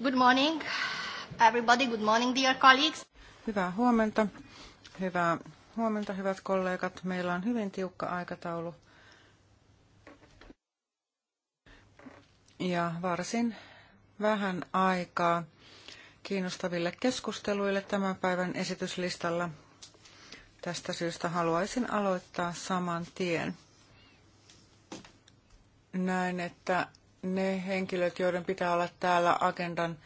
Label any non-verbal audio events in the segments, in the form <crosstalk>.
Good morning, everybody. Good morning, dear colleagues. Hyvää huomenta. Hyvää huomenta, hyvät kollegat. Meillä on hyvin tiukka aikataulu. Ja varsin vähän aikaa kiinnostaville keskusteluille tämän päivän esityslistalla. Tästä syystä haluaisin aloittaa saman tien. Näin, että ne henkilöt, joiden pitää olla täällä agendan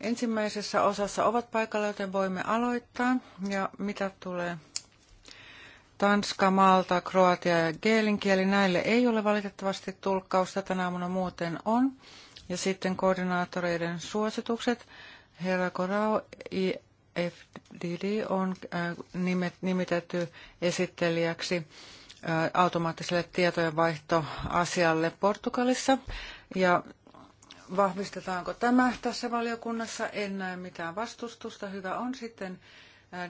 ensimmäisessä osassa, ovat paikalla, joten voimme aloittaa. Ja mitä tulee Tanska, Malta, Kroatia ja Geelin kieli, näille ei ole valitettavasti tulkkausta, tänä aamuna muuten on. Ja sitten koordinaattoreiden suositukset. Herra Korau, IFDD on äh, nimet, nimitetty esittelijäksi äh, automaattiselle tietojenvaihtoasialle Portugalissa. Ja vahvistetaanko tämä tässä valiokunnassa? En näe mitään vastustusta. Hyvä on sitten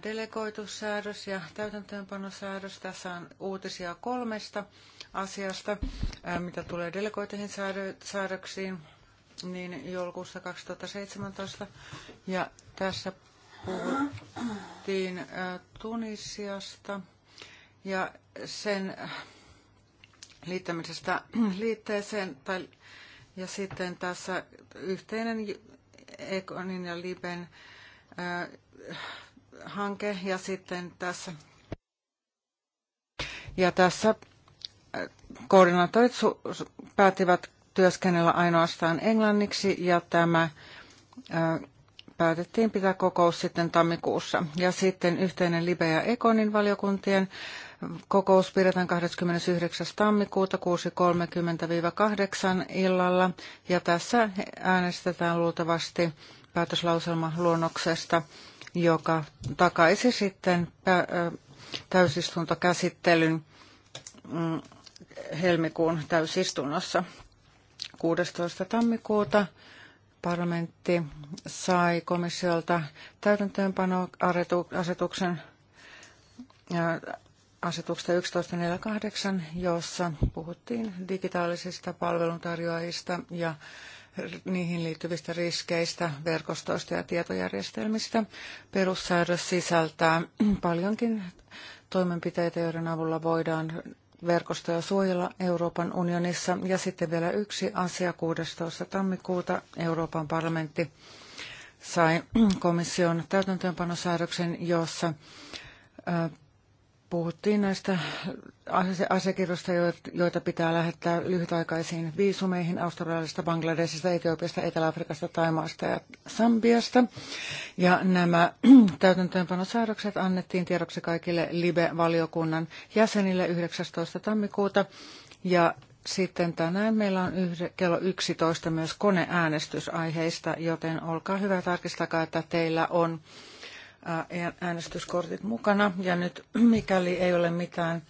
delegoitussäädös ja täytäntöönpanosäädös. Tässä on uutisia kolmesta asiasta, mitä tulee delegoituihin säädöksiin niin joulukuussa 2017. Ja tässä puhuttiin Tunisiasta ja sen liittämisestä liitteeseen tai ja sitten tässä yhteinen Ekonin ja Liben äh, hanke ja sitten tässä ja tässä äh, koordinaattorit päättivät työskennellä ainoastaan englanniksi ja tämä äh, päätettiin pitää kokous sitten tammikuussa. Ja sitten yhteinen Libe ja Ekonin valiokuntien Kokous pidetään 29. tammikuuta 6.30-8 illalla ja tässä äänestetään luultavasti päätöslauselma luonnoksesta, joka takaisi sitten äh, täysistuntokäsittelyn mm, helmikuun täysistunnossa. 16. tammikuuta parlamentti sai komissiolta täytäntöönpanoasetuksen äh, asetuksesta 1148, jossa puhuttiin digitaalisista palveluntarjoajista ja niihin liittyvistä riskeistä, verkostoista ja tietojärjestelmistä. Perussäädös sisältää paljonkin toimenpiteitä, joiden avulla voidaan verkostoja suojella Euroopan unionissa. Ja sitten vielä yksi asia 16. tammikuuta Euroopan parlamentti sai komission täytäntöönpanosäädöksen, jossa Puhuttiin näistä asiakirjoista, joita pitää lähettää lyhytaikaisiin viisumeihin Australiasta, Bangladesista, Etiopiasta, Etelä-Afrikasta, Taimaasta ja Sambiasta. Ja nämä <clears throat> täytäntöönpanosäädökset annettiin tiedoksi kaikille LIBE-valiokunnan jäsenille 19. tammikuuta. Ja sitten tänään meillä on yhde, kello 11 myös koneäänestysaiheista, joten olkaa hyvä tarkistakaa, että teillä on äänestyskortit mukana. Ja nyt, <clears throat> mikäli ei ole mitään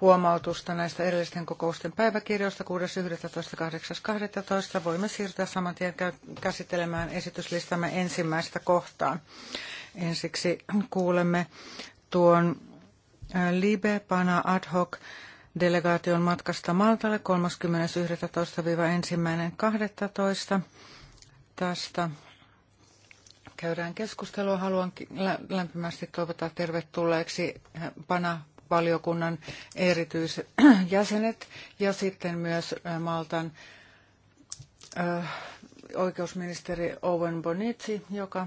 huomautusta näistä edellisten kokousten päiväkirjoista 6.11.18.12, voimme siirtyä saman tien käsittelemään esityslistamme ensimmäistä kohtaa. Ensiksi kuulemme tuon Libe Pana ad hoc delegaation matkasta Maltalle 30.11.–1.12. Tästä käydään keskustelua. Haluan lämpimästi toivottaa tervetulleeksi PANA valiokunnan erityisjäsenet ja sitten myös Maltan oikeusministeri Owen Bonitsi, joka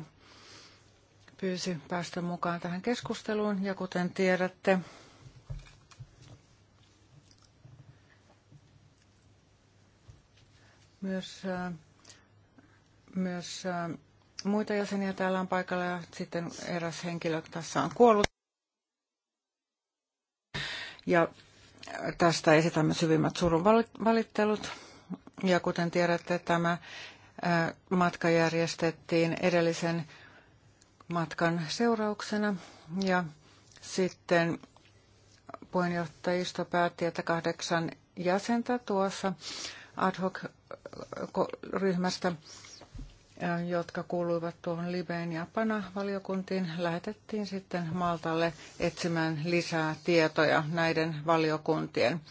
pyysi päästä mukaan tähän keskusteluun. Ja kuten tiedätte, myös, myös muita jäseniä täällä on paikalla ja sitten eräs henkilö tässä on kuollut. Ja äh, tästä esitämme syvimmät surun valittelut. Ja kuten tiedätte, tämä äh, matka järjestettiin edellisen matkan seurauksena. Ja sitten puheenjohtajisto päätti, että kahdeksan jäsentä tuossa ad hoc äh, ryhmästä jotka kuuluivat tuohon Libeen ja PANA-valiokuntiin, lähetettiin sitten Maltalle etsimään lisää tietoja näiden valiokuntien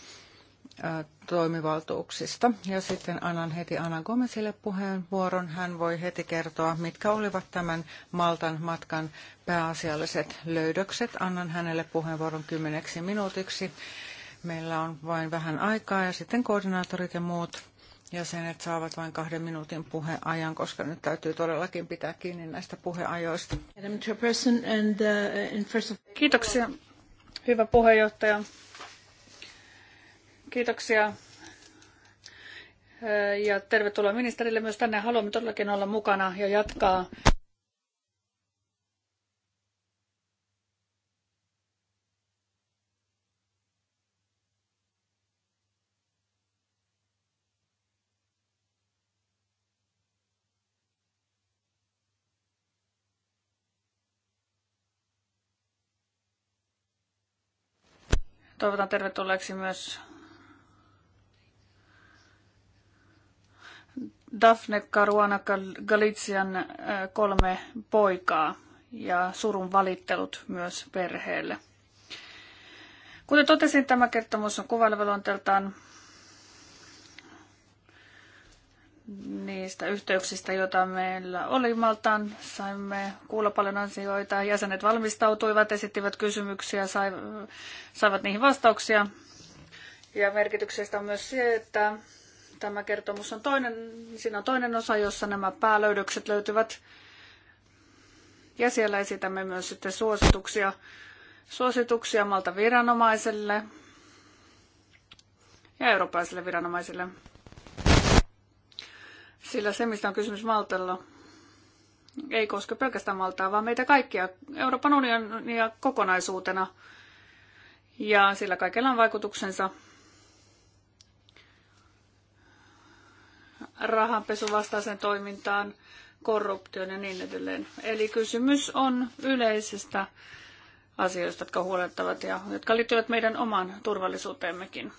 toimivaltuuksista. Ja sitten annan heti Anna Gomesille puheenvuoron. Hän voi heti kertoa, mitkä olivat tämän Maltan matkan pääasialliset löydökset. Annan hänelle puheenvuoron kymmeneksi minuutiksi. Meillä on vain vähän aikaa ja sitten koordinaattorit ja muut jäsenet saavat vain kahden minuutin puheajan, koska nyt täytyy todellakin pitää kiinni näistä puheajoista. Uh, Kiitoksia, hyvä puheenjohtaja. Kiitoksia uh, ja tervetuloa ministerille myös tänne. Haluamme todellakin olla mukana ja jatkaa Toivotan tervetulleeksi myös Daphne Caruana Galician äh, kolme poikaa ja surun valittelut myös perheelle. Kuten totesin, tämä kertomus on kuvailevaluonteeltaan niistä yhteyksistä, joita meillä oli Maltaan. Saimme kuulla paljon asioita. Jäsenet valmistautuivat, esittivät kysymyksiä, saivat niihin vastauksia. Ja merkityksestä on myös se, että tämä kertomus on toinen, siinä on toinen osa, jossa nämä päälöydökset löytyvät. Ja siellä esitämme myös sitten suosituksia, suosituksia malta viranomaiselle ja eurooppalaisille viranomaisille. Sillä se, mistä on kysymys Maltalla, ei koske pelkästään Maltaa, vaan meitä kaikkia Euroopan unionia kokonaisuutena. Ja sillä kaikella on vaikutuksensa vastaiseen toimintaan, korruptioon ja niin edelleen. Eli kysymys on yleisestä asioista, jotka huolettavat ja jotka liittyvät meidän omaan turvallisuuteemmekin.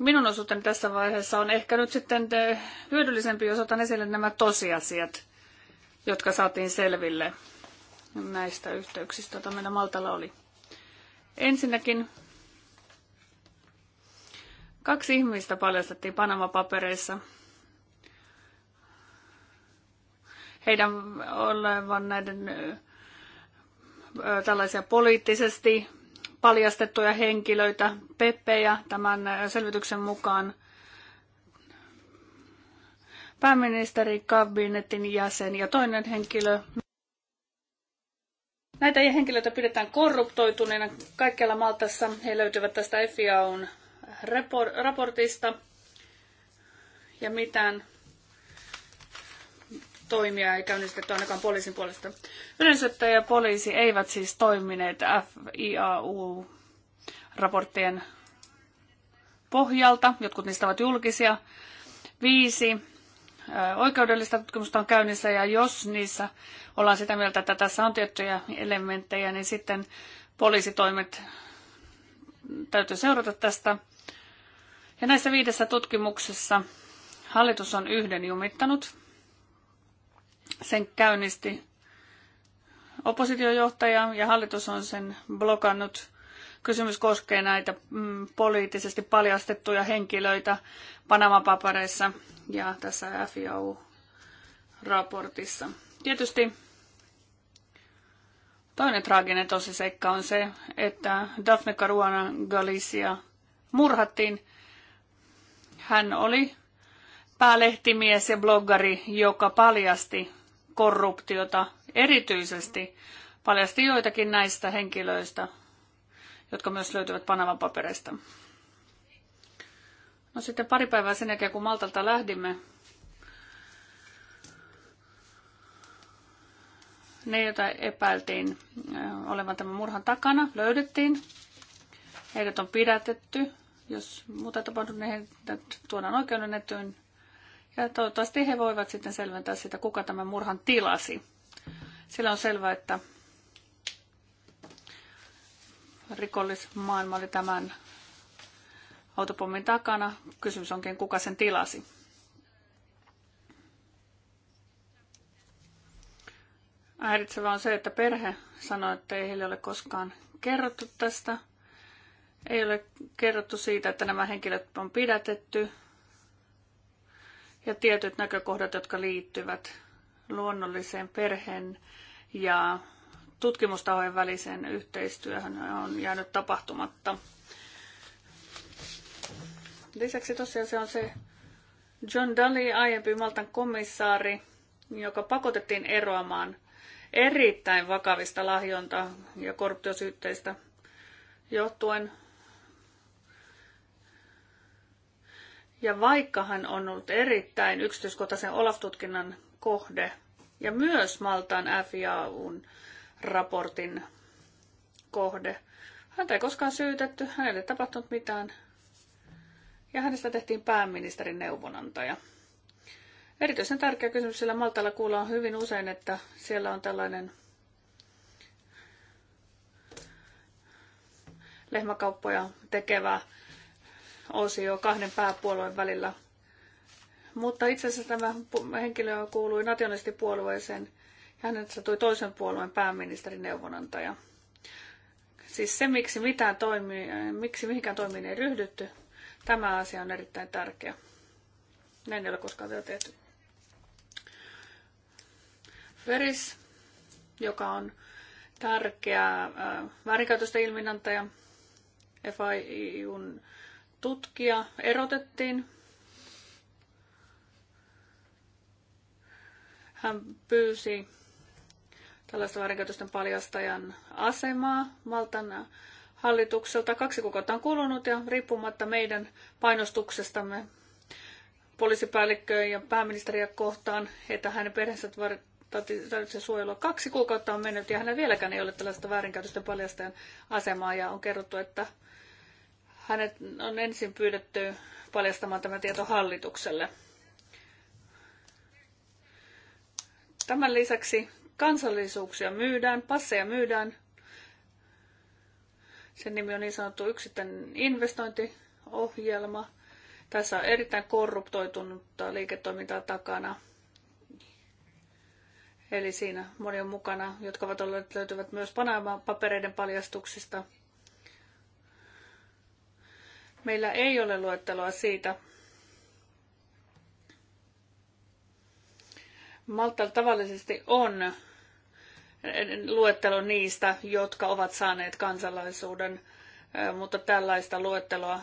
Minun osuuteni tässä vaiheessa on ehkä nyt sitten eh, hyödyllisempi, jos otan esille nämä tosiasiat, jotka saatiin selville näistä yhteyksistä, joita meillä Maltalla oli. Ensinnäkin kaksi ihmistä paljastettiin Panama-papereissa. Heidän olevan näiden eh, tällaisia poliittisesti paljastettuja henkilöitä, peppejä tämän äh, selvityksen mukaan. Pääministeri kabinetin jäsen ja toinen henkilö. Näitä henkilöitä pidetään korruptoituneena kaikkialla Maltassa. He löytyvät tästä FIAUn raportista. Ja mitään toimia ei käynnistetty ainakaan poliisin puolesta. Yleisöttä ja poliisi eivät siis toimineet FIAU-raporttien pohjalta. Jotkut niistä ovat julkisia. Viisi oikeudellista tutkimusta on käynnissä ja jos niissä ollaan sitä mieltä, että tässä on tiettyjä elementtejä, niin sitten poliisitoimet täytyy seurata tästä. Ja näissä viidessä tutkimuksessa hallitus on yhden jumittanut sen käynnisti oppositiojohtaja ja hallitus on sen blokannut. Kysymys koskee näitä mm, poliittisesti paljastettuja henkilöitä Panama-papereissa ja tässä FIU-raportissa. Tietysti toinen traaginen tosiseikka on se, että Daphne Caruana Galicia murhattiin. Hän oli päälehtimies ja bloggari, joka paljasti korruptiota, erityisesti paljasti joitakin näistä henkilöistä, jotka myös löytyvät Panaman paperista. No sitten pari päivää sen jälkeen, kun Maltalta lähdimme, ne, joita epäiltiin äh, olevan tämän murhan takana, löydettiin. Heidät on pidätetty. Jos muuta tapahtuu, niin heidät tuodaan oikeuden etyyn ja toivottavasti he voivat sitten selventää sitä, kuka tämän murhan tilasi. Sillä on selvää, että rikollismaailma oli tämän autopommin takana. Kysymys onkin, kuka sen tilasi. Häiritsevää on se, että perhe sanoi, että ei heille ole koskaan kerrottu tästä. Ei ole kerrottu siitä, että nämä henkilöt on pidätetty ja tietyt näkökohdat, jotka liittyvät luonnolliseen perheen ja tutkimustahojen väliseen yhteistyöhön on jäänyt tapahtumatta. Lisäksi tosiaan se on se John Daly, aiempi Maltan komissaari, joka pakotettiin eroamaan erittäin vakavista lahjonta- ja korruptiosyytteistä johtuen Ja vaikka hän on ollut erittäin yksityiskohtaisen Olaf-tutkinnan kohde ja myös Maltaan FIAUn raportin kohde, häntä ei koskaan syytetty, hänelle ei tapahtunut mitään ja hänestä tehtiin pääministerin neuvonantaja. Erityisen tärkeä kysymys, sillä Maltalla kuullaan hyvin usein, että siellä on tällainen lehmäkauppoja tekevä osio kahden pääpuolueen välillä. Mutta itse asiassa tämä henkilö kuului nationalistipuolueeseen ja hänet satui toisen puolueen pääministerin neuvonantaja. Siis se, miksi, mitään toimii, miksi mihinkään toimiin ei ryhdytty, tämä asia on erittäin tärkeä. Näin ei ole koskaan vielä tehty. Veris, joka on tärkeä äh, väärinkäytösten ilminantaja, FIUn tutkija erotettiin. Hän pyysi tällaista väärinkäytösten paljastajan asemaa Maltan hallitukselta. Kaksi kuukautta on kulunut ja riippumatta meidän painostuksestamme poliisipäällikköön ja pääministeriä kohtaan, että hänen perheensä tarvitsee suojelua. Kaksi kuukautta on mennyt ja hänellä vieläkään ei ole tällaista väärinkäytösten paljastajan asemaa ja on kerrottu, että hänet on ensin pyydetty paljastamaan tämä tieto hallitukselle. Tämän lisäksi kansallisuuksia myydään, passeja myydään. Sen nimi on niin sanottu yksittäinen investointiohjelma. Tässä on erittäin korruptoitunutta liiketoimintaa takana. Eli siinä moni on mukana, jotka ovat olleet, löytyvät myös Panama-papereiden paljastuksista – Meillä ei ole luetteloa siitä, Maltalla tavallisesti on luettelo niistä, jotka ovat saaneet kansalaisuuden, mutta tällaista luetteloa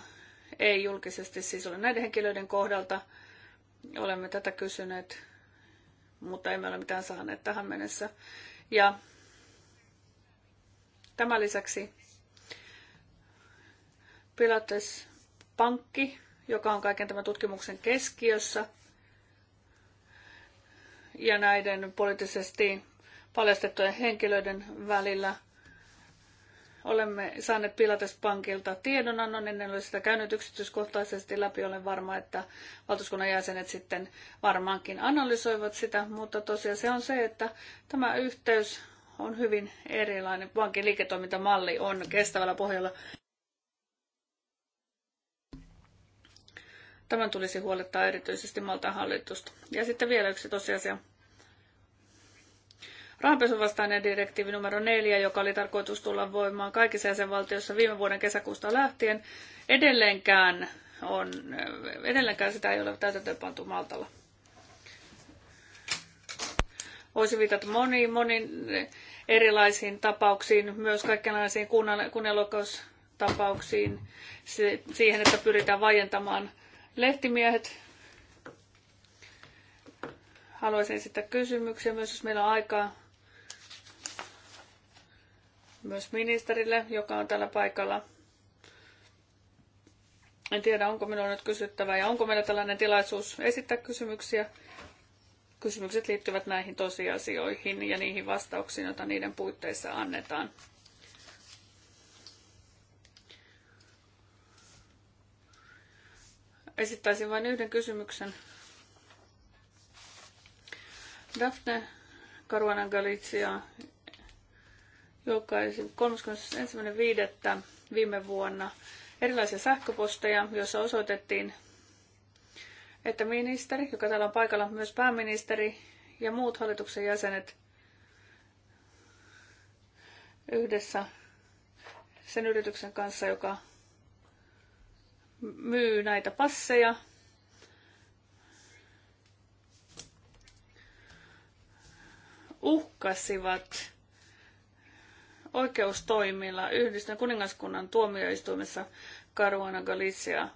ei julkisesti siis ole näiden henkilöiden kohdalta. Olemme tätä kysyneet, mutta emme ole mitään saaneet tähän mennessä. Ja tämän lisäksi Pilates Pankki, joka on kaiken tämän tutkimuksen keskiössä. Ja näiden poliittisesti paljastettujen henkilöiden välillä olemme saaneet Pilates Pankilta tiedonannon. En ole sitä käynyt yksityiskohtaisesti läpi. Olen varma, että valtuuskunnan jäsenet sitten varmaankin analysoivat sitä. Mutta tosiaan se on se, että tämä yhteys on hyvin erilainen. Pankin liiketoimintamalli on kestävällä pohjalla. Tämän tulisi huolettaa erityisesti Maltan hallitusta. Ja sitten vielä yksi tosiasia. Rahanpesuvastainen direktiivi numero 4, joka oli tarkoitus tulla voimaan kaikissa jäsenvaltioissa viime vuoden kesäkuusta lähtien, edelleenkään, on, edelleenkään sitä ei ole täytäntöönpantu Maltalla. Voisi viitata moniin, moniin erilaisiin tapauksiin, myös kaikenlaisiin kunnianloukkaustapauksiin, siihen, että pyritään vajentamaan lehtimiehet. Haluaisin esittää kysymyksiä myös, jos meillä on aikaa myös ministerille, joka on täällä paikalla. En tiedä, onko minulla nyt kysyttävää ja onko meillä tällainen tilaisuus esittää kysymyksiä. Kysymykset liittyvät näihin tosiasioihin ja niihin vastauksiin, joita niiden puitteissa annetaan. Esittäisin vain yhden kysymyksen. Daphne Caruana Galizia julkaisi 31.5. viime vuonna erilaisia sähköposteja, joissa osoitettiin, että ministeri, joka täällä on paikalla, myös pääministeri ja muut hallituksen jäsenet yhdessä sen yrityksen kanssa, joka myy näitä passeja. Uhkasivat oikeustoimilla Yhdistyneen kuningaskunnan tuomioistuimessa karuana Galicia.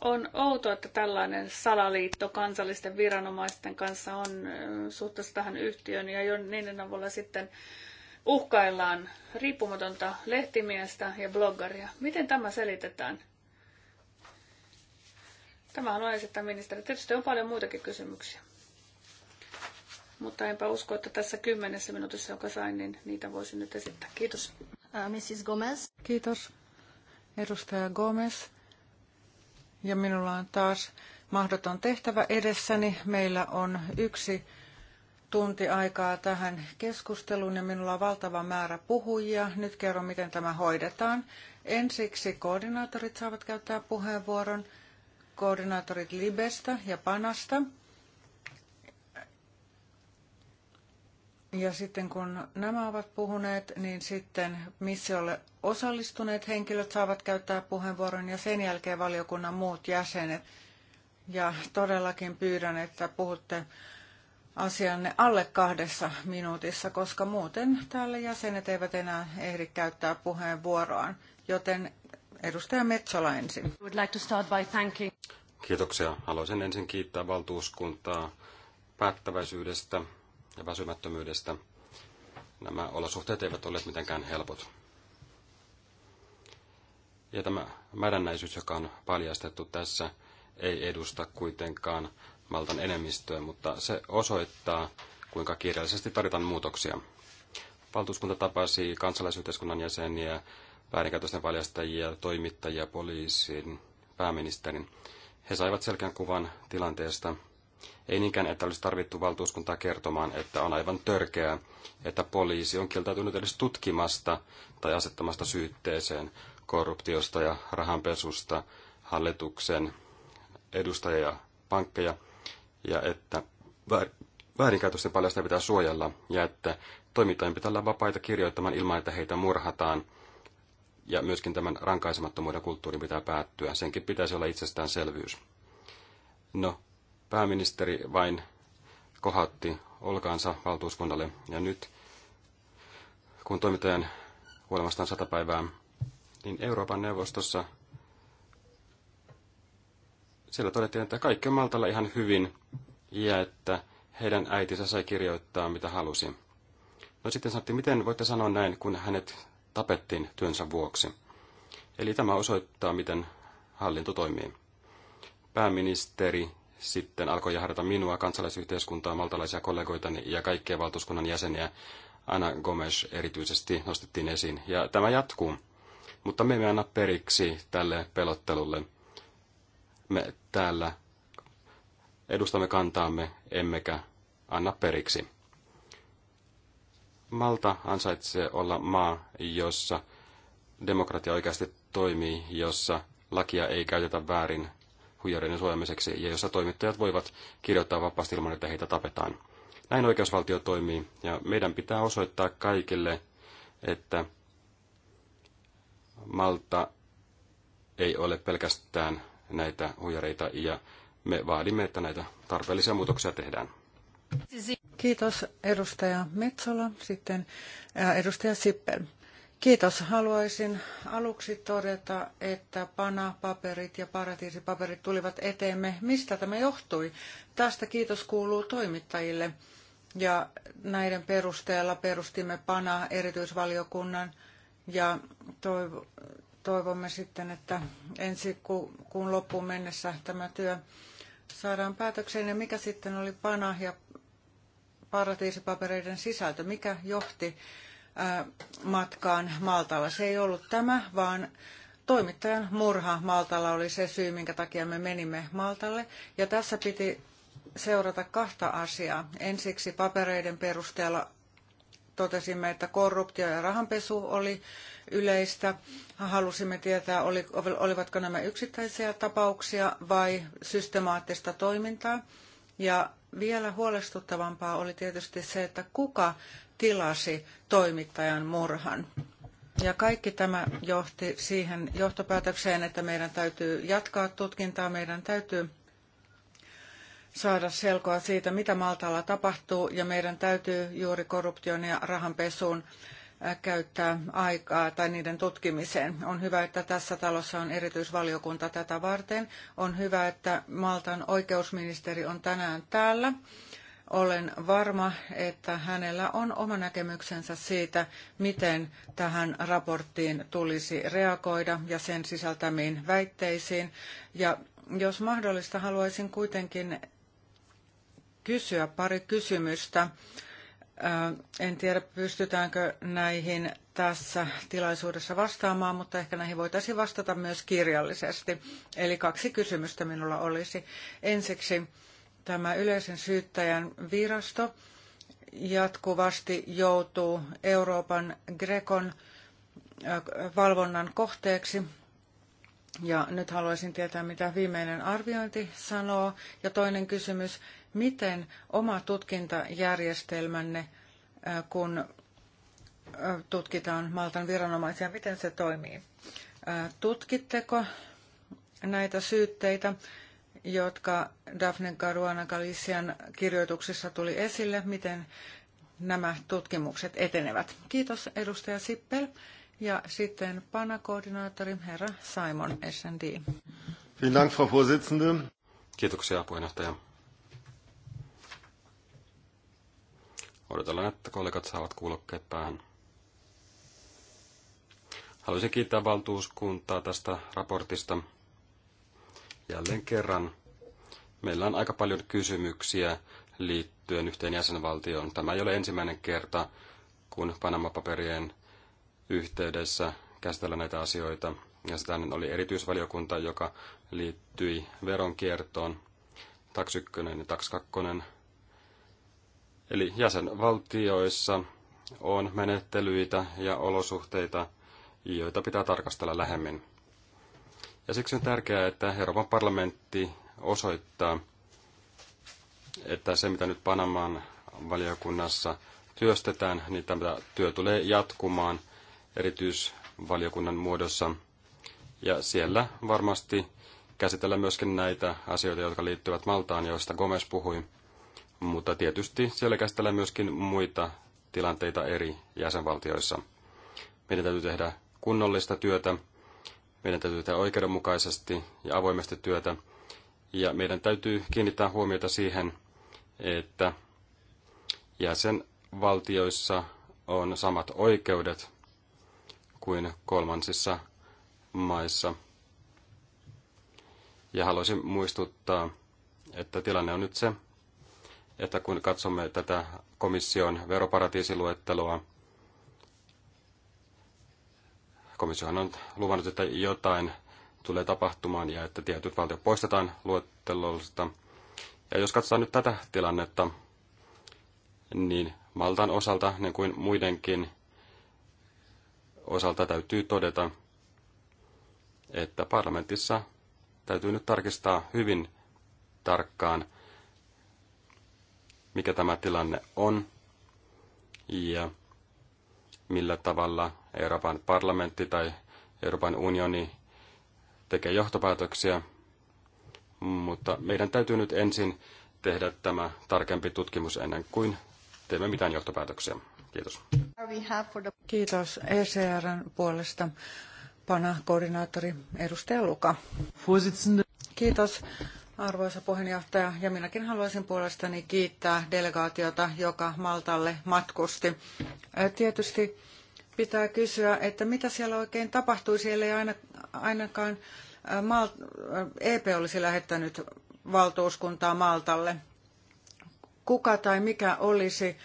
On outoa, että tällainen salaliitto kansallisten viranomaisten kanssa on äh, suhteessa tähän yhtiön ja jo niiden avulla sitten uhkaillaan riippumatonta lehtimiestä ja bloggaria. Miten tämä selitetään? Tämä on esittää ministeri. Tietysti on paljon muitakin kysymyksiä. Mutta enpä usko, että tässä kymmenessä minuutissa, joka sain, niin niitä voisin nyt esittää. Kiitos. Äh, Mrs. Gomez. Kiitos. Edustaja Gomez. Ja minulla on taas mahdoton tehtävä edessäni. Meillä on yksi tunti aikaa tähän keskusteluun ja minulla on valtava määrä puhujia. Nyt kerron, miten tämä hoidetaan. Ensiksi koordinaattorit saavat käyttää puheenvuoron. Koordinaattorit Libestä ja Panasta. Ja sitten kun nämä ovat puhuneet, niin sitten missiolle osallistuneet henkilöt saavat käyttää puheenvuoron ja sen jälkeen valiokunnan muut jäsenet. Ja todellakin pyydän, että puhutte asianne alle kahdessa minuutissa, koska muuten täällä jäsenet eivät enää ehdi käyttää puheenvuoroaan. Joten edustaja Metsola ensin. Kiitoksia. Haluaisin ensin kiittää valtuuskuntaa päättäväisyydestä ja väsymättömyydestä. Nämä olosuhteet eivät ole mitenkään helpot. Ja tämä mädännäisyys, joka on paljastettu tässä, ei edusta kuitenkaan Maltan enemmistöä, mutta se osoittaa, kuinka kiireellisesti tarvitaan muutoksia. Valtuuskunta tapasi kansalaisyhteiskunnan jäseniä, väärinkäytösten valjastajia, toimittajia, poliisin, pääministerin. He saivat selkeän kuvan tilanteesta. Ei niinkään, että olisi tarvittu valtuuskuntaa kertomaan, että on aivan törkeää, että poliisi on kieltäytynyt edes tutkimasta tai asettamasta syytteeseen korruptiosta ja rahanpesusta hallituksen edustajia ja pankkeja – ja että väärinkäytösten paljasta pitää suojella ja että toimittajien pitää olla vapaita kirjoittamaan ilman, että heitä murhataan. Ja myöskin tämän rankaisemattomuuden kulttuurin pitää päättyä. Senkin pitäisi olla itsestäänselvyys. No, pääministeri vain kohotti olkaansa valtuuskunnalle. Ja nyt, kun toimittajan kuolemasta on sata päivää, niin Euroopan neuvostossa – siellä todettiin, että kaikki on Maltalla ihan hyvin ja että heidän äitinsä sai kirjoittaa mitä halusi. No sitten sanottiin, miten voitte sanoa näin, kun hänet tapettiin työnsä vuoksi. Eli tämä osoittaa, miten hallinto toimii. Pääministeri sitten alkoi jahdata minua, kansalaisyhteiskuntaa, maltalaisia kollegoitani ja kaikkia valtuuskunnan jäseniä. Anna Gomes erityisesti nostettiin esiin. Ja tämä jatkuu. Mutta me emme anna periksi tälle pelottelulle me täällä edustamme kantaamme, emmekä anna periksi. Malta ansaitsee olla maa, jossa demokratia oikeasti toimii, jossa lakia ei käytetä väärin huijareiden suojamiseksi, ja jossa toimittajat voivat kirjoittaa vapaasti ilman, että heitä tapetaan. Näin oikeusvaltio toimii ja meidän pitää osoittaa kaikille, että Malta ei ole pelkästään näitä huijareita ja me vaadimme, että näitä tarpeellisia muutoksia tehdään. Kiitos edustaja Metsola. Sitten äh, edustaja Sippel. Kiitos. Haluaisin aluksi todeta, että pana-paperit ja paratiisipaperit tulivat eteemme. Mistä tämä johtui? Tästä kiitos kuuluu toimittajille. Ja näiden perusteella perustimme pana erityisvaliokunnan ja toivon toivomme sitten, että ensi kuun loppuun mennessä tämä työ saadaan päätökseen. Ja mikä sitten oli pana ja paratiisipapereiden sisältö, mikä johti matkaan Maltalla. Se ei ollut tämä, vaan toimittajan murha Maltalla oli se syy, minkä takia me menimme Maltalle. Ja tässä piti seurata kahta asiaa. Ensiksi papereiden perusteella totesimme, että korruptio ja rahanpesu oli yleistä. Halusimme tietää, olivatko nämä yksittäisiä tapauksia vai systemaattista toimintaa. Ja vielä huolestuttavampaa oli tietysti se, että kuka tilasi toimittajan murhan. Ja kaikki tämä johti siihen johtopäätökseen, että meidän täytyy jatkaa tutkintaa, meidän täytyy saada selkoa siitä, mitä Maltalla tapahtuu, ja meidän täytyy juuri korruption ja rahanpesuun äh, käyttää aikaa tai niiden tutkimiseen. On hyvä, että tässä talossa on erityisvaliokunta tätä varten. On hyvä, että Maltan oikeusministeri on tänään täällä. Olen varma, että hänellä on oma näkemyksensä siitä, miten tähän raporttiin tulisi reagoida ja sen sisältämiin väitteisiin. Ja jos mahdollista, haluaisin kuitenkin kysyä pari kysymystä. En tiedä, pystytäänkö näihin tässä tilaisuudessa vastaamaan, mutta ehkä näihin voitaisiin vastata myös kirjallisesti. Eli kaksi kysymystä minulla olisi. Ensiksi tämä yleisen syyttäjän virasto jatkuvasti joutuu Euroopan Grekon valvonnan kohteeksi. Ja nyt haluaisin tietää, mitä viimeinen arviointi sanoo. Ja toinen kysymys, miten oma tutkintajärjestelmänne, kun tutkitaan Maltan viranomaisia, miten se toimii? Tutkitteko näitä syytteitä, jotka Daphne Caruana Galician kirjoituksissa tuli esille, miten nämä tutkimukset etenevät. Kiitos edustaja Sippel ja sitten panakoordinaattori herra Simon S&D. Vielen Dank, Frau Vorsitzende. Kiitoksia puheenjohtaja. Odotellaan, että kollegat saavat kuulokkeet päähän. Haluaisin kiittää valtuuskuntaa tästä raportista. Jälleen kerran meillä on aika paljon kysymyksiä liittyen yhteen jäsenvaltioon. Tämä ei ole ensimmäinen kerta, kun Panama-paperien yhteydessä käsitellä näitä asioita. Ja sitä oli erityisvaliokunta, joka liittyi veronkiertoon. Taks 1 ja taks 2 Eli jäsenvaltioissa on menettelyitä ja olosuhteita, joita pitää tarkastella lähemmin. Ja siksi on tärkeää, että Euroopan parlamentti osoittaa, että se mitä nyt Panaman valiokunnassa työstetään, niin tämä työ tulee jatkumaan erityisvaliokunnan muodossa. Ja siellä varmasti käsitellään myöskin näitä asioita, jotka liittyvät Maltaan, joista Gomes puhui mutta tietysti siellä käsitellään myöskin muita tilanteita eri jäsenvaltioissa. Meidän täytyy tehdä kunnollista työtä, meidän täytyy tehdä oikeudenmukaisesti ja avoimesti työtä, ja meidän täytyy kiinnittää huomiota siihen, että jäsenvaltioissa on samat oikeudet kuin kolmansissa maissa. Ja haluaisin muistuttaa, että tilanne on nyt se, että kun katsomme tätä komission veroparatiisiluetteloa, komissiohan on luvannut, että jotain tulee tapahtumaan ja että tietyt valtiot poistetaan luettelosta. Ja jos katsotaan nyt tätä tilannetta, niin Maltan osalta, niin kuin muidenkin osalta täytyy todeta, että parlamentissa täytyy nyt tarkistaa hyvin tarkkaan, mikä tämä tilanne on ja millä tavalla Euroopan parlamentti tai Euroopan unioni tekee johtopäätöksiä. Mutta meidän täytyy nyt ensin tehdä tämä tarkempi tutkimus ennen kuin teemme mitään johtopäätöksiä. Kiitos. Kiitos ECRn puolesta. Pana koordinaattori edustaja Luka. Kiitos arvoisa puheenjohtaja, ja minäkin haluaisin puolestani kiittää delegaatiota, joka Maltalle matkusti. Tietysti pitää kysyä, että mitä siellä oikein tapahtui. Siellä ei aina, ainakaan EP olisi lähettänyt valtuuskuntaa Maltalle. Kuka tai mikä olisi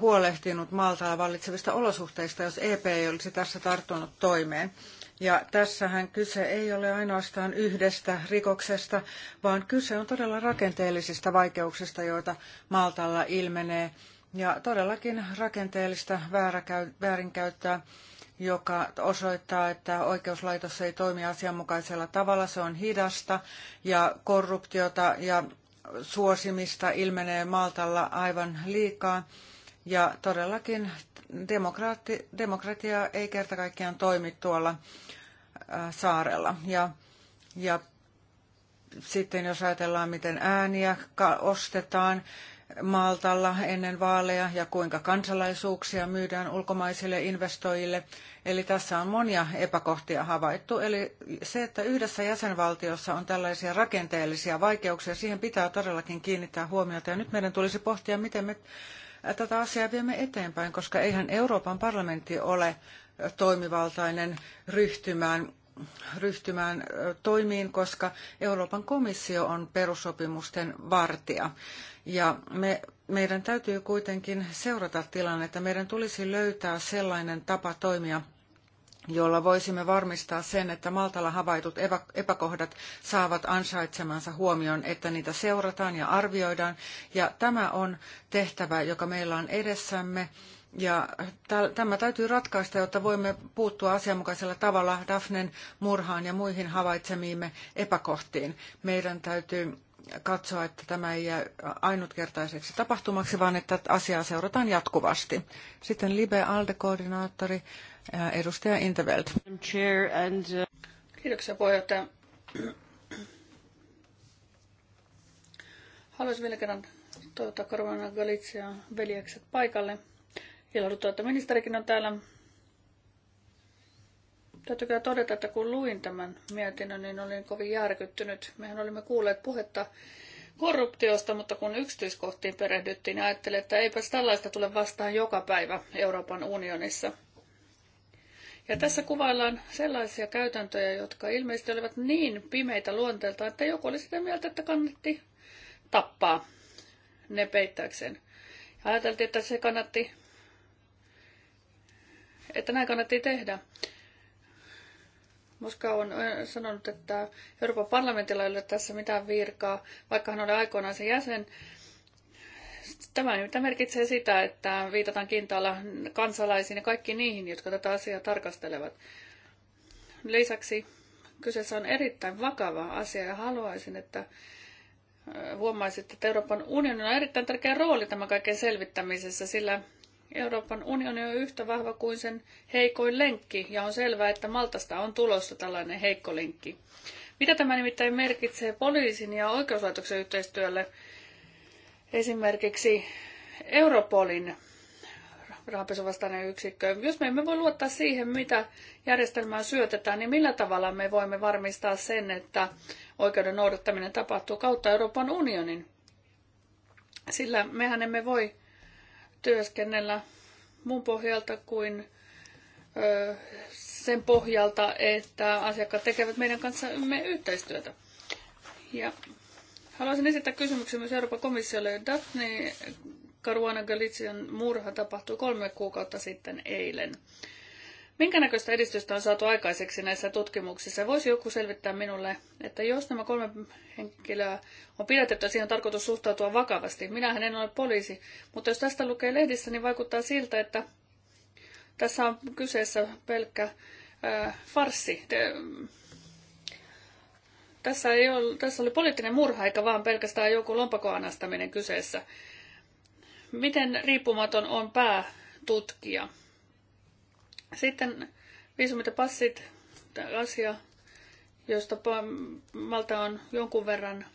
huolehtinut Maltalla vallitsevista olosuhteista, jos EP ei olisi tässä tarttunut toimeen? Ja tässähän kyse ei ole ainoastaan yhdestä rikoksesta, vaan kyse on todella rakenteellisista vaikeuksista, joita Maltalla ilmenee. Ja todellakin rakenteellista väärinkäyttöä, joka osoittaa, että oikeuslaitos ei toimi asianmukaisella tavalla. Se on hidasta ja korruptiota ja suosimista ilmenee Maltalla aivan liikaa. Ja todellakin demokraatti, demokratia ei kerta kaikkiaan toimi tuolla äh, saarella. Ja, ja sitten jos ajatellaan, miten ääniä ostetaan Maltalla ennen vaaleja ja kuinka kansalaisuuksia myydään ulkomaisille investoijille. Eli tässä on monia epäkohtia havaittu. Eli se, että yhdessä jäsenvaltiossa on tällaisia rakenteellisia vaikeuksia, siihen pitää todellakin kiinnittää huomiota. Ja nyt meidän tulisi pohtia, miten me tätä asiaa viemme eteenpäin, koska eihän Euroopan parlamentti ole toimivaltainen ryhtymään ryhtymään toimiin, koska Euroopan komissio on perussopimusten vartija. Ja me, meidän täytyy kuitenkin seurata tilannetta. Meidän tulisi löytää sellainen tapa toimia, jolla voisimme varmistaa sen, että Maltalla havaitut epäkohdat saavat ansaitsemansa huomion, että niitä seurataan ja arvioidaan. Ja tämä on tehtävä, joka meillä on edessämme. Ja tämä täytyy ratkaista, jotta voimme puuttua asianmukaisella tavalla Daphnen murhaan ja muihin havaitsemiimme epäkohtiin. Meidän täytyy katsoa, että tämä ei jää ainutkertaiseksi tapahtumaksi, vaan että asiaa seurataan jatkuvasti. Sitten Libe Alde-koordinaattori, äh, edustaja Interveld. Uh, Kiitoksia puheenjohtaja. Haluaisin vielä kerran toivottaa Karvana Galitsia veljekset paikalle. Ilahduttaa, että ministerikin on täällä. Täytyy kyllä todeta, että kun luin tämän mietinnön, niin olin kovin järkyttynyt. Mehän olimme kuulleet puhetta korruptiosta, mutta kun yksityiskohtiin perehdyttiin, niin ajattelin, että eipäs tällaista tule vastaan joka päivä Euroopan unionissa. Ja tässä kuvaillaan sellaisia käytäntöjä, jotka ilmeisesti olivat niin pimeitä luonteelta, että joku oli sitä mieltä, että kannatti tappaa ne peittääkseen. Ja ajateltiin, että se kannatti, että näin kannatti tehdä. Moska on sanonut, että Euroopan parlamentilla ei ole tässä mitään virkaa, vaikka hän oli aikoinaan se jäsen. Tämä nimittäin merkitsee sitä, että viitataan kintaalla kansalaisiin ja kaikki niihin, jotka tätä asiaa tarkastelevat. Lisäksi kyseessä on erittäin vakava asia ja haluaisin, että huomaisitte, että Euroopan unionilla on erittäin tärkeä rooli tämän kaiken selvittämisessä, sillä Euroopan unioni on yhtä vahva kuin sen heikoin lenkki, ja on selvää, että Maltasta on tulossa tällainen heikko lenkki. Mitä tämä nimittäin merkitsee poliisin ja oikeuslaitoksen yhteistyölle? Esimerkiksi Europolin rahanpesuvastainen yksikkö. Jos me emme voi luottaa siihen, mitä järjestelmään syötetään, niin millä tavalla me voimme varmistaa sen, että oikeuden noudattaminen tapahtuu kautta Euroopan unionin? Sillä mehän emme voi työskennellä mun pohjalta kuin sen pohjalta, että asiakkaat tekevät meidän kanssamme yhteistyötä. Ja haluaisin esittää kysymyksen myös Euroopan komissiolle. Daphne Caruana Galician murha tapahtui kolme kuukautta sitten eilen. Minkä näköistä edistystä on saatu aikaiseksi näissä tutkimuksissa? Voisi joku selvittää minulle, että jos nämä kolme henkilöä on pidätetty, siihen on tarkoitus suhtautua vakavasti. Minähän en ole poliisi, mutta jos tästä lukee lehdissä, niin vaikuttaa siltä, että tässä on kyseessä pelkkä äh, farsi. Te, tässä, ei ole, tässä oli poliittinen murha, eikä vaan pelkästään joku lompakoanastaminen kyseessä. Miten riippumaton on päätutkija? Sitten viisumit ja passit, asia, josta Malta on jonkun verran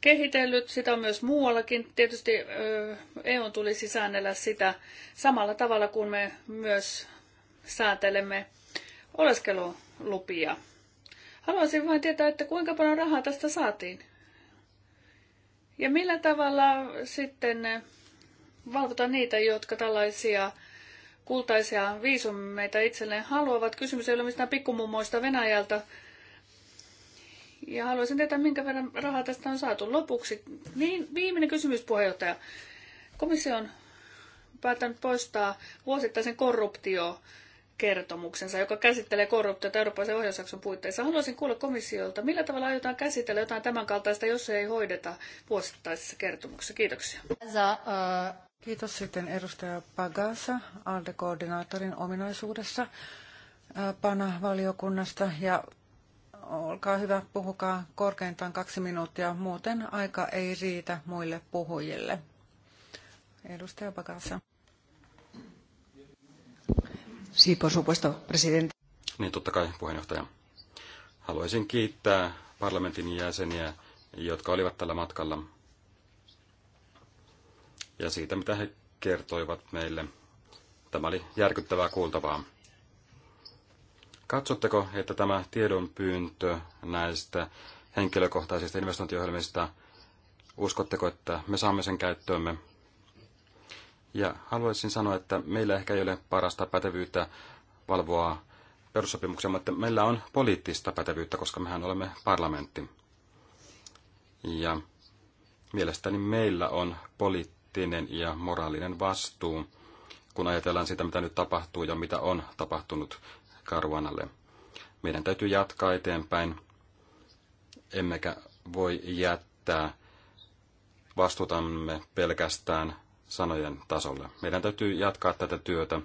kehitellyt. Sitä on myös muuallakin. Tietysti EU tulisi säännellä sitä samalla tavalla kuin me myös säätelemme oleskelulupia. Haluaisin vain tietää, että kuinka paljon rahaa tästä saatiin. Ja millä tavalla sitten valvotaan niitä, jotka tällaisia kultaisia viisumeita itselleen haluavat. Kysymys ei ole mistään pikkumummoista Venäjältä. Ja haluaisin tietää, minkä verran rahaa tästä on saatu lopuksi. Niin, viimeinen kysymys, puheenjohtaja. Komissio on päättänyt poistaa vuosittaisen korruptiokertomuksensa, joka käsittelee korruptiota Euroopan ohjausjakson puitteissa. Haluaisin kuulla komissiolta, millä tavalla aiotaan käsitellä jotain tämän kaltaista, jos se ei hoideta vuosittaisessa kertomuksessa. Kiitoksia. Kiitos sitten edustaja Pagasa ALDE-koordinaattorin ominaisuudessa PANA-valiokunnasta ja olkaa hyvä, puhukaa korkeintaan kaksi minuuttia, muuten aika ei riitä muille puhujille. Edustaja Pagasa. Sí, por supuesto, presidente. Niin, totta kai, puheenjohtaja. Haluaisin kiittää parlamentin jäseniä, jotka olivat tällä matkalla ja siitä, mitä he kertoivat meille. Tämä oli järkyttävää kuultavaa. Katsotteko, että tämä tiedonpyyntö näistä henkilökohtaisista investointiohjelmista, uskotteko, että me saamme sen käyttöömme? Ja haluaisin sanoa, että meillä ehkä ei ole parasta pätevyyttä valvoa perussopimuksia, mutta meillä on poliittista pätevyyttä, koska mehän olemme parlamentti. Ja mielestäni meillä on poliittista eettinen ja moraalinen vastuu, kun ajatellaan sitä, mitä nyt tapahtuu ja mitä on tapahtunut Karuanalle. Meidän täytyy jatkaa eteenpäin, emmekä voi jättää vastuutamme pelkästään sanojen tasolle. Meidän täytyy jatkaa tätä työtä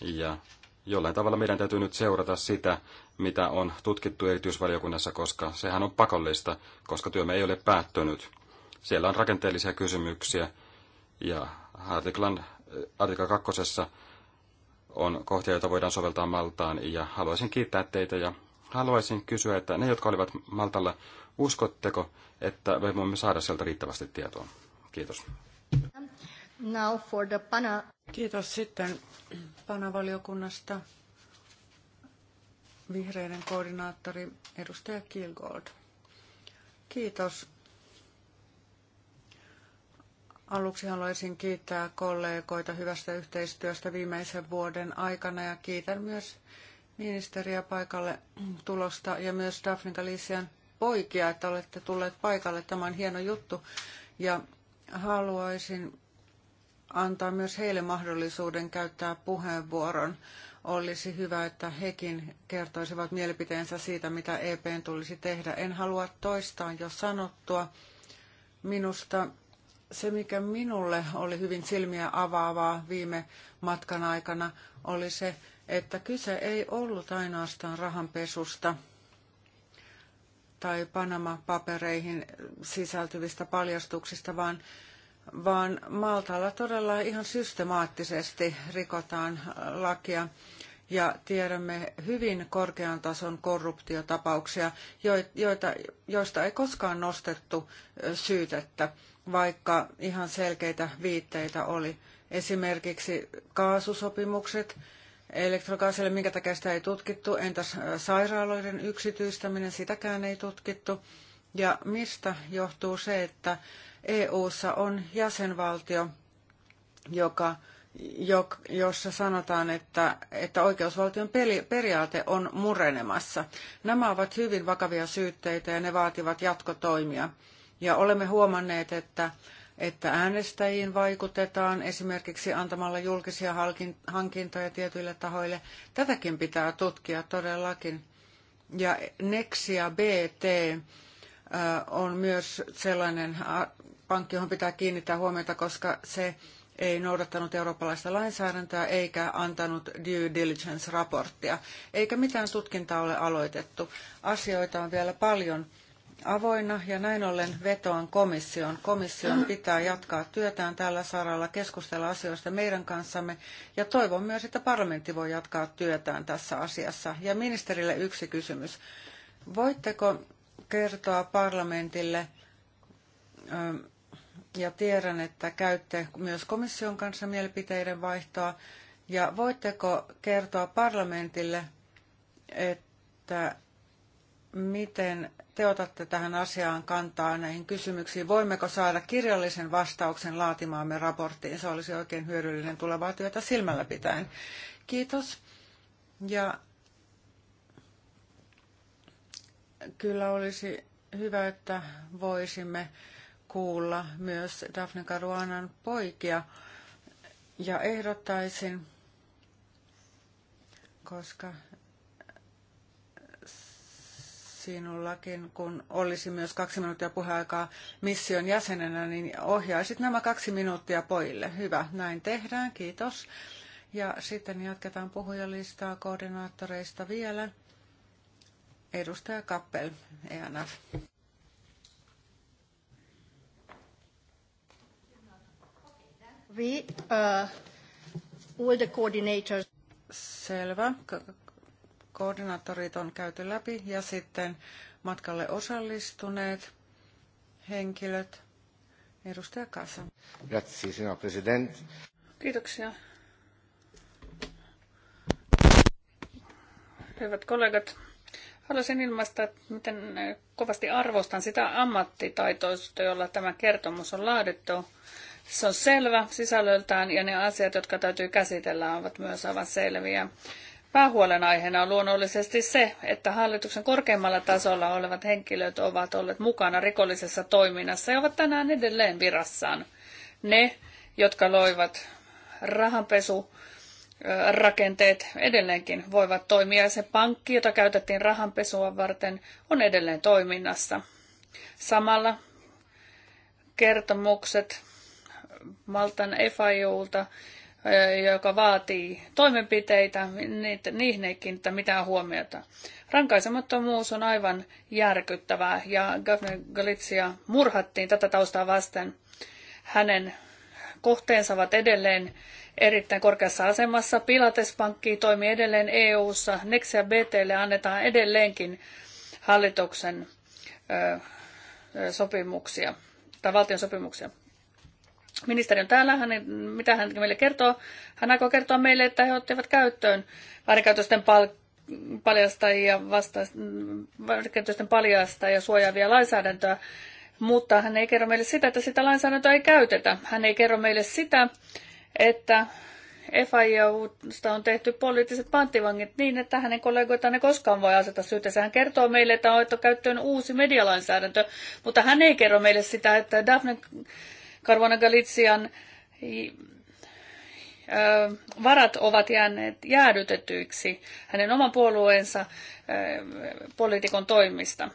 ja jollain tavalla meidän täytyy nyt seurata sitä, mitä on tutkittu erityisvaliokunnassa, koska sehän on pakollista, koska työmme ei ole päättynyt. Siellä on rakenteellisia kysymyksiä ja artiklan, artikla kakkosessa on kohtia, joita voidaan soveltaa Maltaan ja haluaisin kiittää teitä ja haluaisin kysyä, että ne, jotka olivat Maltalla, uskotteko, että me voimme saada sieltä riittävästi tietoa? Kiitos. Now for the pana. Kiitos sitten panavaliokunnasta. Vihreiden koordinaattori edustaja Kilgold. Kiitos Aluksi haluaisin kiittää kollegoita hyvästä yhteistyöstä viimeisen vuoden aikana ja kiitän myös ministeriä paikalle tulosta ja myös Daphne Galician poikia, että olette tulleet paikalle. Tämä on hieno juttu ja haluaisin antaa myös heille mahdollisuuden käyttää puheenvuoron. Olisi hyvä, että hekin kertoisivat mielipiteensä siitä, mitä EPn tulisi tehdä. En halua toistaa jo sanottua. Minusta se, mikä minulle oli hyvin silmiä avaavaa viime matkan aikana, oli se, että kyse ei ollut ainoastaan rahanpesusta tai Panama-papereihin sisältyvistä paljastuksista, vaan, vaan Maltalla todella ihan systemaattisesti rikotaan lakia. Ja tiedämme hyvin korkean tason korruptiotapauksia, joita, joista ei koskaan nostettu syytettä vaikka ihan selkeitä viitteitä oli. Esimerkiksi kaasusopimukset elektrokaasille, minkä takia sitä ei tutkittu, entäs sairaaloiden yksityistäminen, sitäkään ei tutkittu. Ja mistä johtuu se, että EU:ssa on jäsenvaltio, joka, jossa sanotaan, että, että oikeusvaltion periaate on murenemassa. Nämä ovat hyvin vakavia syytteitä ja ne vaativat jatkotoimia. Ja olemme huomanneet, että, että äänestäjiin vaikutetaan esimerkiksi antamalla julkisia hankintoja tietyille tahoille. Tätäkin pitää tutkia todellakin. Ja Nexia BT on myös sellainen pankki, johon pitää kiinnittää huomiota, koska se ei noudattanut eurooppalaista lainsäädäntöä eikä antanut due diligence-raporttia, eikä mitään tutkintaa ole aloitettu. Asioita on vielä paljon avoinna ja näin ollen vetoan komission. Komission pitää jatkaa työtään tällä saralla, keskustella asioista meidän kanssamme ja toivon myös, että parlamentti voi jatkaa työtään tässä asiassa. Ja ministerille yksi kysymys. Voitteko kertoa parlamentille, ähm, ja tiedän, että käytte myös komission kanssa mielipiteiden vaihtoa, ja voitteko kertoa parlamentille, että miten te otatte tähän asiaan kantaa näihin kysymyksiin. Voimmeko saada kirjallisen vastauksen laatimaamme raporttiin? Se olisi oikein hyödyllinen tulevaa työtä silmällä pitäen. Kiitos. Ja kyllä olisi hyvä, että voisimme kuulla myös Daphne Caruanan poikia. Ja ehdottaisin, koska sinullakin, kun olisi myös kaksi minuuttia puheaikaa mission jäsenenä, niin ohjaisit nämä kaksi minuuttia pojille. Hyvä, näin tehdään, kiitos. Ja sitten jatketaan puhujalistaa koordinaattoreista vielä. Edustaja Kappel, ENF. We, uh, all the coordinators. Selvä koordinaattorit on käyty läpi ja sitten matkalle osallistuneet henkilöt. Edustaja Kasa. Grazie, signor Presidente. Kiitoksia. Hyvät kollegat, haluaisin ilmaista, miten kovasti arvostan sitä ammattitaitoista, jolla tämä kertomus on laadittu. Se on selvä sisällöltään ja ne asiat, jotka täytyy käsitellä, ovat myös aivan selviä. Päähuolenaiheena on luonnollisesti se, että hallituksen korkeimmalla tasolla olevat henkilöt ovat olleet mukana rikollisessa toiminnassa ja ovat tänään edelleen virassaan. Ne, jotka loivat rahanpesu, rakenteet edelleenkin voivat toimia ja se pankki, jota käytettiin rahanpesua varten, on edelleen toiminnassa. Samalla kertomukset Maltan FIUlta joka vaatii toimenpiteitä, niihin ei kiinnitä mitään huomiota. Rankaisemattomuus on aivan järkyttävää ja Gavne Galitsia murhattiin tätä taustaa vasten. Hänen kohteensa ovat edelleen erittäin korkeassa asemassa. Pilatespankki toimii edelleen EU-ssa. Nexia BTlle annetaan edelleenkin hallituksen sopimuksia tai valtion sopimuksia. Ministeri on täällä, hän, mitä hän meille kertoo? Hän aikoo kertoa meille, että he ottivat käyttöön väärinkäytösten pal- paljastajia vasta, väärinkäytösten paljastajia suojaavia lainsäädäntöä, mutta hän ei kerro meille sitä, että sitä lainsäädäntöä ei käytetä. Hän ei kerro meille sitä, että FIUsta on tehty poliittiset panttivangit niin, että hänen kollegoitaan ei koskaan voi aseta syytä. Hän kertoo meille, että on otettu käyttöön uusi medialainsäädäntö, mutta hän ei kerro meille sitä, että Daphne Caruana Galician varat ovat jääneet jäädytetyiksi hänen oman puolueensa poliitikon toimista.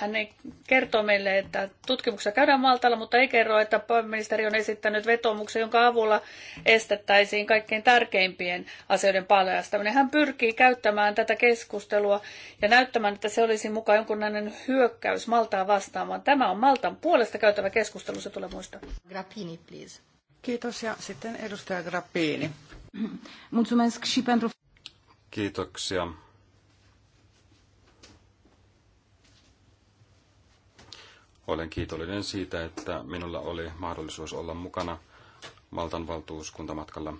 Hän ei kertoo meille, että tutkimuksessa käydään Maltalla, mutta ei kerro, että pääministeri on esittänyt vetomuksen, jonka avulla estettäisiin kaikkein tärkeimpien asioiden paljastaminen. Hän pyrkii käyttämään tätä keskustelua ja näyttämään, että se olisi mukaan jonkunlainen hyökkäys Maltaa vastaamaan. Tämä on Maltan puolesta käytävä keskustelu, se tulee muistaa. Grappini, please. Kiitos ja sitten edustaja Grappini. Kiitoksia Olen kiitollinen siitä, että minulla oli mahdollisuus olla mukana Maltan valtuuskuntamatkalla.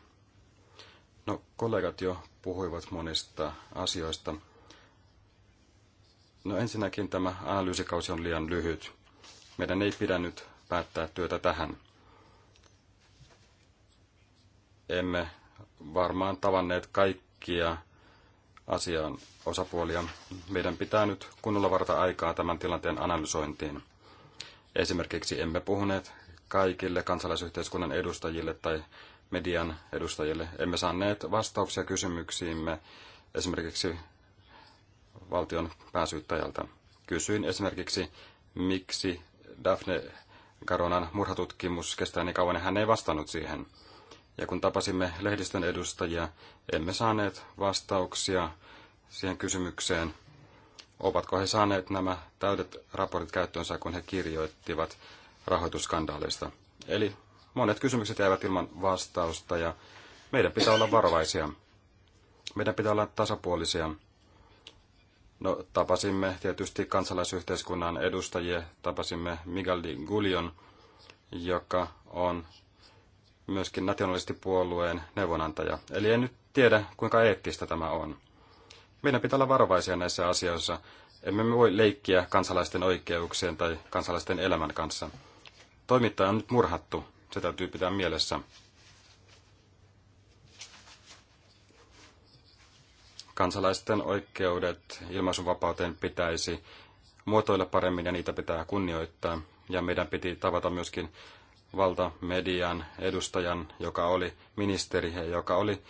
No, kollegat jo puhuivat monista asioista. No ensinnäkin tämä analyysikausi on liian lyhyt. Meidän ei pidä nyt päättää työtä tähän. Emme varmaan tavanneet kaikkia asian osapuolia. Meidän pitää nyt kunnolla varata aikaa tämän tilanteen analysointiin. Esimerkiksi emme puhuneet kaikille kansalaisyhteiskunnan edustajille tai median edustajille. Emme saaneet vastauksia kysymyksiimme esimerkiksi valtion pääsyyttäjältä. Kysyin esimerkiksi, miksi Daphne Karonan murhatutkimus kestää niin kauan, ja hän ei vastannut siihen. Ja kun tapasimme lehdistön edustajia, emme saaneet vastauksia siihen kysymykseen, Ovatko he saaneet nämä täydet raportit käyttöönsä, kun he kirjoittivat rahoitusskandaaleista? Eli monet kysymykset jäävät ilman vastausta ja meidän pitää olla varovaisia. Meidän pitää olla tasapuolisia. No, tapasimme tietysti kansalaisyhteiskunnan edustajia, tapasimme Migaldi Gullion, joka on myöskin nationalistipuolueen neuvonantaja. Eli en nyt tiedä, kuinka eettistä tämä on meidän pitää olla varovaisia näissä asioissa. Emme me voi leikkiä kansalaisten oikeuksien tai kansalaisten elämän kanssa. Toimittaja on nyt murhattu, se täytyy pitää mielessä. Kansalaisten oikeudet ilmaisunvapauteen pitäisi muotoilla paremmin ja niitä pitää kunnioittaa. Ja meidän piti tavata myöskin valtamedian edustajan, joka oli ministeri ja joka oli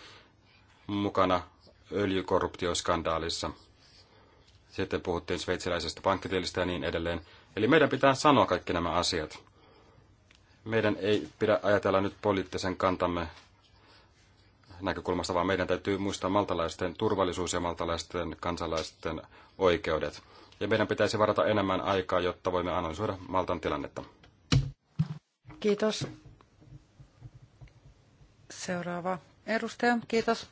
mukana öljykorruptioskandaalissa. Sitten puhuttiin sveitsiläisestä pankkitilistä ja niin edelleen. Eli meidän pitää sanoa kaikki nämä asiat. Meidän ei pidä ajatella nyt poliittisen kantamme näkökulmasta, vaan meidän täytyy muistaa maltalaisten turvallisuus ja maltalaisten kansalaisten oikeudet. Ja meidän pitäisi varata enemmän aikaa, jotta voimme analysoida Maltan tilannetta. Kiitos. Seuraava edustaja, kiitos.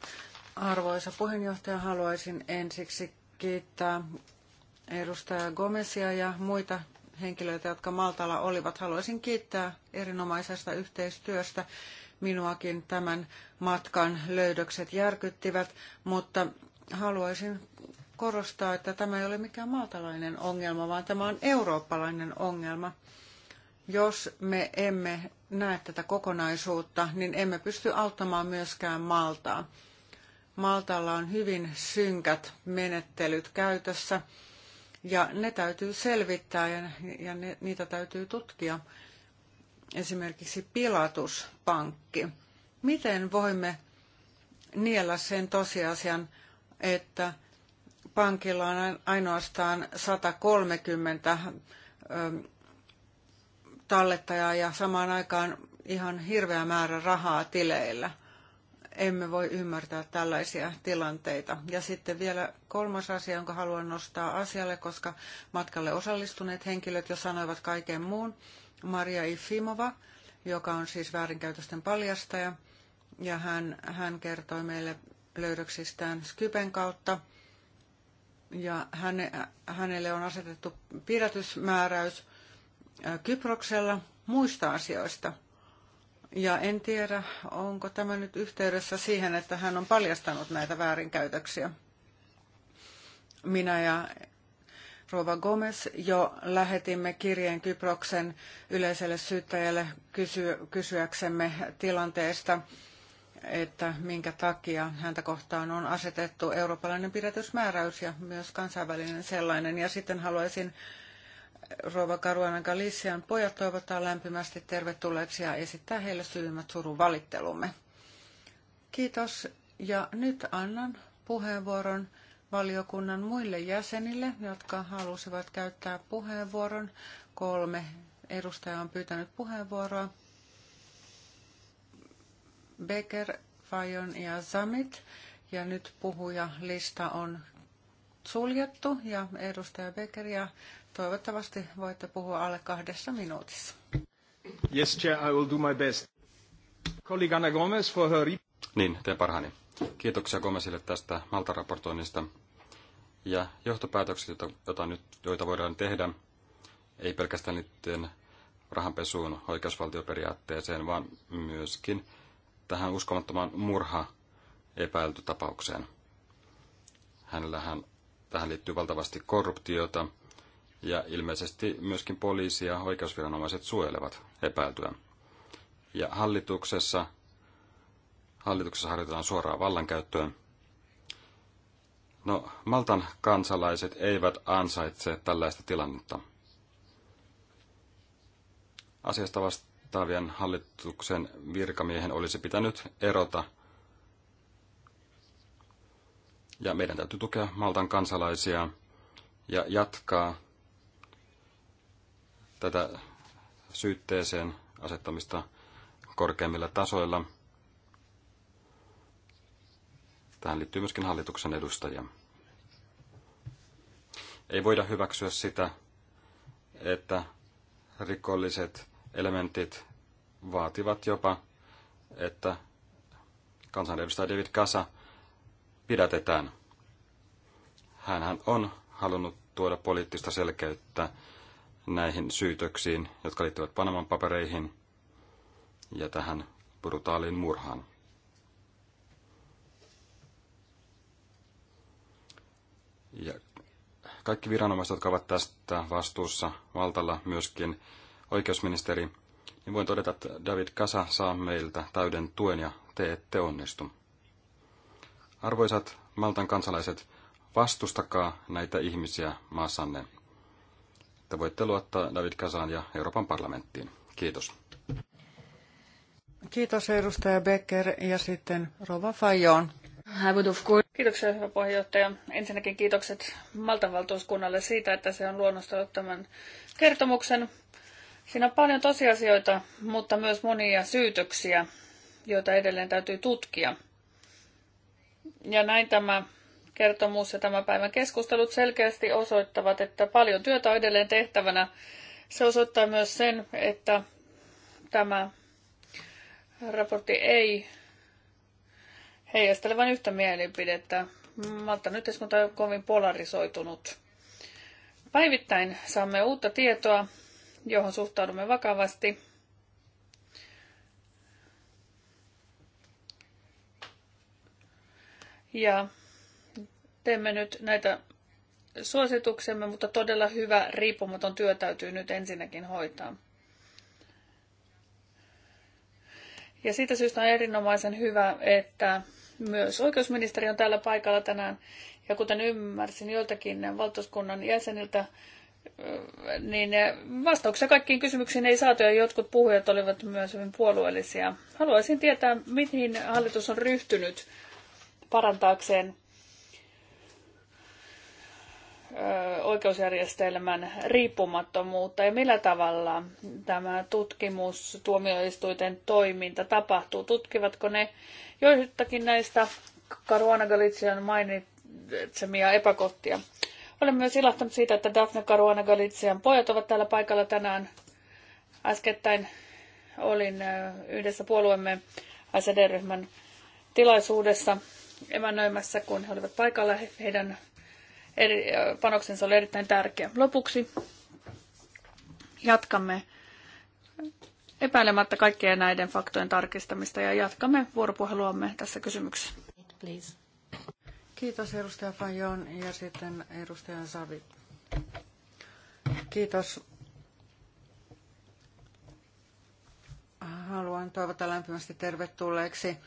Arvoisa puheenjohtaja, haluaisin ensiksi kiittää edustaja Gomesia ja muita henkilöitä, jotka Maltalla olivat. Haluaisin kiittää erinomaisesta yhteistyöstä. Minuakin tämän matkan löydökset järkyttivät, mutta haluaisin korostaa, että tämä ei ole mikään maatalainen ongelma, vaan tämä on eurooppalainen ongelma. Jos me emme näe tätä kokonaisuutta, niin emme pysty auttamaan myöskään Maltaa. Maltalla on hyvin synkät menettelyt käytössä ja ne täytyy selvittää ja, ja ne, niitä täytyy tutkia. Esimerkiksi pilatuspankki. Miten voimme niellä sen tosiasian, että pankilla on ainoastaan 130 tallettajaa ja samaan aikaan ihan hirveä määrä rahaa tileillä – emme voi ymmärtää tällaisia tilanteita. Ja sitten vielä kolmas asia, jonka haluan nostaa asialle, koska matkalle osallistuneet henkilöt jo sanoivat kaiken muun. Maria Ifimova, joka on siis väärinkäytösten paljastaja, ja hän, hän kertoi meille löydöksistään Skypen kautta. Ja häne, hänelle on asetettu pidätysmääräys Kyproksella muista asioista – ja en tiedä, onko tämä nyt yhteydessä siihen, että hän on paljastanut näitä väärinkäytöksiä. Minä ja Rova Gomez jo lähetimme kirjeen Kyproksen yleiselle syyttäjälle kysy- kysyäksemme tilanteesta, että minkä takia häntä kohtaan on asetettu eurooppalainen pidätysmääräys ja myös kansainvälinen sellainen. Ja sitten haluaisin rouva Karuanan Galician pojat toivottaa lämpimästi tervetulleeksi ja esittää heille syvimmät surun valittelumme. Kiitos ja nyt annan puheenvuoron valiokunnan muille jäsenille, jotka halusivat käyttää puheenvuoron. Kolme edustajaa on pyytänyt puheenvuoroa. Becker, Fajon ja Zamit. Ja nyt puhuja lista on suljettu ja edustaja Becker ja Toivottavasti voitte puhua alle kahdessa minuutissa. Yes, Chair, I will do my best. Colleague Gomez for her... Niin, teen parhaani. Kiitoksia Gomezille tästä Malta-raportoinnista. Ja johtopäätökset, joita, joita, nyt, joita voidaan tehdä, ei pelkästään niiden rahanpesuun oikeusvaltioperiaatteeseen, vaan myöskin tähän uskomattoman murha epäilty tapaukseen. Hänellähän tähän liittyy valtavasti korruptiota ja ilmeisesti myöskin poliisi ja oikeusviranomaiset suojelevat epäiltyä. Ja hallituksessa, hallituksessa harjoitetaan suoraa vallankäyttöä. No, Maltan kansalaiset eivät ansaitse tällaista tilannetta. Asiasta vastaavien hallituksen virkamiehen olisi pitänyt erota. Ja meidän täytyy tukea Maltan kansalaisia ja jatkaa tätä syytteeseen asettamista korkeimmilla tasoilla. Tähän liittyy myöskin hallituksen edustajia. Ei voida hyväksyä sitä, että rikolliset elementit vaativat jopa, että kansanedustaja David Kasa pidätetään. Hänhän on halunnut tuoda poliittista selkeyttä näihin syytöksiin, jotka liittyvät Panaman papereihin ja tähän brutaaliin murhaan. Ja kaikki viranomaiset, jotka ovat tästä vastuussa valtalla, myöskin oikeusministeri, niin voin todeta, että David Kasa saa meiltä täyden tuen ja te ette onnistu. Arvoisat Maltan kansalaiset, vastustakaa näitä ihmisiä maassanne että voitte luottaa David Kasaan ja Euroopan parlamenttiin. Kiitos. Kiitos edustaja Becker ja sitten Rova Fajon. Kiitoksia hyvä puheenjohtaja. Ensinnäkin kiitokset Maltan valtuuskunnalle siitä, että se on luonnostanut tämän kertomuksen. Siinä on paljon tosiasioita, mutta myös monia syytöksiä, joita edelleen täytyy tutkia. Ja näin tämä kertomus ja tämän päivän keskustelut selkeästi osoittavat, että paljon työtä on edelleen tehtävänä. Se osoittaa myös sen, että tämä raportti ei heijastele vain yhtä mielipidettä. Malta nyt on kovin polarisoitunut. Päivittäin saamme uutta tietoa, johon suhtaudumme vakavasti. Ja Teemme nyt näitä suosituksemme, mutta todella hyvä riippumaton työ täytyy nyt ensinnäkin hoitaa. Ja siitä syystä on erinomaisen hyvä, että myös oikeusministeri on täällä paikalla tänään. Ja kuten ymmärsin joiltakin valtuuskunnan jäseniltä, niin vastauksia kaikkiin kysymyksiin ei saatu ja jotkut puhujat olivat myös hyvin puolueellisia. Haluaisin tietää, mihin hallitus on ryhtynyt parantaakseen oikeusjärjestelmän riippumattomuutta ja millä tavalla tämä tutkimus, tuomioistuinten toiminta tapahtuu. Tutkivatko ne joitakin näistä Caruana Galician mainitsemia epäkohtia? Olen myös ilahtunut siitä, että Daphne Caruana Galician pojat ovat täällä paikalla tänään. Äskettäin olin yhdessä puolueemme sd ryhmän tilaisuudessa emännöimässä, kun he olivat paikalla. Heidän eri, panoksensa oli erittäin tärkeä. Lopuksi jatkamme epäilemättä kaikkien näiden faktojen tarkistamista ja jatkamme vuoropuheluamme tässä kysymyksessä. Please. Kiitos edustaja Fajon ja sitten edustaja Savi. Kiitos. Haluan toivottaa lämpimästi tervetulleeksi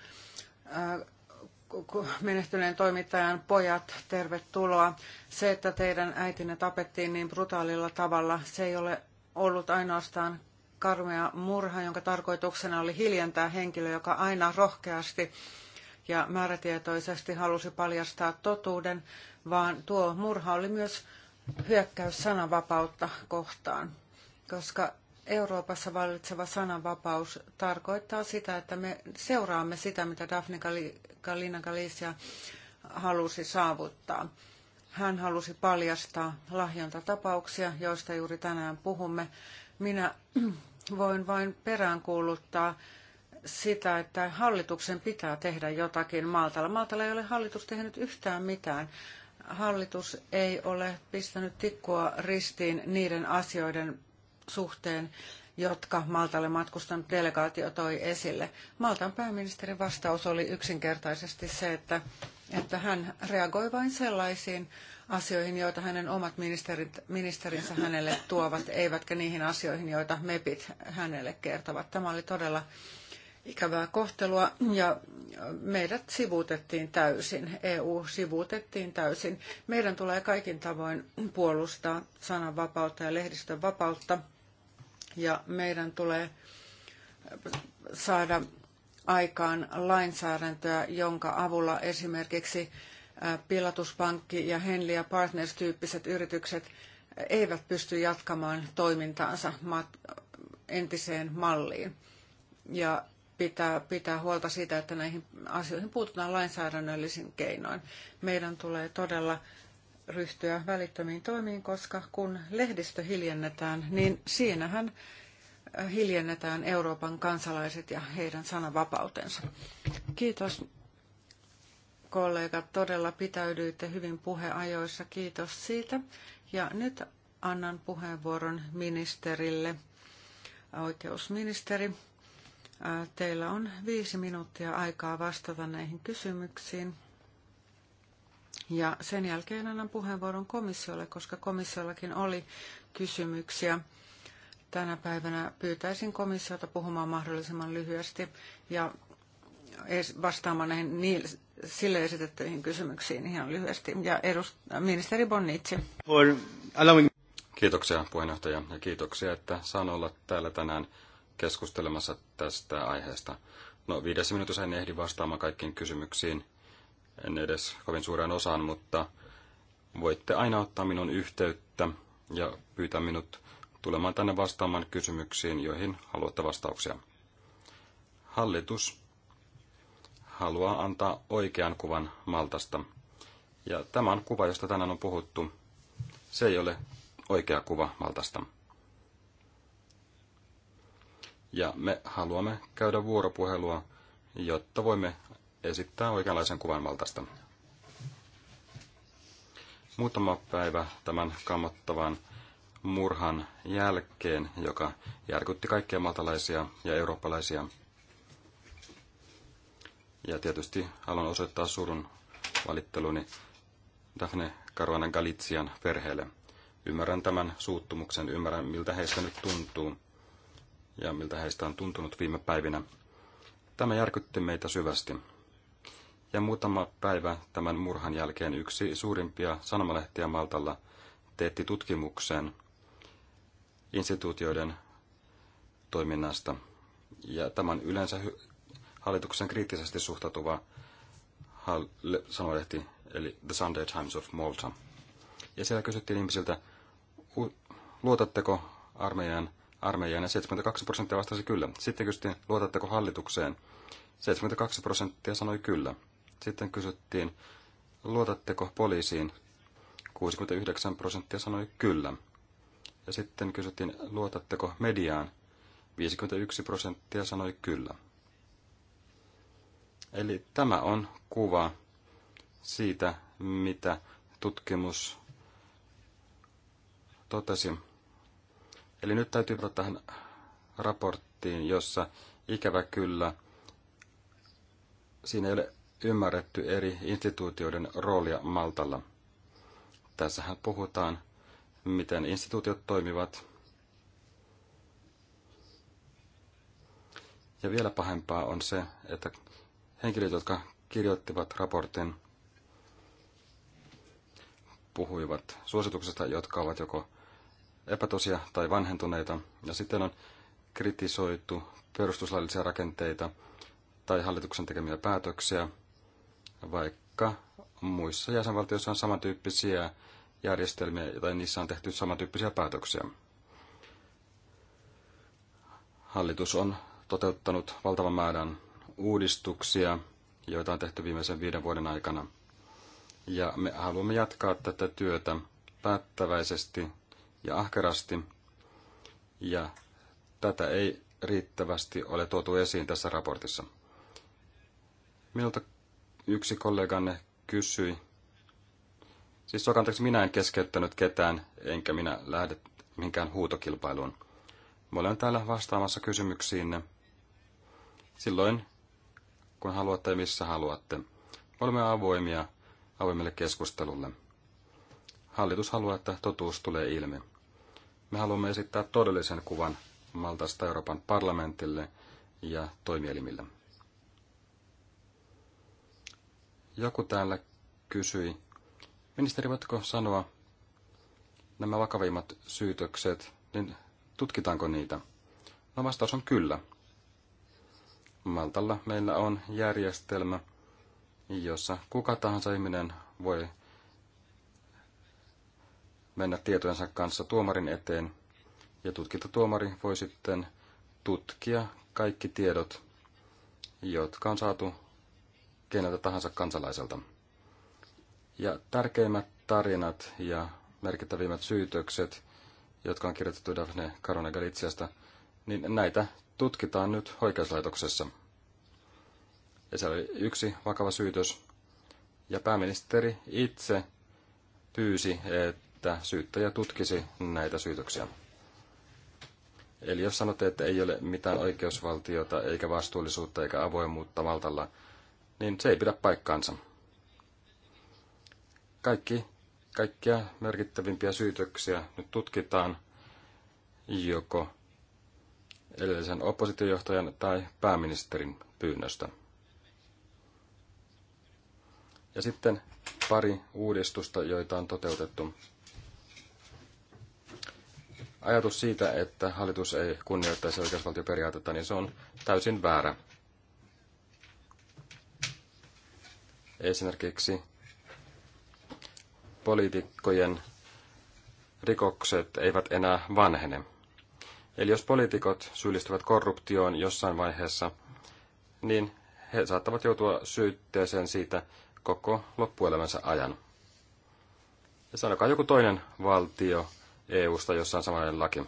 menehtyneen toimittajan pojat, tervetuloa. Se, että teidän äitinne tapettiin niin brutaalilla tavalla, se ei ole ollut ainoastaan karmea murha, jonka tarkoituksena oli hiljentää henkilö, joka aina rohkeasti ja määrätietoisesti halusi paljastaa totuuden, vaan tuo murha oli myös hyökkäys sananvapautta kohtaan, koska Euroopassa vallitseva sananvapaus tarkoittaa sitä, että me seuraamme sitä, mitä Daphne Kalina Galicia halusi saavuttaa. Hän halusi paljastaa lahjontatapauksia, joista juuri tänään puhumme. Minä <clears throat> voin vain peräänkuuluttaa sitä, että hallituksen pitää tehdä jotakin Maltalla. Maltalla ei ole hallitus tehnyt yhtään mitään. Hallitus ei ole pistänyt tikkua ristiin niiden asioiden suhteen, jotka Maltalle matkustanut delegaatio toi esille. Maltan pääministerin vastaus oli yksinkertaisesti se, että, että hän reagoi vain sellaisiin asioihin, joita hänen omat ministerit, ministerinsä hänelle tuovat, eivätkä niihin asioihin, joita MEPit hänelle kertovat. Tämä oli todella ikävää kohtelua ja meidät sivuutettiin täysin, EU sivuutettiin täysin. Meidän tulee kaikin tavoin puolustaa sananvapautta ja lehdistön vapautta ja meidän tulee saada aikaan lainsäädäntöä, jonka avulla esimerkiksi Pilatuspankki ja Henley ja Partners-tyyppiset yritykset eivät pysty jatkamaan toimintaansa entiseen malliin. Ja pitää, pitää huolta siitä, että näihin asioihin puututaan lainsäädännöllisin keinoin. Meidän tulee todella ryhtyä välittömiin toimiin, koska kun lehdistö hiljennetään, niin siinähän hiljennetään Euroopan kansalaiset ja heidän sananvapautensa. Kiitos kollegat, todella pitäydyitte hyvin puheajoissa. Kiitos siitä. Ja nyt annan puheenvuoron ministerille. Oikeusministeri, äh, teillä on viisi minuuttia aikaa vastata näihin kysymyksiin. Ja sen jälkeen annan puheenvuoron komissiolle, koska komissiollakin oli kysymyksiä. Tänä päivänä pyytäisin komissiota puhumaan mahdollisimman lyhyesti ja vastaamaan näihin niille, sille esitettyihin kysymyksiin ihan lyhyesti. Ja edust- ministeri Bonnitsi. Kiitoksia puheenjohtaja ja kiitoksia, että saan olla täällä tänään keskustelemassa tästä aiheesta. No viidessä minuutissa en ehdi vastaamaan kaikkiin kysymyksiin, en edes kovin suureen osaan, mutta voitte aina ottaa minun yhteyttä ja pyytää minut tulemaan tänne vastaamaan kysymyksiin, joihin haluatte vastauksia. Hallitus haluaa antaa oikean kuvan Maltasta. Ja tämä on kuva, josta tänään on puhuttu. Se ei ole oikea kuva Maltasta. Ja me haluamme käydä vuoropuhelua, jotta voimme esittää oikeanlaisen kuvan valtaista. Muutama päivä tämän kammottavan murhan jälkeen, joka järkytti kaikkia maltalaisia ja eurooppalaisia. Ja tietysti haluan osoittaa surun valitteluni Daphne Caruana Galician perheelle. Ymmärrän tämän suuttumuksen, ymmärrän miltä heistä nyt tuntuu ja miltä heistä on tuntunut viime päivinä. Tämä järkytti meitä syvästi. Ja muutama päivä tämän murhan jälkeen yksi suurimpia sanomalehtiä Maltalla teetti tutkimuksen instituutioiden toiminnasta. Ja tämän yleensä hallituksen kriittisesti suhtautuva sanomalehti, eli The Sunday Times of Malta. Ja siellä kysyttiin ihmisiltä, luotatteko armeijan, armeijaan, ja 72 prosenttia vastasi kyllä. Sitten kysyttiin, luotatteko hallitukseen, 72 prosenttia sanoi kyllä. Sitten kysyttiin, luotatteko poliisiin? 69 prosenttia sanoi kyllä. Ja sitten kysyttiin, luotatteko mediaan? 51 prosenttia sanoi kyllä. Eli tämä on kuva siitä, mitä tutkimus totesi. Eli nyt täytyy ottaa tähän raporttiin, jossa ikävä kyllä siinä ei ole ymmärretty eri instituutioiden roolia Maltalla. Tässähän puhutaan, miten instituutiot toimivat. Ja vielä pahempaa on se, että henkilöt, jotka kirjoittivat raportin, puhuivat suosituksista, jotka ovat joko epätosia tai vanhentuneita, ja sitten on kritisoitu perustuslaillisia rakenteita tai hallituksen tekemiä päätöksiä – vaikka muissa jäsenvaltioissa on samantyyppisiä järjestelmiä tai niissä on tehty samantyyppisiä päätöksiä. Hallitus on toteuttanut valtavan määrän uudistuksia, joita on tehty viimeisen viiden vuoden aikana. Ja me haluamme jatkaa tätä työtä päättäväisesti ja ahkerasti. Ja tätä ei riittävästi ole tuotu esiin tässä raportissa. Minulta Yksi kolleganne kysyi. Siis anteeksi, minä en keskeyttänyt ketään, enkä minä lähde minkään huutokilpailuun. Mä olen täällä vastaamassa kysymyksiinne. Silloin, kun haluatte ja missä haluatte. Me olemme avoimia avoimelle keskustelulle. Hallitus haluaa, että totuus tulee ilmi. Me haluamme esittää todellisen kuvan Maltasta Euroopan parlamentille ja toimielimille. Joku täällä kysyi, ministeri, voitko sanoa nämä vakavimmat syytökset, niin tutkitaanko niitä? No vastaus on kyllä. Maltalla meillä on järjestelmä, jossa kuka tahansa ihminen voi mennä tietojensa kanssa tuomarin eteen, ja tutkintatuomari voi sitten tutkia kaikki tiedot, jotka on saatu keneltä tahansa kansalaiselta. Ja tärkeimmät tarinat ja merkittävimmät syytökset, jotka on kirjoitettu Daphne Caruana galitsiasta, niin näitä tutkitaan nyt oikeuslaitoksessa. Ja se oli yksi vakava syytös, ja pääministeri itse pyysi, että syyttäjä tutkisi näitä syytöksiä. Eli jos sanotte, että ei ole mitään oikeusvaltiota, eikä vastuullisuutta, eikä avoimuutta valtalla niin se ei pidä paikkaansa. Kaikki, kaikkia merkittävimpiä syytöksiä nyt tutkitaan joko edellisen oppositiojohtajan tai pääministerin pyynnöstä. Ja sitten pari uudistusta, joita on toteutettu. Ajatus siitä, että hallitus ei kunnioittaisi oikeusvaltioperiaatetta, niin se on täysin väärä. Esimerkiksi poliitikkojen rikokset eivät enää vanhene. Eli jos poliitikot syyllistyvät korruptioon jossain vaiheessa, niin he saattavat joutua syytteeseen siitä koko loppuelämänsä ajan. Ja sanokaa joku toinen valtio EU-sta, jossa on samanlainen laki.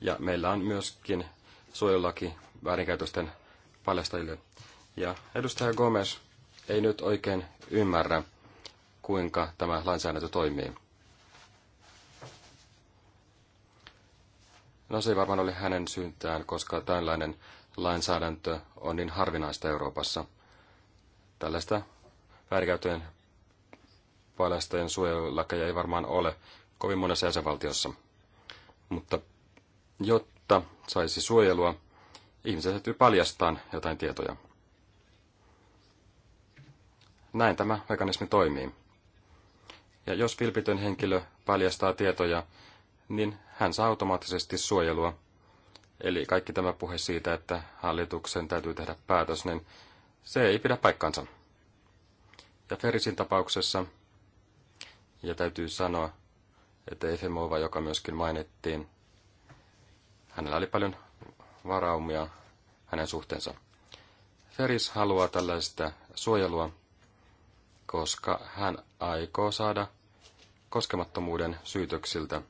Ja meillä on myöskin suojelulaki väärinkäytösten paljastajille. Ja edustaja Gomes ei nyt oikein ymmärrä, kuinka tämä lainsäädäntö toimii. No se ei varmaan ole hänen syyntään, koska tällainen lainsäädäntö on niin harvinaista Euroopassa. Tällaista väärinkäyttöjen paljastajien suojelulakeja ei varmaan ole kovin monessa jäsenvaltiossa. Mutta jotta saisi suojelua, ihmisen täytyy paljastaa jotain tietoja näin tämä mekanismi toimii. Ja jos vilpitön henkilö paljastaa tietoja, niin hän saa automaattisesti suojelua. Eli kaikki tämä puhe siitä, että hallituksen täytyy tehdä päätös, niin se ei pidä paikkansa. Ja Ferisin tapauksessa, ja täytyy sanoa, että Efemova, joka myöskin mainittiin, hänellä oli paljon varaumia hänen suhteensa. Feris haluaa tällaista suojelua, koska hän aikoo saada koskemattomuuden syytöksiltä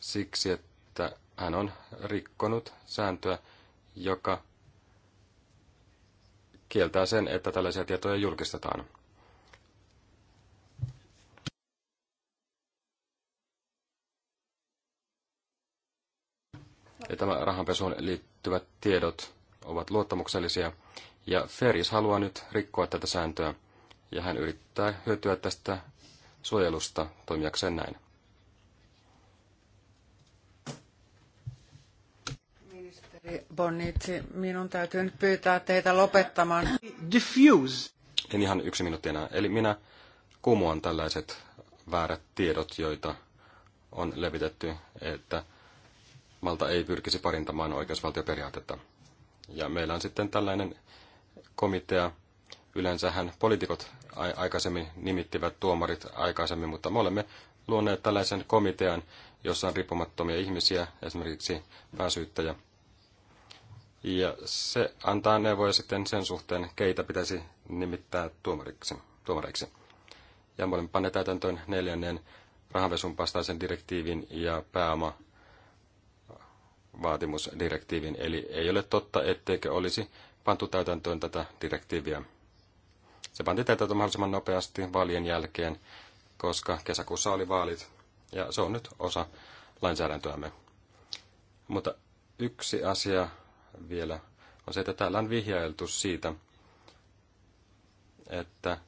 siksi, että hän on rikkonut sääntöä, joka kieltää sen, että tällaisia tietoja julkistetaan. Ja tämä rahanpesuun liittyvät tiedot ovat luottamuksellisia, ja Ferris haluaa nyt rikkoa tätä sääntöä, ja hän yrittää hyötyä tästä suojelusta toimijakseen näin. Ministeri Bonnici, minun täytyy nyt pyytää teitä lopettamaan. Diffuse. En ihan yksi minuutti enää. Eli minä kumoan tällaiset väärät tiedot, joita on levitetty, että Malta ei pyrkisi parintamaan oikeusvaltioperiaatetta. Ja meillä on sitten tällainen komitea. Yleensähän poliitikot aikaisemmin nimittivät tuomarit aikaisemmin, mutta me olemme luoneet tällaisen komitean, jossa on riippumattomia ihmisiä, esimerkiksi pääsyyttäjä. Ja se antaa neuvoja sitten sen suhteen, keitä pitäisi nimittää tuomariksi. tuomareiksi. Ja me olemme panneet täytäntöön neljännen rahanvesun vastaisen direktiivin ja pääoma vaatimusdirektiivin. Eli ei ole totta, etteikö olisi pantu täytäntöön tätä direktiiviä. Se panti täytäntöön mahdollisimman nopeasti vaalien jälkeen, koska kesäkuussa oli vaalit, ja se on nyt osa lainsäädäntöämme. Mutta yksi asia vielä on se, että täällä on vihjailtu siitä, että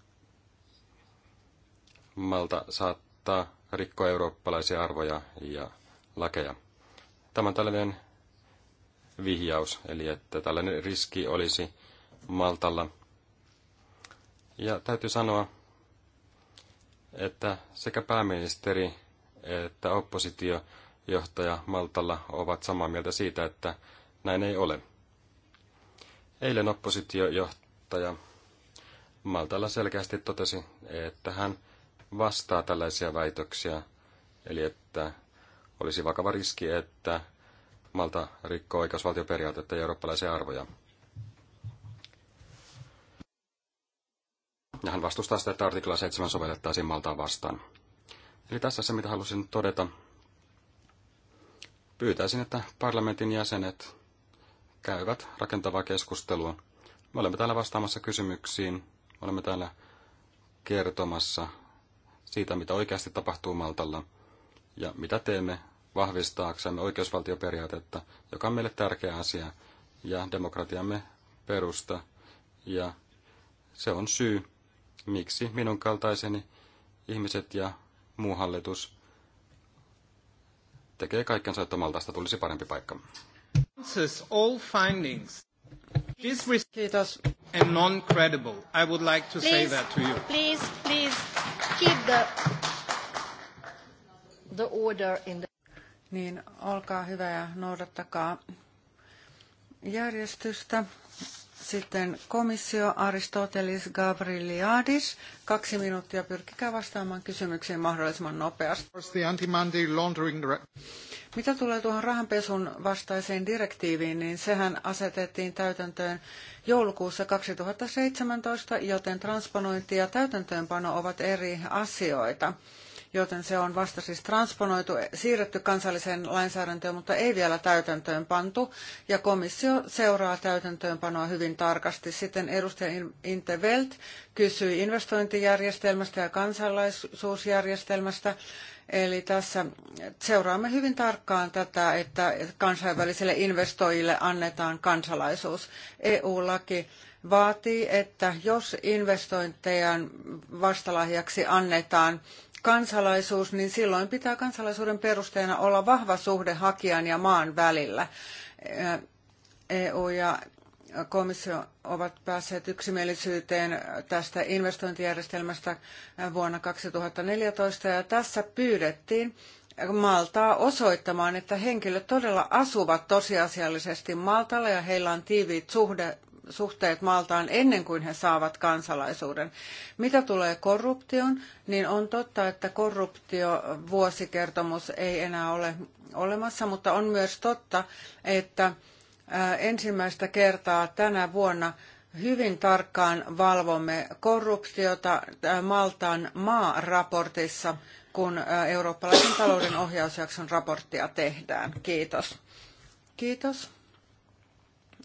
Malta saattaa rikkoa eurooppalaisia arvoja ja lakeja. Tämä on tällainen vihjaus, eli että tällainen riski olisi Maltalla. Ja täytyy sanoa, että sekä pääministeri että oppositiojohtaja Maltalla ovat samaa mieltä siitä, että näin ei ole. Eilen oppositiojohtaja Maltalla selkeästi totesi, että hän vastaa tällaisia väitöksiä, eli että olisi vakava riski, että Malta rikkoo oikeusvaltioperiaatetta ja eurooppalaisia arvoja. Ja hän vastustaa sitä, että artikla 7 sovellettaisiin Maltaa vastaan. Eli tässä se, mitä halusin todeta. Pyytäisin, että parlamentin jäsenet käyvät rakentavaa keskustelua. Me olemme täällä vastaamassa kysymyksiin. Me olemme täällä kertomassa siitä, mitä oikeasti tapahtuu Maltalla ja mitä teemme vahvistaaksemme oikeusvaltioperiaatetta, joka on meille tärkeä asia, ja demokratiamme perusta. Ja se on syy, miksi minun kaltaiseni ihmiset ja muu hallitus tekee kaikkensa, että Maltaista tulisi parempi paikka. Kiitos. And non-credible. I would like to please, say that to you. Please, please, keep the, the order in niin olkaa hyvä ja noudattakaa järjestystä. Sitten komissio Aristotelis Gabriliadis. Kaksi minuuttia. Pyrkikää vastaamaan kysymyksiin mahdollisimman nopeasti. Mitä tulee tuohon rahanpesun vastaiseen direktiiviin, niin sehän asetettiin täytäntöön joulukuussa 2017, joten transponointi ja täytäntöönpano ovat eri asioita joten se on vasta siis transponoitu, siirretty kansalliseen lainsäädäntöön, mutta ei vielä täytäntöön pantu. Ja komissio seuraa täytäntöönpanoa hyvin tarkasti. Sitten edustaja Intervelt kysyi investointijärjestelmästä ja kansalaisuusjärjestelmästä. Eli tässä seuraamme hyvin tarkkaan tätä, että kansainvälisille investoijille annetaan kansalaisuus. EU-laki vaatii, että jos investointejan vastalahjaksi annetaan kansalaisuus, niin silloin pitää kansalaisuuden perusteena olla vahva suhde hakijan ja maan välillä. EU ja komissio ovat päässeet yksimielisyyteen tästä investointijärjestelmästä vuonna 2014 ja tässä pyydettiin Maltaa osoittamaan, että henkilöt todella asuvat tosiasiallisesti Maltalla ja heillä on tiiviit suhde, suhteet Maltaan ennen kuin he saavat kansalaisuuden. Mitä tulee korruptioon, niin on totta, että korruptiovuosikertomus ei enää ole olemassa, mutta on myös totta, että ensimmäistä kertaa tänä vuonna hyvin tarkkaan valvomme korruptiota Maltaan maaraportissa, kun eurooppalaisen talouden ohjausjakson raporttia tehdään. Kiitos. Kiitos.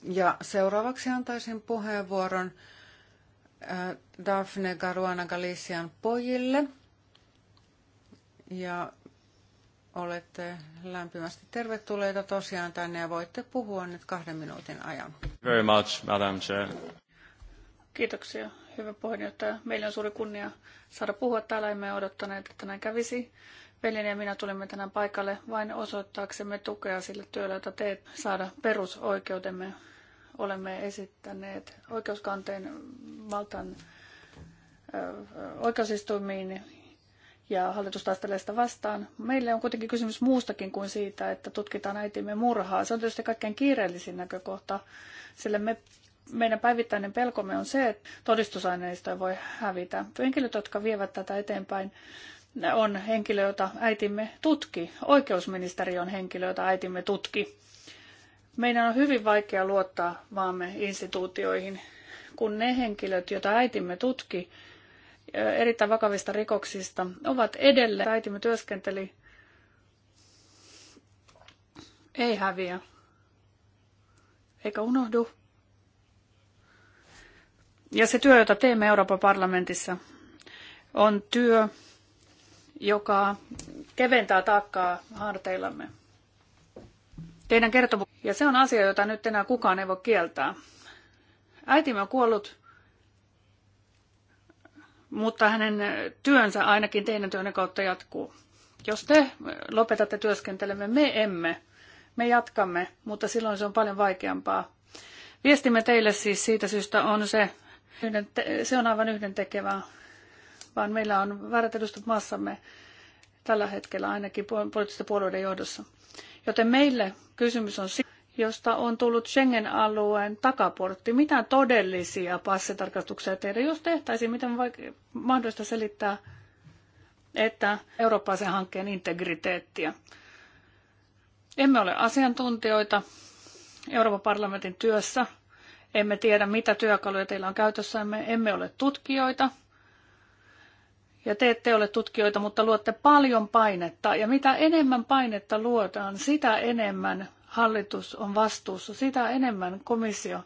Ja seuraavaksi antaisin puheenvuoron äh, Daphne Caruana Galician pojille. Ja olette lämpimästi tervetulleita tosiaan tänne ja voitte puhua nyt kahden minuutin ajan. Very much, Madam Chair. Kiitoksia, hyvä puheenjohtaja. Meillä on suuri kunnia saada puhua täällä. Emme odottaneet, että näin kävisi. Pelin ja minä tulimme tänään paikalle vain osoittaaksemme tukea sille työlle, jota teet saada perusoikeutemme, Olemme esittäneet oikeuskanteen valtan oikeusistuimiin ja hallitus taistelee sitä vastaan. Meille on kuitenkin kysymys muustakin kuin siitä, että tutkitaan äitimme murhaa. Se on tietysti kaikkein kiireellisin näkökohta, sillä me, meidän päivittäinen pelkomme on se, että todistusaineistoja voi hävitä. Henkilöt, jotka vievät tätä eteenpäin, on henkilö, jota äitimme tutki. Oikeusministeri on henkilö, jota äitimme tutki. Meidän on hyvin vaikea luottaa maamme instituutioihin, kun ne henkilöt, joita äitimme tutki erittäin vakavista rikoksista, ovat edelleen. Äitimme työskenteli ei häviä. Eikä unohdu. Ja se työ, jota teemme Euroopan parlamentissa, on työ, joka keventää taakkaa harteillamme. Teidän kertomus. Ja se on asia, jota nyt enää kukaan ei voi kieltää. Äitimme on kuollut, mutta hänen työnsä ainakin teidän työnne kautta jatkuu. Jos te lopetatte työskentelemme, me emme. Me jatkamme, mutta silloin se on paljon vaikeampaa. Viestimme teille siis siitä syystä on se, se on aivan yhdentekevää vaan meillä on väärät edustat maassamme tällä hetkellä ainakin poliittisten puolueiden johdossa. Joten meille kysymys on siitä, josta on tullut Schengen-alueen takaportti. Mitä todellisia passitarkastuksia tehdä? Jos tehtäisiin, miten vaik- mahdollista selittää, että eurooppalaisen hankkeen integriteettiä. Emme ole asiantuntijoita Euroopan parlamentin työssä. Emme tiedä, mitä työkaluja teillä on käytössämme. Emme ole tutkijoita ja te ette ole tutkijoita, mutta luotte paljon painetta. Ja mitä enemmän painetta luodaan, sitä enemmän hallitus on vastuussa, sitä enemmän komissio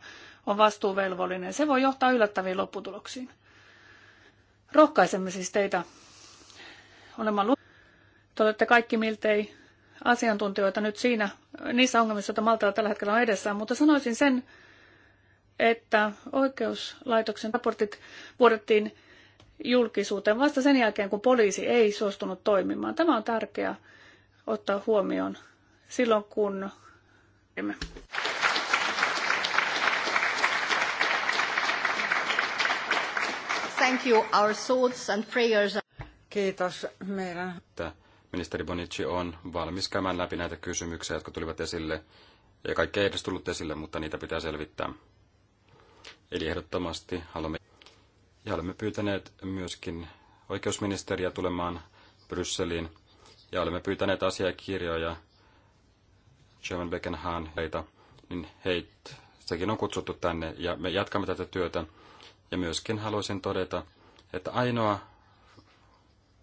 on vastuuvelvollinen. Se voi johtaa yllättäviin lopputuloksiin. Rohkaisemme siis teitä olemaan lu- Te olette kaikki miltei asiantuntijoita nyt siinä, niissä ongelmissa, joita Maltalla tällä hetkellä on edessään, mutta sanoisin sen, että oikeuslaitoksen raportit vuodettiin julkisuuteen vasta sen jälkeen, kun poliisi ei suostunut toimimaan. Tämä on tärkeää ottaa huomioon silloin, kun... Thank you. Our thoughts and prayers. Kiitos meidän. Ministeri Bonici on valmis käymään läpi näitä kysymyksiä, jotka tulivat esille. Ja kaikki ei edes tullut esille, mutta niitä pitää selvittää. Eli ehdottomasti haluamme... Ja olemme pyytäneet myöskin oikeusministeriä tulemaan Brysseliin. Ja olemme pyytäneet asiakirjoja German Beckenhaan heitä, niin heit, sekin on kutsuttu tänne ja me jatkamme tätä työtä. Ja myöskin haluaisin todeta, että ainoa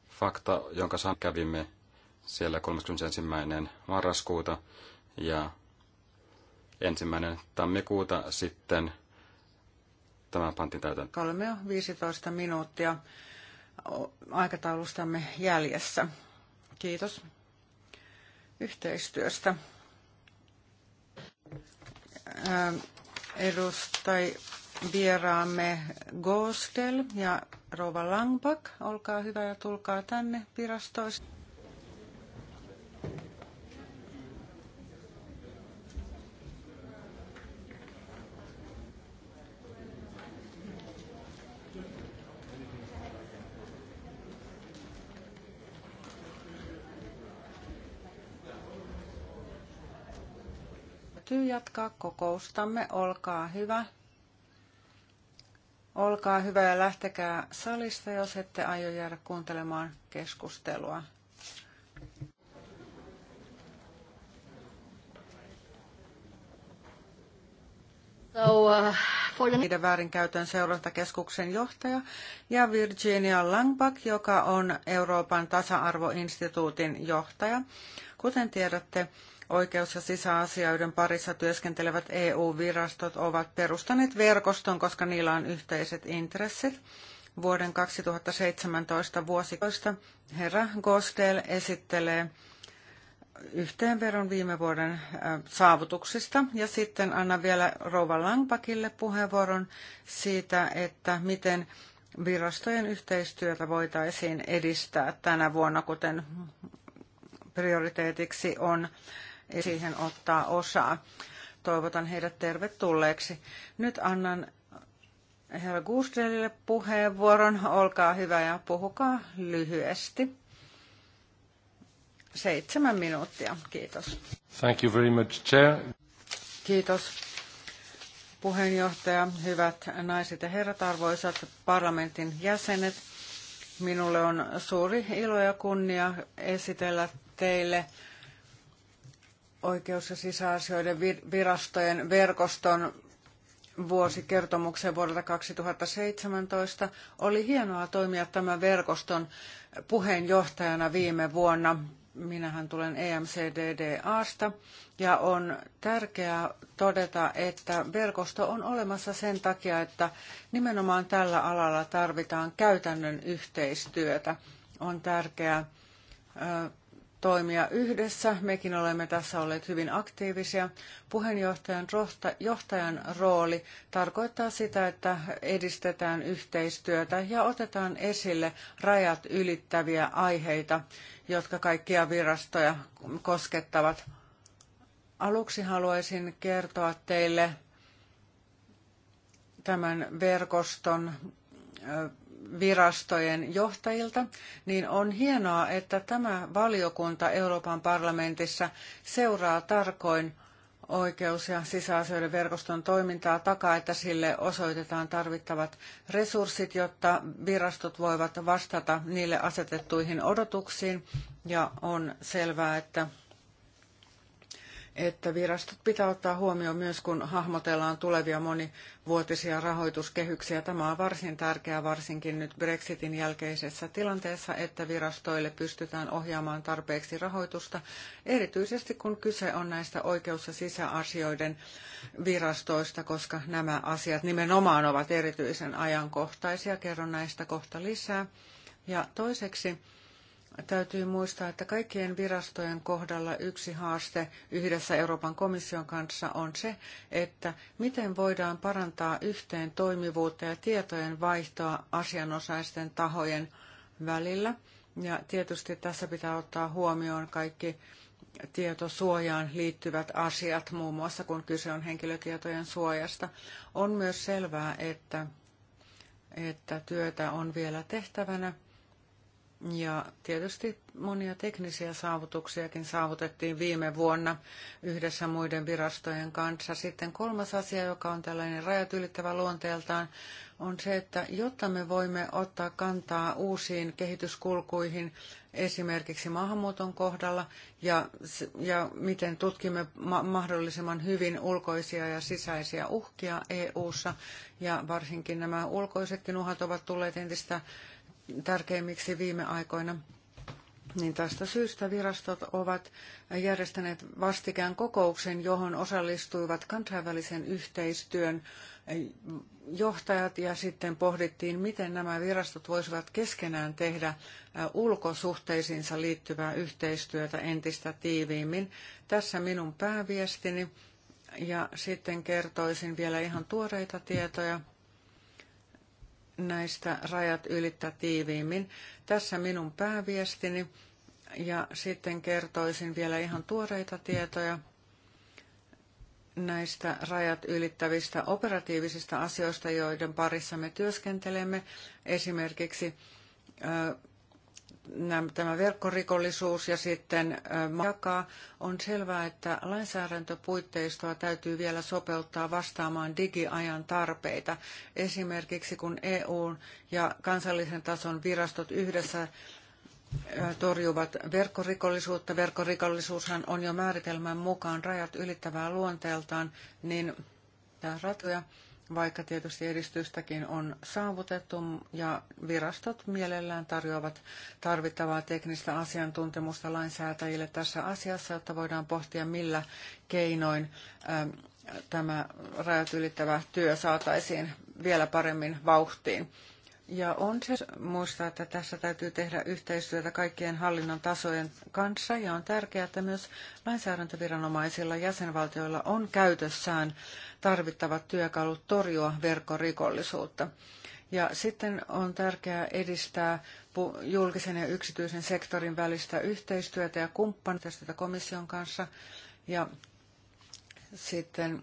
fakta, jonka saan kävimme siellä 31. marraskuuta ja ensimmäinen tammikuuta sitten tämä pantiin täytän? Kolme jo 15 minuuttia aikataulustamme jäljessä. Kiitos yhteistyöstä. Ähm, edustaj vieraamme Gostel ja Rova Langbak. Olkaa hyvä ja tulkaa tänne virastoista. jatkaa kokoustamme. Olkaa hyvä. Olkaa hyvä ja lähtekää salista, jos ette aio jäädä kuuntelemaan keskustelua. So, uh, for the... väärinkäytön seurantakeskuksen johtaja ja Virginia Langback, joka on Euroopan tasa-arvoinstituutin johtaja. Kuten tiedätte, oikeus- ja sisäasioiden parissa työskentelevät EU-virastot ovat perustaneet verkoston, koska niillä on yhteiset intressit. Vuoden 2017 vuosikoista herra Gostel esittelee yhteenveron viime vuoden äh, saavutuksista. Ja sitten annan vielä Rouva Langpakille puheenvuoron siitä, että miten virastojen yhteistyötä voitaisiin edistää tänä vuonna, kuten prioriteetiksi on siihen ottaa osaa. Toivotan heidät tervetulleeksi. Nyt annan herra Gustelille puheenvuoron. Olkaa hyvä ja puhukaa lyhyesti. Seitsemän minuuttia. Kiitos. Thank you very much, Chair. Kiitos puheenjohtaja, hyvät naiset ja herrat, arvoisat parlamentin jäsenet. Minulle on suuri ilo ja kunnia esitellä teille oikeus- ja sisäasioiden virastojen verkoston vuosikertomuksen vuodelta 2017. Oli hienoa toimia tämän verkoston puheenjohtajana viime vuonna. Minähän tulen EMCDDAsta ja on tärkeää todeta, että verkosto on olemassa sen takia, että nimenomaan tällä alalla tarvitaan käytännön yhteistyötä. On tärkeää toimia yhdessä. Mekin olemme tässä olleet hyvin aktiivisia. Puheenjohtajan johtajan rooli tarkoittaa sitä, että edistetään yhteistyötä ja otetaan esille rajat ylittäviä aiheita, jotka kaikkia virastoja koskettavat. Aluksi haluaisin kertoa teille tämän verkoston virastojen johtajilta, niin on hienoa, että tämä valiokunta Euroopan parlamentissa seuraa tarkoin oikeus- ja sisäasioiden verkoston toimintaa takaa, että sille osoitetaan tarvittavat resurssit, jotta virastot voivat vastata niille asetettuihin odotuksiin. Ja on selvää, että että virastot pitää ottaa huomioon myös, kun hahmotellaan tulevia monivuotisia rahoituskehyksiä. Tämä on varsin tärkeää varsinkin nyt Brexitin jälkeisessä tilanteessa, että virastoille pystytään ohjaamaan tarpeeksi rahoitusta, erityisesti kun kyse on näistä oikeus- ja sisäasioiden virastoista, koska nämä asiat nimenomaan ovat erityisen ajankohtaisia. Kerron näistä kohta lisää. Ja toiseksi täytyy muistaa, että kaikkien virastojen kohdalla yksi haaste yhdessä Euroopan komission kanssa on se, että miten voidaan parantaa yhteen toimivuutta ja tietojen vaihtoa asianosaisten tahojen välillä. Ja tietysti tässä pitää ottaa huomioon kaikki tietosuojaan liittyvät asiat, muun muassa kun kyse on henkilötietojen suojasta. On myös selvää, että, että työtä on vielä tehtävänä ja tietysti monia teknisiä saavutuksiakin saavutettiin viime vuonna yhdessä muiden virastojen kanssa. Sitten kolmas asia, joka on tällainen rajat ylittävä luonteeltaan, on se, että jotta me voimme ottaa kantaa uusiin kehityskulkuihin esimerkiksi maahanmuuton kohdalla ja, ja miten tutkimme ma- mahdollisimman hyvin ulkoisia ja sisäisiä uhkia EU:ssa ja varsinkin nämä ulkoisetkin uhat ovat tulleet entistä tärkeimmiksi viime aikoina. Niin tästä syystä virastot ovat järjestäneet vastikään kokouksen, johon osallistuivat kansainvälisen yhteistyön johtajat ja sitten pohdittiin, miten nämä virastot voisivat keskenään tehdä ulkosuhteisiinsa liittyvää yhteistyötä entistä tiiviimmin. Tässä minun pääviestini ja sitten kertoisin vielä ihan tuoreita tietoja näistä rajat ylittää tiiviimmin. Tässä minun pääviestini ja sitten kertoisin vielä ihan tuoreita tietoja näistä rajat ylittävistä operatiivisista asioista, joiden parissa me työskentelemme. Esimerkiksi tämä verkkorikollisuus ja sitten jakaa, on selvää, että lainsäädäntöpuitteistoa täytyy vielä sopeuttaa vastaamaan digiajan tarpeita. Esimerkiksi kun EU ja kansallisen tason virastot yhdessä torjuvat verkkorikollisuutta. Verkkorikollisuushan on jo määritelmän mukaan rajat ylittävää luonteeltaan, niin ratkoja vaikka tietysti edistystäkin on saavutettu ja virastot mielellään tarjoavat tarvittavaa teknistä asiantuntemusta lainsäätäjille tässä asiassa, jotta voidaan pohtia millä keinoin ähm, tämä rajat ylittävä työ saataisiin vielä paremmin vauhtiin. Ja on se muistaa, että tässä täytyy tehdä yhteistyötä kaikkien hallinnon tasojen kanssa ja on tärkeää, että myös lainsäädäntöviranomaisilla jäsenvaltioilla on käytössään tarvittavat työkalut torjua verkkorikollisuutta. Ja sitten on tärkeää edistää julkisen ja yksityisen sektorin välistä yhteistyötä ja kumppanuutta komission kanssa. Ja sitten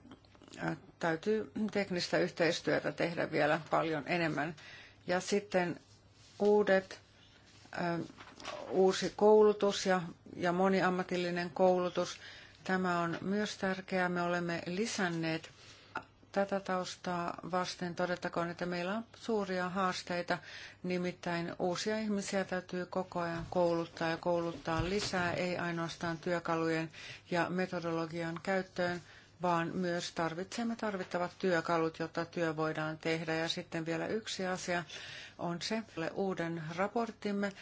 äh, täytyy teknistä yhteistyötä tehdä vielä paljon enemmän. Ja sitten uudet, uusi koulutus ja, ja moniammatillinen koulutus. Tämä on myös tärkeää. Me olemme lisänneet tätä taustaa vasten todettakoon, että meillä on suuria haasteita, nimittäin uusia ihmisiä täytyy koko ajan kouluttaa ja kouluttaa lisää, ei ainoastaan työkalujen ja metodologian käyttöön, vaan myös tarvitsemme tarvittavat työkalut, jotta työ voidaan tehdä. Ja sitten vielä yksi asia on se uuden raporttimme,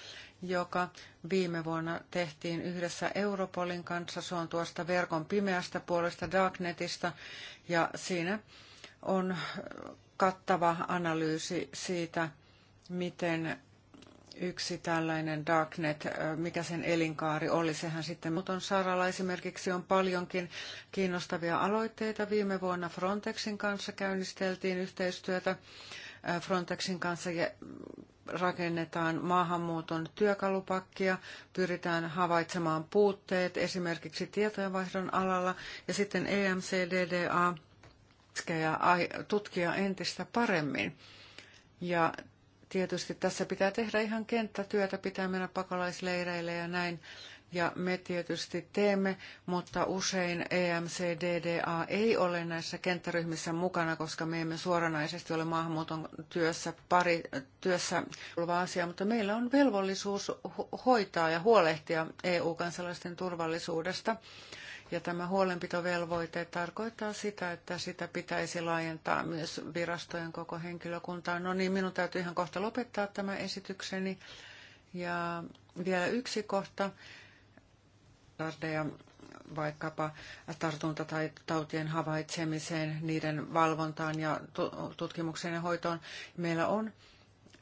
joka viime vuonna tehtiin yhdessä Europolin kanssa. Se on tuosta verkon pimeästä puolesta Darknetista ja siinä on kattava analyysi siitä, miten yksi tällainen darknet, mikä sen elinkaari oli. Sehän sitten muton saralla esimerkiksi on paljonkin kiinnostavia aloitteita. Viime vuonna Frontexin kanssa käynnisteltiin yhteistyötä. Frontexin kanssa rakennetaan maahanmuuton työkalupakkia, pyritään havaitsemaan puutteet esimerkiksi tietojenvaihdon alalla ja sitten EMCDDA tutkia entistä paremmin. Ja tietysti tässä pitää tehdä ihan kenttätyötä, pitää mennä pakolaisleireille ja näin. Ja me tietysti teemme, mutta usein EMCDDA ei ole näissä kenttäryhmissä mukana, koska me emme suoranaisesti ole maahanmuuton työssä pari työssä oleva asia, mutta meillä on velvollisuus hoitaa ja huolehtia EU-kansalaisten turvallisuudesta. Ja tämä huolenpitovelvoite tarkoittaa sitä, että sitä pitäisi laajentaa myös virastojen koko henkilökuntaan. No niin, minun täytyy ihan kohta lopettaa tämä esitykseni. Ja vielä yksi kohta. Tardeja vaikkapa tartunta- tai tautien havaitsemiseen, niiden valvontaan ja tutkimukseen ja hoitoon. Meillä on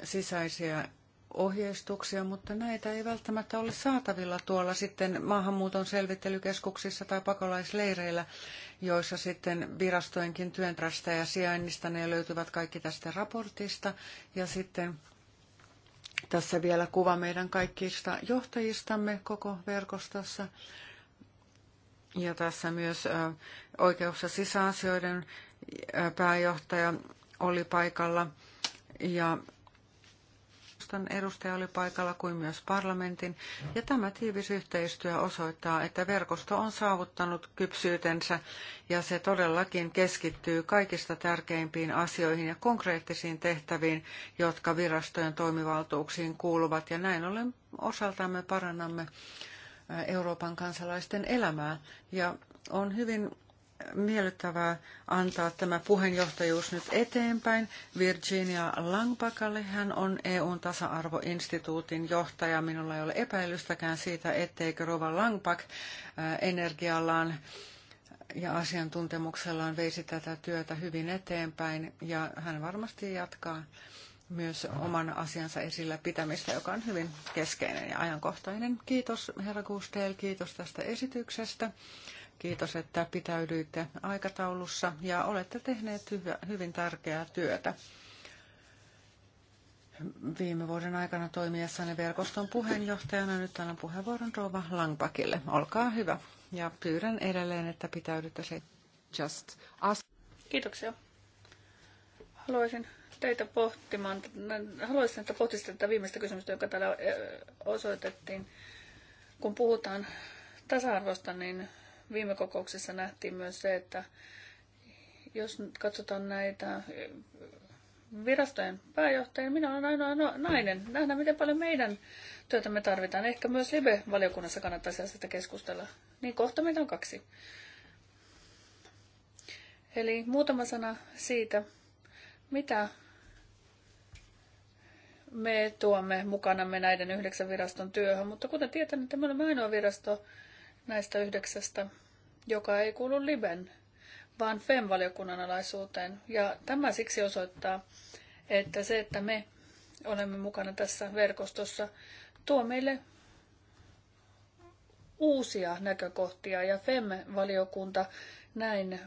sisäisiä ohjeistuksia, mutta näitä ei välttämättä ole saatavilla tuolla sitten maahanmuuton selvittelykeskuksissa tai pakolaisleireillä, joissa sitten virastojenkin työnträstä ja sijainnista ne löytyvät kaikki tästä raportista. Ja sitten tässä vielä kuva meidän kaikista johtajistamme koko verkostossa. Ja tässä myös oikeus- ja sisäasioiden pääjohtaja oli paikalla. Ja neuvoston edustaja oli paikalla kuin myös parlamentin, ja tämä tiivis yhteistyö osoittaa, että verkosto on saavuttanut kypsyytensä ja se todellakin keskittyy kaikista tärkeimpiin asioihin ja konkreettisiin tehtäviin, jotka virastojen toimivaltuuksiin kuuluvat, ja näin ollen osaltamme parannamme Euroopan kansalaisten elämää. Ja on hyvin miellyttävää antaa tämä puheenjohtajuus nyt eteenpäin Virginia Langbakalle. Hän on EUn tasa-arvoinstituutin johtaja. Minulla ei ole epäilystäkään siitä, etteikö Rova Langbak äh, energiallaan ja asiantuntemuksellaan veisi tätä työtä hyvin eteenpäin ja hän varmasti jatkaa myös oman asiansa esillä pitämistä, joka on hyvin keskeinen ja ajankohtainen. Kiitos herra Kustel, kiitos tästä esityksestä. Kiitos, että pitäydyitte aikataulussa ja olette tehneet hyvä, hyvin tärkeää työtä. Viime vuoden aikana toimiessani verkoston puheenjohtajana nyt annan puheenvuoron Rova Langpakille. Olkaa hyvä ja pyydän edelleen, että pitäydytte se just ask. Kiitoksia. Haluaisin teitä pohtimaan, haluaisin, että pohtisitte tätä viimeistä kysymystä, joka täällä osoitettiin. Kun puhutaan tasa-arvosta, niin viime kokouksessa nähtiin myös se, että jos nyt katsotaan näitä eh, virastojen pääjohtajia, minä olen ainoa no-, nainen. Nähdään, miten paljon meidän työtä me tarvitaan. Ehkä myös Libe-valiokunnassa kannattaisi asiasta keskustella. Niin kohta meitä on kaksi. Eli muutama sana siitä, mitä me tuomme mukana me näiden yhdeksän viraston työhön, mutta kuten tiedän, että me olemme ainoa virasto, näistä yhdeksästä, joka ei kuulu Liben, vaan FEM-valiokunnan alaisuuteen. Ja tämä siksi osoittaa, että se, että me olemme mukana tässä verkostossa, tuo meille uusia näkökohtia ja FEM-valiokunta näin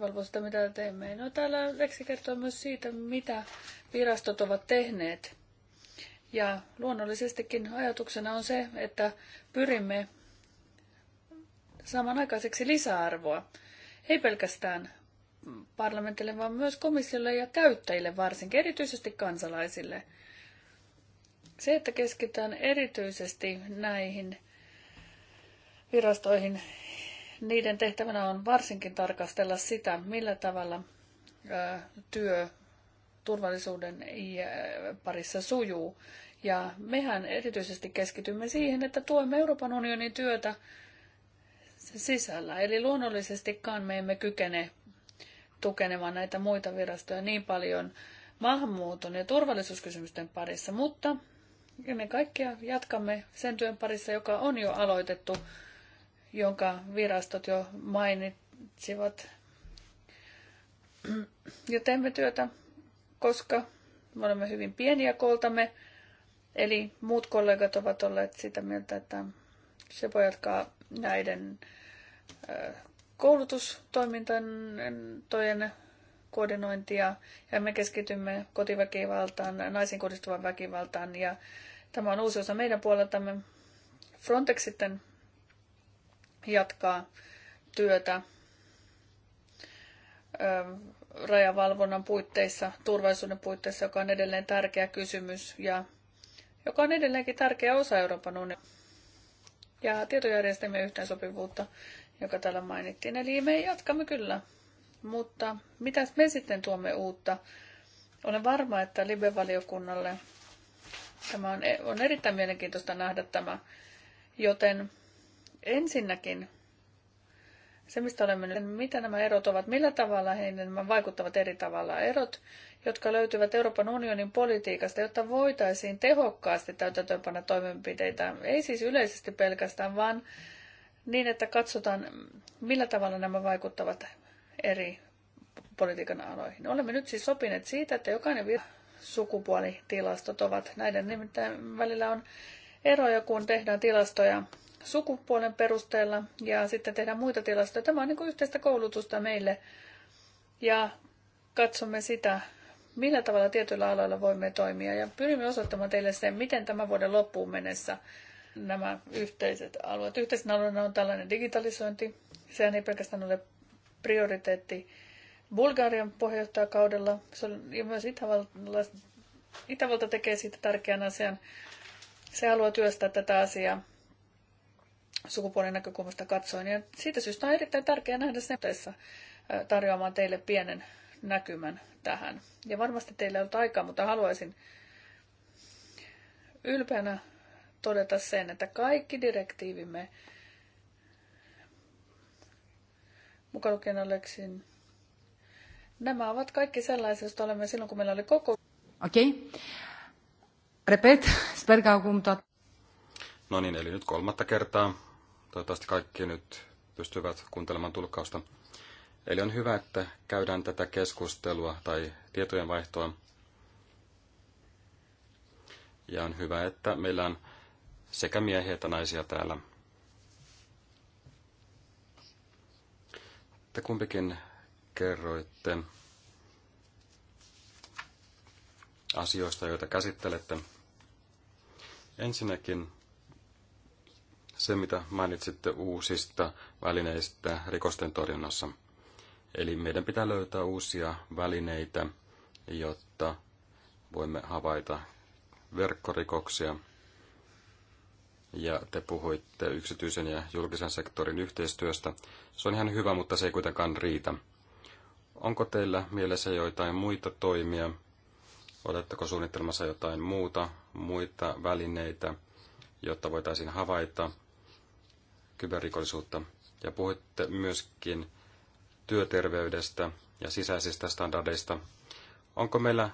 valvoi sitä, mitä teemme. No täällä Leksi kertoo myös siitä, mitä virastot ovat tehneet. Ja luonnollisestikin ajatuksena on se, että pyrimme samanaikaiseksi lisäarvoa. Ei pelkästään parlamentille, vaan myös komissiolle ja käyttäjille varsinkin, erityisesti kansalaisille. Se, että keskitytään erityisesti näihin virastoihin, niiden tehtävänä on varsinkin tarkastella sitä, millä tavalla työ turvallisuuden parissa sujuu. Ja mehän erityisesti keskitymme siihen, että tuemme Euroopan unionin työtä sisällä. Eli luonnollisestikaan me emme kykene tukenemaan näitä muita virastoja niin paljon maahanmuuton ja turvallisuuskysymysten parissa, mutta me kaikkia jatkamme sen työn parissa, joka on jo aloitettu, jonka virastot jo mainitsivat. Ja teemme työtä, koska me olemme hyvin pieniä koltamme, eli muut kollegat ovat olleet sitä mieltä, että se voi jatkaa näiden koulutustoimintojen koordinointia ja me keskitymme kotiväkivaltaan, naisiin kohdistuvan väkivaltaan ja tämä on uusi osa meidän puoleltamme. Frontex sitten jatkaa työtä rajavalvonnan puitteissa, turvallisuuden puitteissa, joka on edelleen tärkeä kysymys ja joka on edelleenkin tärkeä osa Euroopan unionia ja tietojärjestelmien yhteensopivuutta joka täällä mainittiin. Eli me jatkamme kyllä. Mutta mitä me sitten tuomme uutta? Olen varma, että Libe-valiokunnalle tämä on, on erittäin mielenkiintoista nähdä tämä. Joten ensinnäkin se, mistä olemme nyt, mitä nämä erot ovat, millä tavalla he nämä vaikuttavat eri tavalla erot, jotka löytyvät Euroopan unionin politiikasta, jotta voitaisiin tehokkaasti täytäntöönpanna toimenpiteitä, ei siis yleisesti pelkästään, vaan niin, että katsotaan, millä tavalla nämä vaikuttavat eri politiikan aloihin. Olemme nyt siis sopineet siitä, että jokainen sukupuolitilastot ovat, näiden nimittäin välillä on eroja, kun tehdään tilastoja sukupuolen perusteella ja sitten tehdään muita tilastoja. Tämä on niin kuin yhteistä koulutusta meille ja katsomme sitä, millä tavalla tietyillä aloilla voimme toimia ja pyrimme osoittamaan teille sen, miten tämän vuoden loppuun mennessä – nämä yhteiset alueet. Yhteisenä alueena on tällainen digitalisointi. Sehän ei pelkästään ole prioriteetti Bulgarian puheenjohtajakaudella, se on, ja myös Itävalta, Itävalta tekee siitä tärkeän asian. Se haluaa työstää tätä asiaa sukupuolen näkökulmasta katsoen. Ja siitä syystä on erittäin tärkeää nähdä sen tarjoamaan teille pienen näkymän tähän. Ja varmasti teillä ei ollut aikaa, mutta haluaisin ylpeänä todeta sen, että kaikki direktiivimme, mukaan lukien Aleksin, nämä ovat kaikki sellaisia, joista olemme silloin, kun meillä oli koko... Okei. Okay. Repet, sperkaukumta. No niin, eli nyt kolmatta kertaa. Toivottavasti kaikki nyt pystyvät kuuntelemaan tulkkausta. Eli on hyvä, että käydään tätä keskustelua tai tietojen vaihtoa, Ja on hyvä, että meillä on sekä miehiä että naisia täällä. Te kumpikin kerroitte asioista, joita käsittelette. Ensinnäkin se, mitä mainitsitte uusista välineistä rikosten torjunnassa. Eli meidän pitää löytää uusia välineitä, jotta voimme havaita verkkorikoksia – ja te puhuitte yksityisen ja julkisen sektorin yhteistyöstä. Se on ihan hyvä, mutta se ei kuitenkaan riitä. Onko teillä mielessä joitain muita toimia? Oletteko suunnittelemassa jotain muuta, muita välineitä, jotta voitaisiin havaita kyberrikollisuutta? Ja puhuitte myöskin työterveydestä ja sisäisistä standardeista. Onko meillä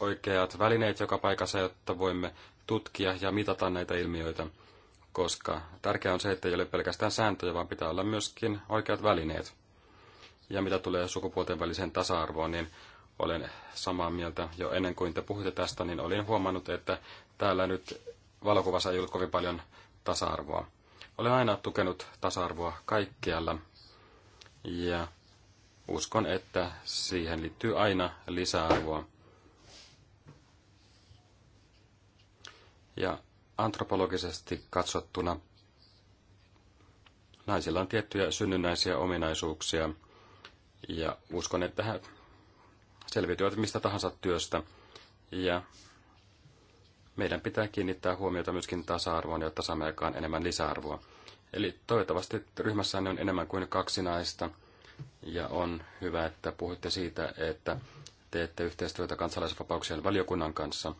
oikeat välineet joka paikassa, jotta voimme tutkia ja mitata näitä ilmiöitä? koska tärkeää on se, että ei ole pelkästään sääntöjä, vaan pitää olla myöskin oikeat välineet. Ja mitä tulee sukupuolten väliseen tasa-arvoon, niin olen samaa mieltä jo ennen kuin te puhutte tästä, niin olin huomannut, että täällä nyt valokuvassa ei ollut kovin paljon tasa-arvoa. Olen aina tukenut tasa-arvoa kaikkialla ja uskon, että siihen liittyy aina lisäarvoa. Ja antropologisesti katsottuna naisilla on tiettyjä synnynnäisiä ominaisuuksia ja uskon, että he selviytyvät mistä tahansa työstä ja meidän pitää kiinnittää huomiota myöskin tasa-arvoon, jotta saamme aikaan enemmän lisäarvoa. Eli toivottavasti ryhmässä on enemmän kuin kaksi naista ja on hyvä, että puhutte siitä, että teette yhteistyötä kansalaisvapauksien valiokunnan kanssa,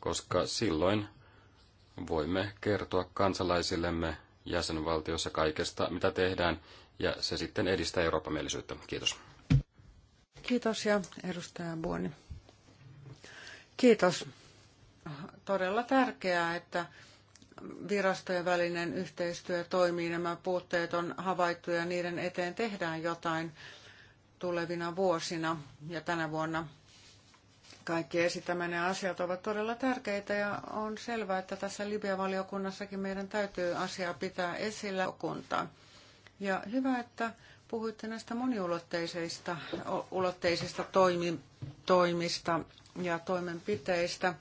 koska silloin voimme kertoa kansalaisillemme jäsenvaltiossa kaikesta, mitä tehdään, ja se sitten edistää Euroopan mielisyyttä. Kiitos. Kiitos ja edustaja Buoni. Kiitos. Todella tärkeää, että virastojen välinen yhteistyö toimii. Nämä puutteet on havaittu ja niiden eteen tehdään jotain tulevina vuosina ja tänä vuonna kaikki esittämänne asiat ovat todella tärkeitä ja on selvää, että tässä Libia-valiokunnassakin meidän täytyy asiaa pitää esillä kuntaan. Ja hyvä, että puhuitte näistä moniulotteisista ulotteisista toimi, toimista ja toimenpiteistä.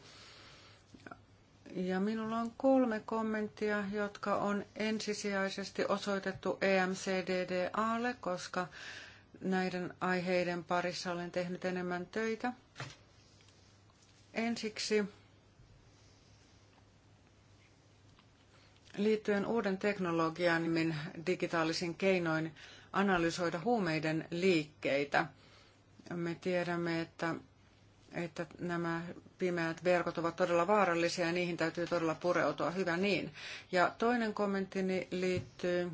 Ja minulla on kolme kommenttia, jotka on ensisijaisesti osoitettu EMCDDAlle, koska näiden aiheiden parissa olen tehnyt enemmän töitä. Ensiksi liittyen uuden teknologian niin digitaalisin keinoin analysoida huumeiden liikkeitä. Me tiedämme, että, että nämä pimeät verkot ovat todella vaarallisia ja niihin täytyy todella pureutua. Hyvä niin. Ja toinen kommenttini liittyy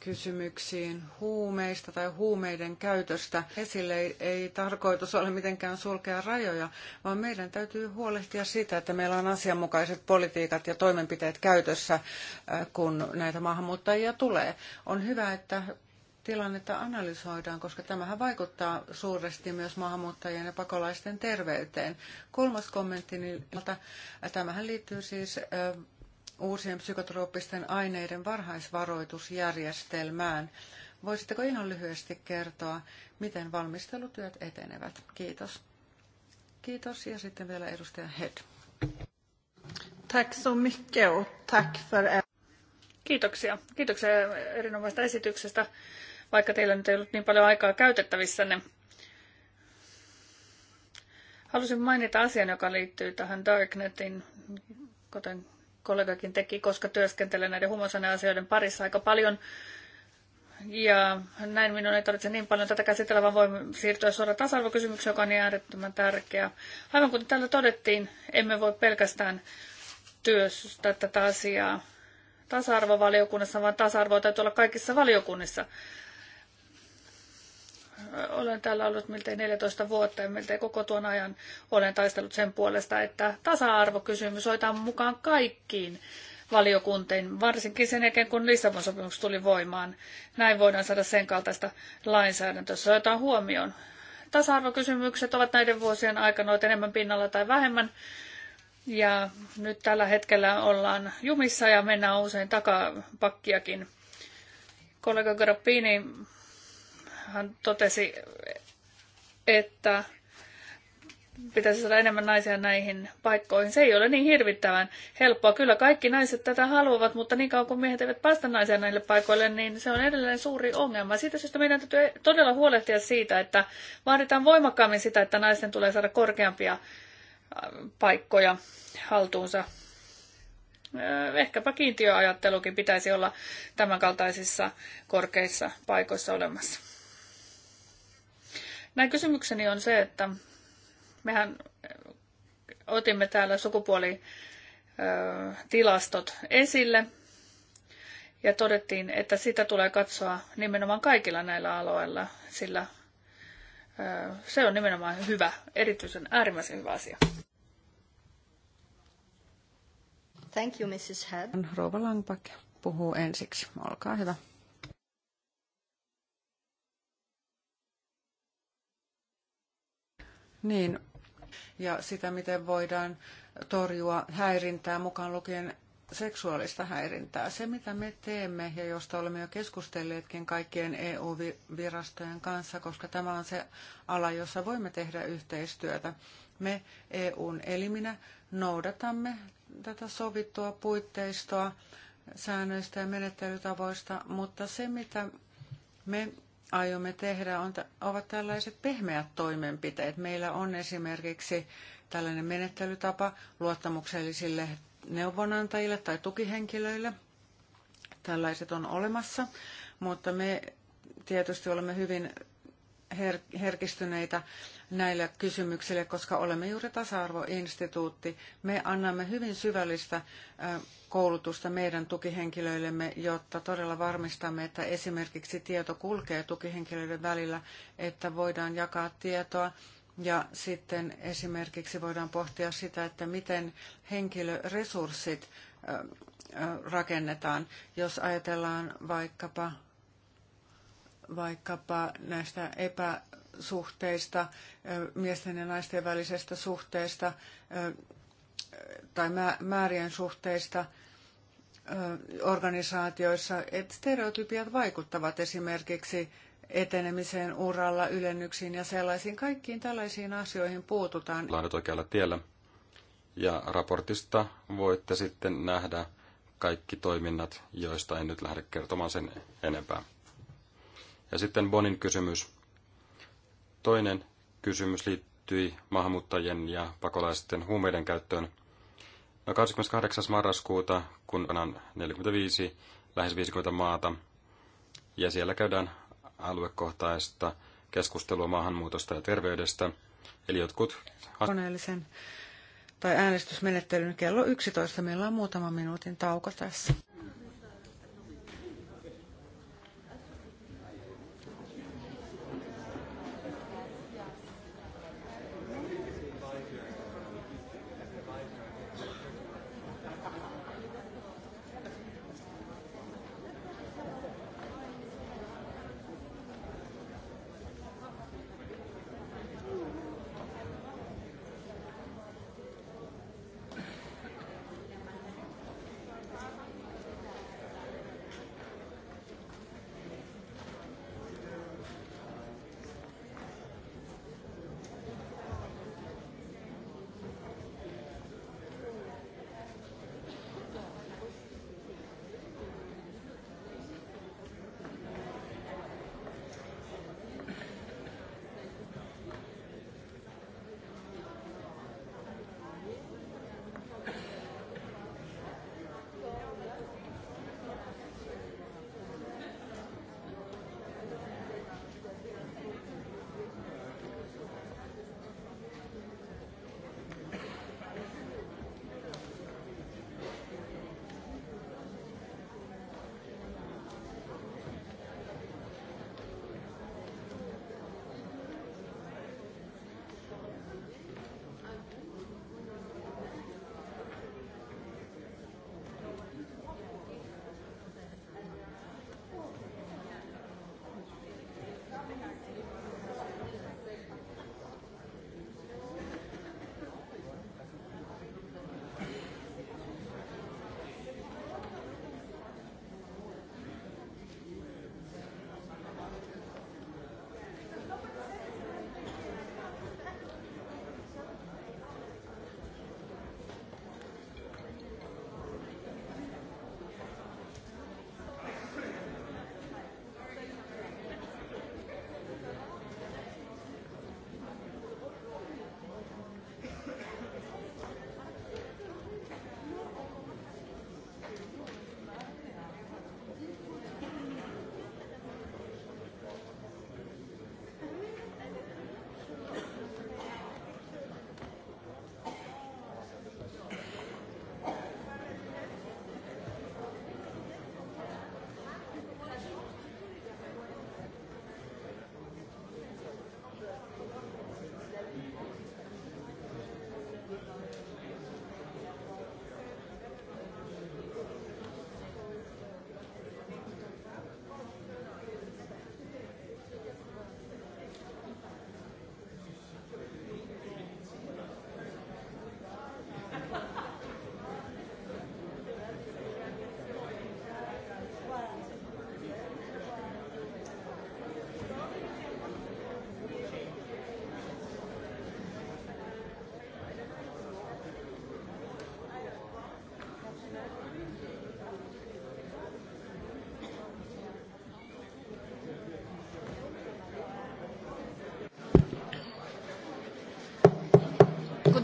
kysymyksiin huumeista tai huumeiden käytöstä esille ei, ei tarkoitus ole mitenkään sulkea rajoja, vaan meidän täytyy huolehtia siitä, että meillä on asianmukaiset politiikat ja toimenpiteet käytössä, äh, kun näitä maahanmuuttajia tulee. On hyvä, että tilannetta analysoidaan, koska tämähän vaikuttaa suuresti myös maahanmuuttajien ja pakolaisten terveyteen. Kolmas kommentti, niin tämähän liittyy siis äh, uusien psykotrooppisten aineiden varhaisvaroitusjärjestelmään. Voisitteko ihan lyhyesti kertoa, miten valmistelutyöt etenevät? Kiitos. Kiitos ja sitten vielä edustaja Head. Tack så mycket och tack för... Er. Kiitoksia. Kiitoksia erinomaisesta esityksestä, vaikka teillä nyt ei ollut niin paljon aikaa käytettävissänne. Halusin mainita asian, joka liittyy tähän Darknetin, kuten kollegakin teki, koska työskentelen näiden asioiden parissa aika paljon. Ja näin minun ei tarvitse niin paljon tätä käsitellä, vaan voi siirtyä suoraan tasa-arvokysymykseen, joka on niin äärettömän tärkeä. Aivan kuten täällä todettiin, emme voi pelkästään työstää tätä asiaa tasa-arvovaliokunnassa, vaan tasa-arvoa täytyy olla kaikissa valiokunnissa. Olen täällä ollut miltei 14 vuotta ja miltei koko tuon ajan olen taistellut sen puolesta, että tasa-arvokysymys hoitaan mukaan kaikkiin valiokuntiin, varsinkin sen jälkeen, kun Lissabon sopimus tuli voimaan. Näin voidaan saada sen kaltaista lainsäädäntöä, se otetaan huomioon. Tasa-arvokysymykset ovat näiden vuosien aikana olleet enemmän pinnalla tai vähemmän. Ja nyt tällä hetkellä ollaan jumissa ja mennään usein takapakkiakin. Kollega Grappini hän totesi, että pitäisi saada enemmän naisia näihin paikkoihin. Se ei ole niin hirvittävän helppoa. Kyllä kaikki naiset tätä haluavat, mutta niin kauan kuin miehet eivät päästä naisia näille paikoille, niin se on edelleen suuri ongelma. Siitä syystä meidän täytyy todella huolehtia siitä, että vaaditaan voimakkaammin sitä, että naisten tulee saada korkeampia äh, paikkoja haltuunsa. Äh, ehkäpä kiintiöajattelukin pitäisi olla tämänkaltaisissa korkeissa paikoissa olemassa. Näin kysymykseni on se, että mehän otimme täällä sukupuolitilastot esille ja todettiin, että sitä tulee katsoa nimenomaan kaikilla näillä aloilla, sillä se on nimenomaan hyvä, erityisen äärimmäisen hyvä asia. Thank you, Mrs. Head. Rouva Langback puhuu ensiksi. Olkaa hyvä. Niin, ja sitä, miten voidaan torjua häirintää, mukaan lukien seksuaalista häirintää. Se, mitä me teemme ja josta olemme jo keskustelleetkin kaikkien EU-virastojen kanssa, koska tämä on se ala, jossa voimme tehdä yhteistyötä. Me EUn eliminä noudatamme tätä sovittua puitteistoa säännöistä ja menettelytavoista, mutta se, mitä me aiomme tehdä, on, ovat tällaiset pehmeät toimenpiteet. Meillä on esimerkiksi tällainen menettelytapa luottamuksellisille neuvonantajille tai tukihenkilöille. Tällaiset on olemassa, mutta me tietysti olemme hyvin herkistyneitä näillä kysymyksillä, koska olemme juuri tasa-arvoinstituutti. Me annamme hyvin syvällistä koulutusta meidän tukihenkilöillemme, jotta todella varmistamme, että esimerkiksi tieto kulkee tukihenkilöiden välillä, että voidaan jakaa tietoa ja sitten esimerkiksi voidaan pohtia sitä, että miten henkilöresurssit rakennetaan. Jos ajatellaan vaikkapa, vaikkapa näistä epä suhteista, miesten ja naisten välisestä suhteesta tai määrien suhteista organisaatioissa, että stereotypiat vaikuttavat esimerkiksi etenemiseen uralla, ylennyksiin ja sellaisiin. Kaikkiin tällaisiin asioihin puututaan. Ollaan nyt oikealla tiellä. Ja raportista voitte sitten nähdä kaikki toiminnat, joista en nyt lähde kertomaan sen enempää. Ja sitten Bonin kysymys. Toinen kysymys liittyi maahanmuuttajien ja pakolaisten huumeiden käyttöön. No 28. marraskuuta, kun on 45, lähes 50 maata, ja siellä käydään aluekohtaista keskustelua maahanmuutosta ja terveydestä. Eli jotkut... Koneellisen tai äänestysmenettelyn kello 11. Meillä on muutama minuutin tauko tässä.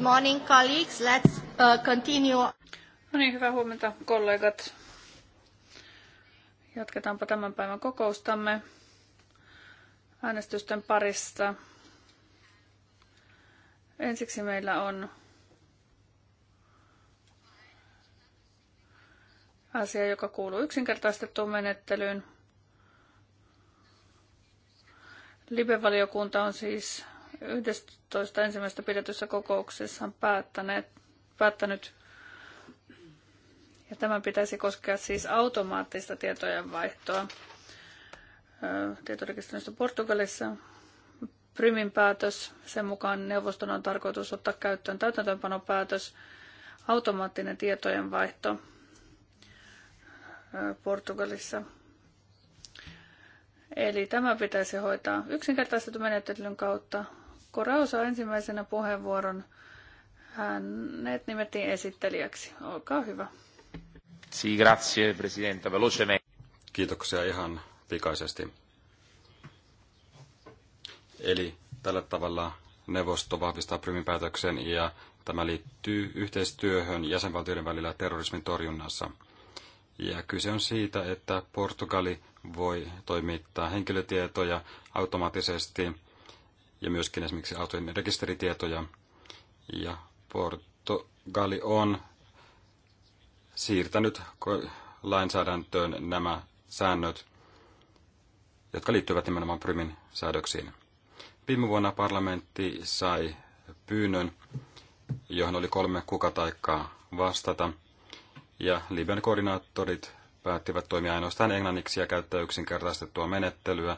morning, colleagues. Let's uh, continue. No niin, hyvää huomenta, kollegat. Jatketaanpa tämän päivän kokoustamme äänestysten parissa. Ensiksi meillä on asia, joka kuuluu yksinkertaistettuun menettelyyn. Libevaliokunta on siis 11. ensimmäistä pidetyssä kokouksessa päättäneet, päättänyt, ja tämän pitäisi koskea siis automaattista tietojenvaihtoa tietorekisteristä Portugalissa. Prymin päätös, sen mukaan neuvoston on tarkoitus ottaa käyttöön täytäntöönpanopäätös, automaattinen tietojenvaihto Portugalissa. Eli tämä pitäisi hoitaa yksinkertaistetun menettelyn kautta Korao saa ensimmäisenä puheenvuoron. Hänet nimettiin esittelijäksi. Olkaa hyvä. Sì, grazie, Presidente. Velocemente. Kiitoksia ihan pikaisesti. Eli tällä tavalla neuvosto vahvistaa Prymin päätöksen ja tämä liittyy yhteistyöhön jäsenvaltioiden välillä terrorismin torjunnassa. Ja kyse on siitä, että Portugali voi toimittaa henkilötietoja automaattisesti ja myöskin esimerkiksi autojen rekisteritietoja. Ja Portugali on siirtänyt lainsäädäntöön nämä säännöt, jotka liittyvät nimenomaan Prymin säädöksiin. Viime vuonna parlamentti sai pyynnön, johon oli kolme kukataikkaa vastata, ja Liben koordinaattorit päättivät toimia ainoastaan englanniksi ja käyttää yksinkertaistettua menettelyä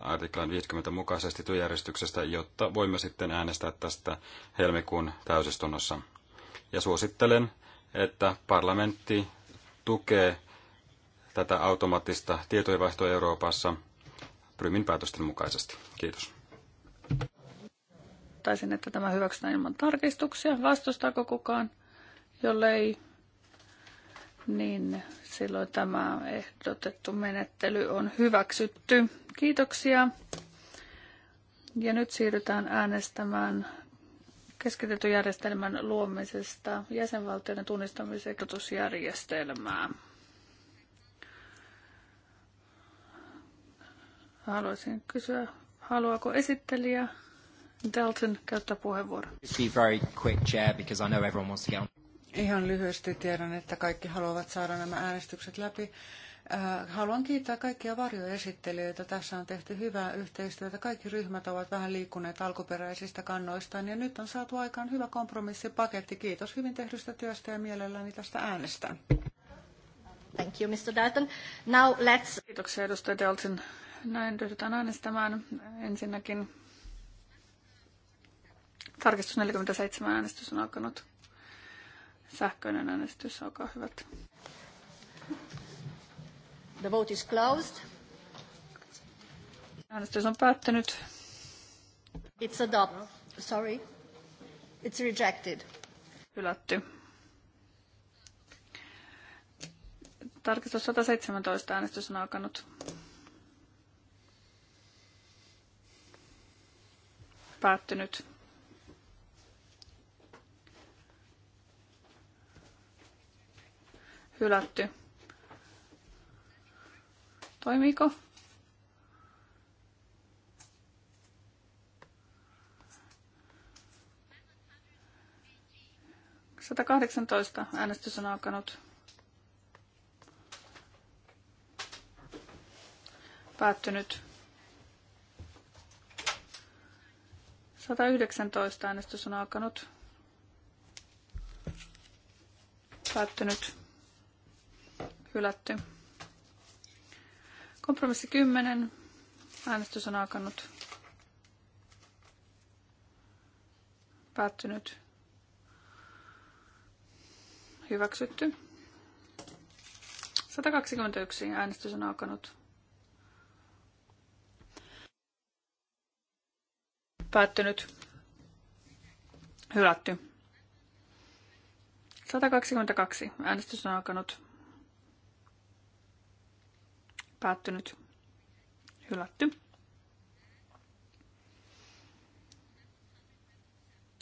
artiklan 50 mukaisesti työjärjestyksestä, jotta voimme sitten äänestää tästä helmikuun täysistunnossa. Ja suosittelen, että parlamentti tukee tätä automaattista tietojenvaihtoa Euroopassa Prymin päätösten mukaisesti. Kiitos. Taisin, että tämä hyväksytään ilman tarkistuksia. Vastustaako kukaan? Jollei niin silloin tämä ehdotettu menettely on hyväksytty. Kiitoksia. Ja nyt siirrytään äänestämään keskitetyn järjestelmän luomisesta jäsenvaltioiden tunnistamisekotusjärjestelmää. Haluaisin kysyä, haluaako esittelijä Dalton käyttää puheenvuoron? Ihan lyhyesti tiedän, että kaikki haluavat saada nämä äänestykset läpi. Äh, haluan kiittää kaikkia varjoesittelijöitä. Tässä on tehty hyvää yhteistyötä. Kaikki ryhmät ovat vähän liikkuneet alkuperäisistä kannoistaan ja nyt on saatu aikaan hyvä kompromissipaketti. Kiitos hyvin tehdystä työstä ja mielelläni tästä äänestän. Thank you, Mr. Dalton. Now let's... Kiitoksia, edustaja Dalton. Näin ryhdytään äänestämään. Ensinnäkin tarkistus 47 äänestys on alkanut. Sähköinen äänestys, olkaa hyvät. The vote is closed. Äänestys on päättynyt. It's adopted. Sorry. It's rejected. Hylätty. Tarkistus 117 äänestys on alkanut. Päättynyt. Hylätty. Toimiiko? Satakahdeksantoista äänestys on alkanut. Päättynyt. 119 äänestys on alkanut. Päättynyt hylätty. Kompromissi 10. Äänestys on alkanut. Päättynyt. Hyväksytty. 121. Äänestys on alkanut. Päättynyt. Hylätty. 122. Äänestys on alkanut. Päättynyt. Hylätty.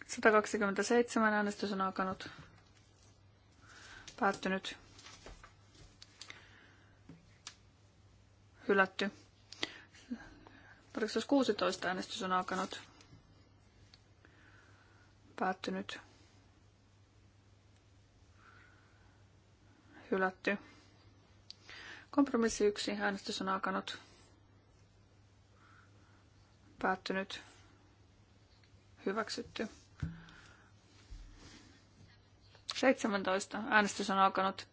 127 äänestys on alkanut. Päättynyt. Hylätty. 16 äänestys on alkanut. Päättynyt. Hylätty. Kompromissi yksi. Äänestys on alkanut. Päättynyt. Hyväksytty. 17. Äänestys on alkanut.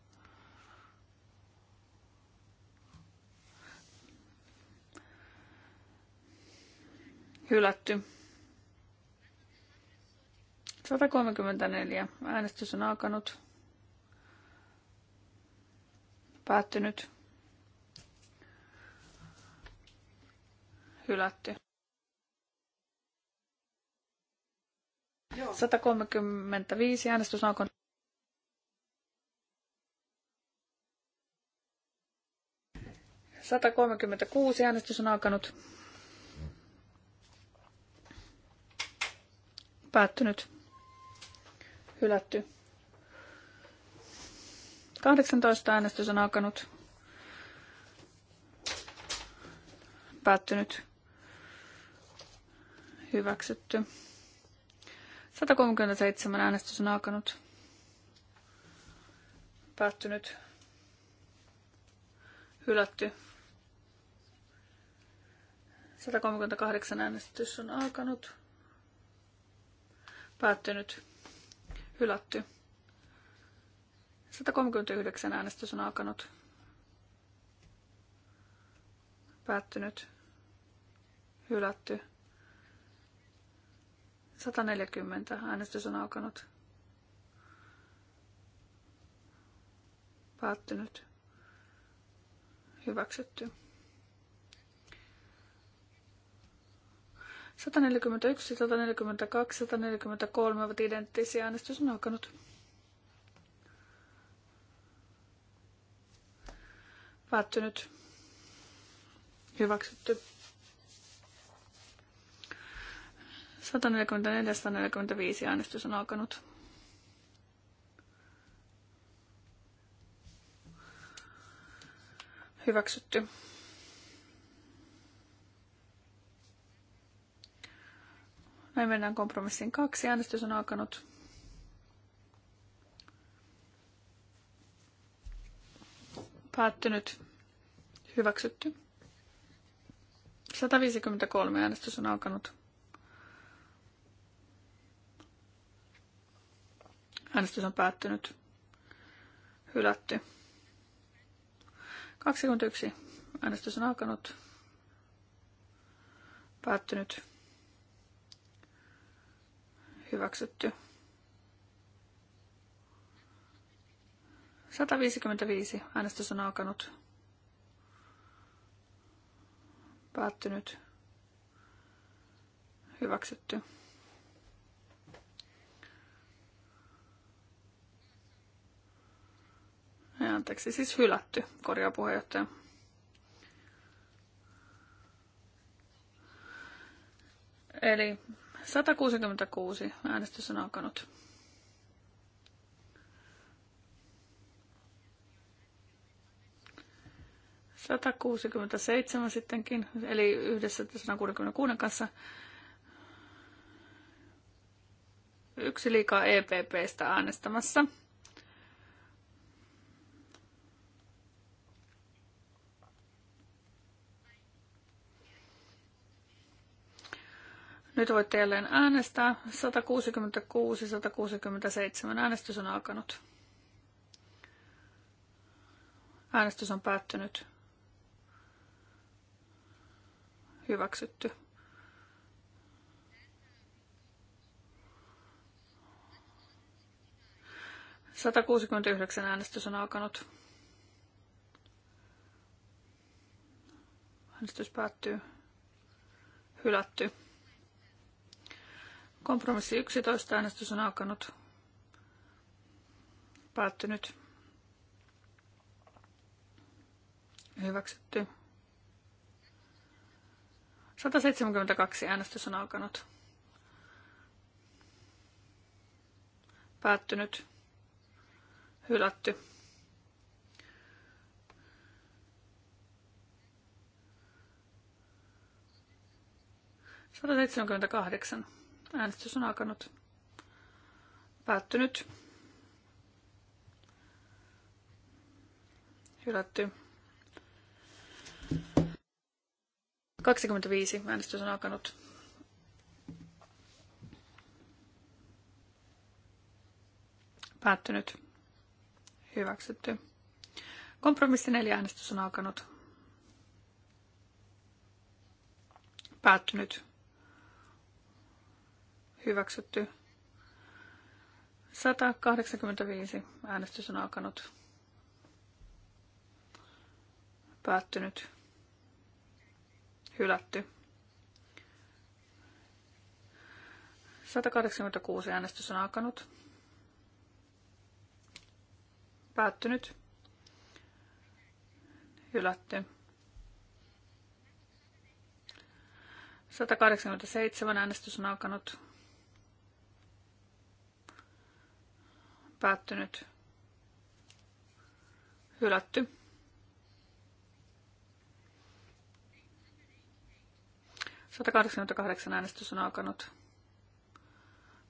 Hylätty. 134. Äänestys on alkanut. Päättynyt. hylätty. 135 äänestys alkoi. Satakolmekymmentäkuusi äänestys on alkanut. Päättynyt. Hylätty. Kahdeksantoista äänestys on alkanut. Päättynyt. Hyväksytty. 137 äänestys on alkanut. Päättynyt. Hylätty. 138 äänestys on alkanut. Päättynyt. Hylätty. 139 äänestys on alkanut. Päättynyt. Hylätty. 140. Äänestys on alkanut. Päättynyt. Hyväksytty. 141, 142, 143 ovat identtisiä. Äänestys on alkanut. Päättynyt. Hyväksytty. 144-145 äänestys on alkanut. Hyväksytty. Näin mennään kompromissiin kaksi. Äänestys on alkanut. Päättynyt. Hyväksytty. 153 äänestys on alkanut. Äänestys on päättynyt. Hylätty. 21. Äänestys on alkanut. Päättynyt. Hyväksytty. 155. Äänestys on alkanut. Päättynyt. Hyväksytty. anteeksi, siis hylätty, korjaa puheenjohtaja. Eli 166 äänestys on alkanut. Satakuusikymmentäseitsemän sittenkin, eli yhdessä 166 kanssa. Yksi liikaa EPPstä äänestämässä. Nyt voitte jälleen äänestää. 166-167 äänestys on alkanut. Äänestys on päättynyt. Hyväksytty. Satakuusikymmentäyhdeksän äänestys on alkanut. Äänestys päättyy. Hylätty. Kompromissi 11. Äänestys on alkanut. Päättynyt. Hyväksytty. 172 äänestys on alkanut. Päättynyt. Hylätty. 178. Äänestys on alkanut. Päättynyt. Hylätty. 25. Äänestys on alkanut. Päättynyt. Hyväksytty. Kompromissi 4. Äänestys on alkanut. Päättynyt Hyväksytty. 185. Äänestys on alkanut. Päättynyt. Hylätty. 186 äänestys on alkanut. Päättynyt. Hylätty. 187 äänestys on alkanut. Päättynyt. Hylätty. sata äänestys on alkanut.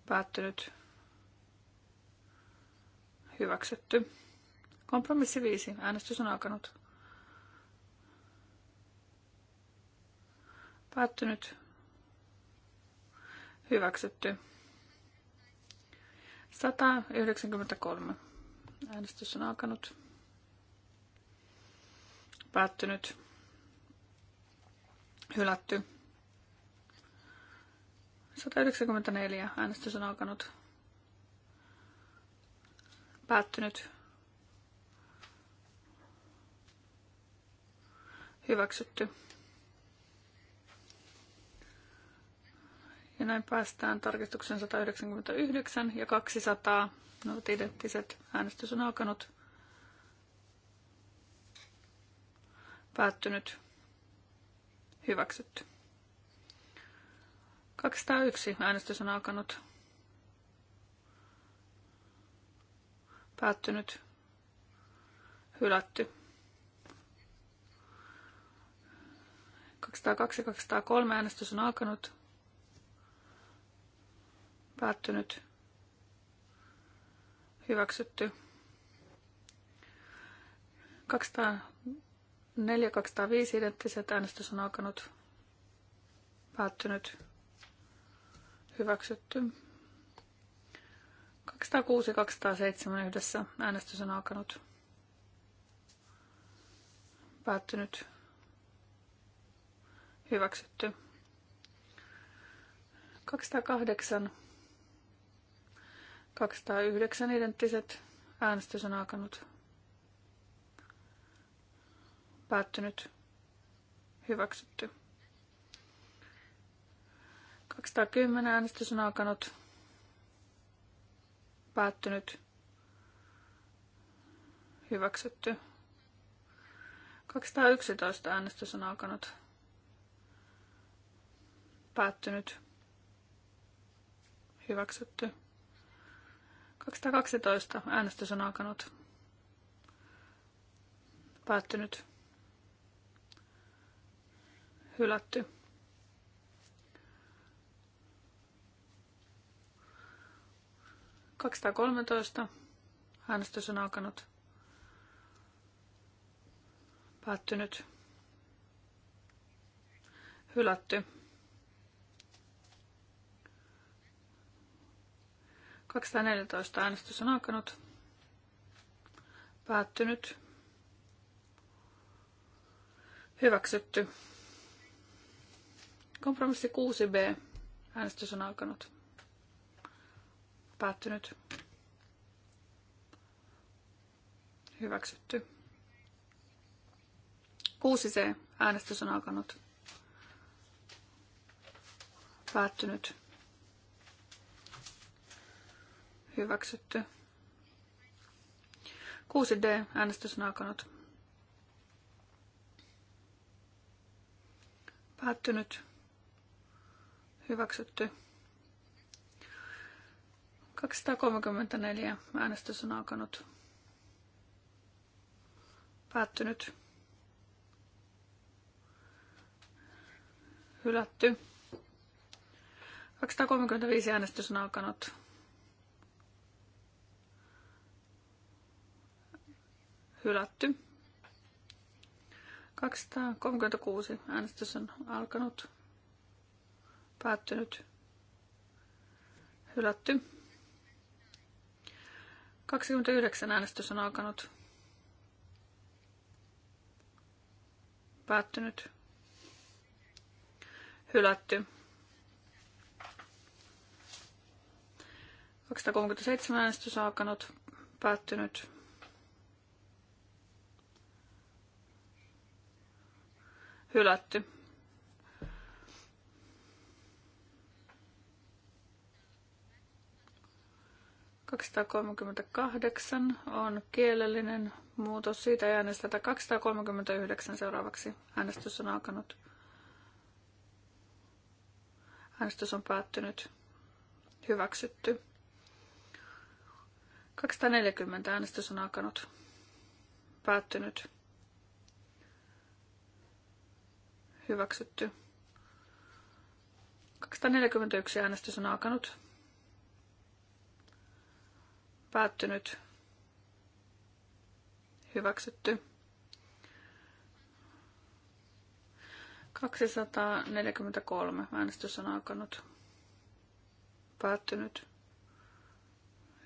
Päättynyt. Hyväksytty. Kompromissi 5. Äänestys on alkanut. Päättynyt. Hyväksytty. 193. Äänestys on alkanut. Päättynyt. Hylätty. 194. Äänestys on alkanut. Päättynyt. Hyväksytty. Ja näin päästään tarkistuksen 199 ja 200. no ovat identtiset. Äänestys on alkanut. Päättynyt. Hyväksytty. 201. Äänestys on alkanut. Päättynyt. Hylätty. 202 203 äänestys on alkanut. Päättynyt. Hyväksytty. 204-205 identtiset äänestys on alkanut. Päättynyt. Hyväksytty. 206-207 yhdessä äänestys on alkanut. Päättynyt. Hyväksytty. 208 209 identtiset. Äänestys on alkanut. Päättynyt. Hyväksytty. 210 äänestys on alkanut. Päättynyt. Hyväksytty. 211 äänestys on alkanut. Päättynyt. Hyväksytty. 212. Äänestys on alkanut. Päättynyt. Hylätty. kolmetoista Äänestys on alkanut. Päättynyt. Hylätty. 214 äänestys on alkanut. Päättynyt. Hyväksytty. Kompromissi 6b. Äänestys on alkanut. Päättynyt. Hyväksytty. 6c. Äänestys on alkanut. Päättynyt. Hyväksytty. 6D. Äänestys on alkanut. Päättynyt. Hyväksytty. 234. Äänestys on alkanut. Päättynyt. Hylätty. 235 äänestys on alkanut. Hylätty. 236. Äänestys on alkanut. Päättynyt. Hylätty. 29. Äänestys on alkanut. Päättynyt. Hylätty. 237 äänestys on alkanut, päättynyt, hylätty. kahdeksan on kielellinen muutos. Siitä ei äänestetä 239 seuraavaksi. Äänestys on alkanut. Äänestys on päättynyt. Hyväksytty. 240 äänestys on alkanut. Päättynyt. Hyväksytty. 241 äänestys on alkanut. Päättynyt. Hyväksytty. 243 äänestys on alkanut. Päättynyt.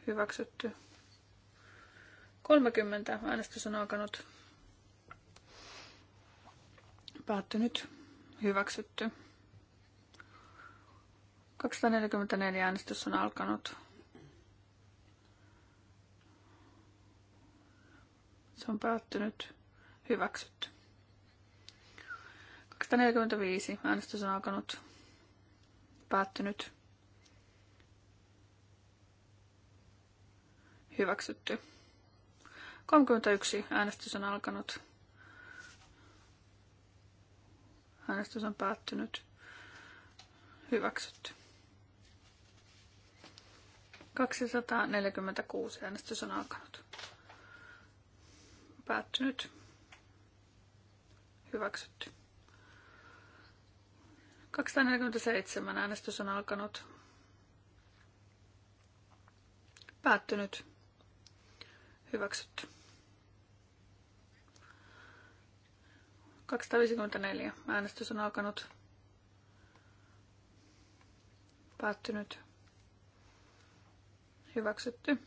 Hyväksytty. 30 äänestys on alkanut. Päättynyt. Hyväksytty. 244 äänestys on alkanut. Se on päättynyt. Hyväksytty. 245 äänestys on alkanut. Päättynyt. Hyväksytty. 31 äänestys on alkanut. Äänestys on päättynyt. Hyväksytty. 246 äänestys on alkanut. Päättynyt. Hyväksytty. 247 äänestys on alkanut. Päättynyt. Hyväksytty. 254. Äänestys on alkanut. Päättynyt. Hyväksytty.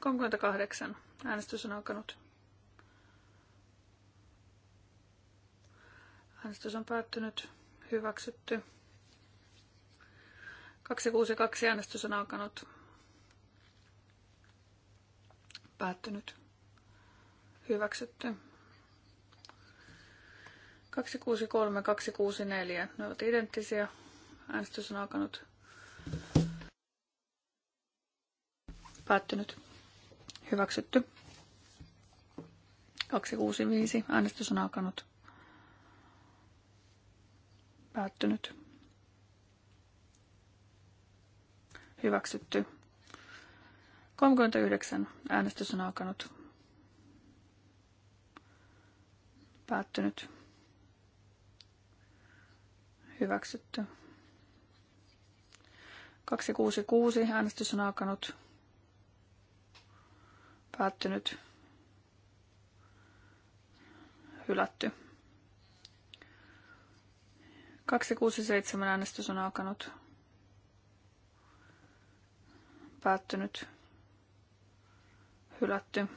38. Äänestys on alkanut. Äänestys on päättynyt. Hyväksytty. 262 äänestys on alkanut. Päättynyt. Hyväksytty. 263, 264. Ne ovat identtisiä. Äänestys on alkanut. Päättynyt. Hyväksytty. 265. Äänestys on alkanut. Päättynyt. Hyväksytty. 39. Äänestys on alkanut. Päättynyt. Hyväksytty. 266. Äänestys on alkanut. Päättynyt. Hylätty. 267 äänestys on alkanut. Päättynyt. Hylätty.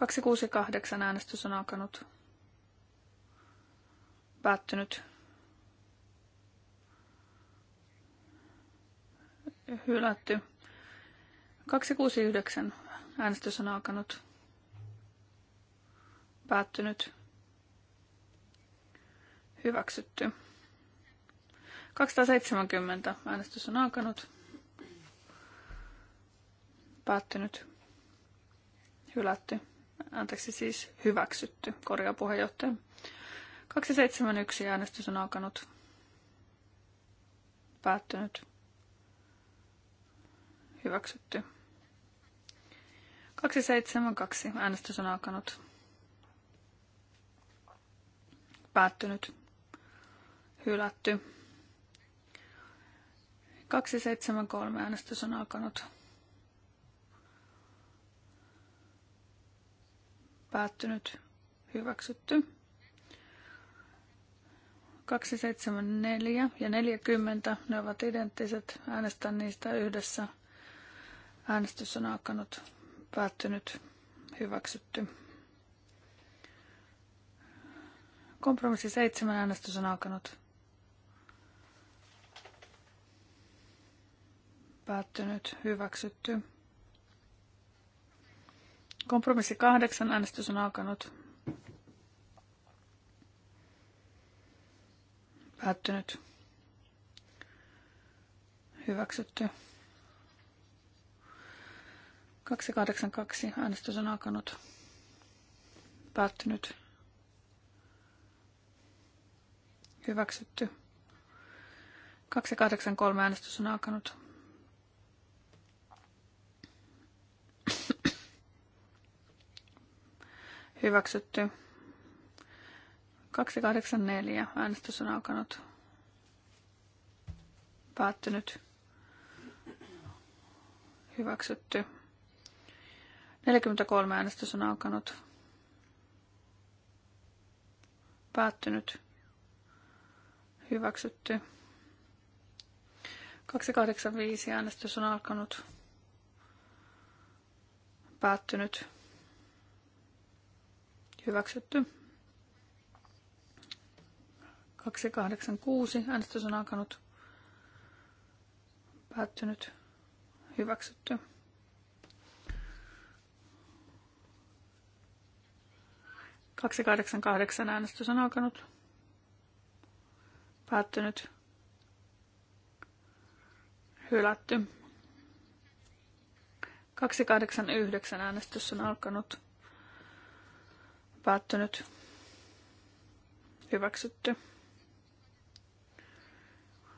268 äänestys on alkanut. Päättynyt. Hylätty. 269 äänestys on alkanut. Päättynyt. Hyväksytty. 270 äänestys on alkanut. Päättynyt. Hylätty anteeksi siis hyväksytty, korjaa puheenjohtaja. 271 äänestys on alkanut. Päättynyt. Hyväksytty. 272 äänestys on alkanut. Päättynyt. Hylätty. 273 äänestys on alkanut. Päättynyt. Hyväksytty. 274 ja 40, ne ovat identtiset. Äänestän niistä yhdessä. Äänestys on alkanut, päättynyt, hyväksytty. Kompromissi 7, äänestys on alkanut, päättynyt, hyväksytty. Kompromissi kahdeksan. Äänestys on alkanut. Päättynyt. Hyväksytty. 282. Äänestys on alkanut. Päättynyt. Hyväksytty. 283. Äänestys on alkanut. Hyväksytty. 284. Äänestys on alkanut. Päättynyt. Hyväksytty. 43. Äänestys on alkanut. Päättynyt. Hyväksytty. 285. Äänestys on alkanut. Päättynyt Hyväksytty. 286. Äänestys on alkanut. Päättynyt. Hyväksytty. Kaksi kahdeksan kahdeksan äänestys on alkanut. Päättynyt. Hylätty. yhdeksän äänestys on alkanut. Päättynyt. Hyväksytty.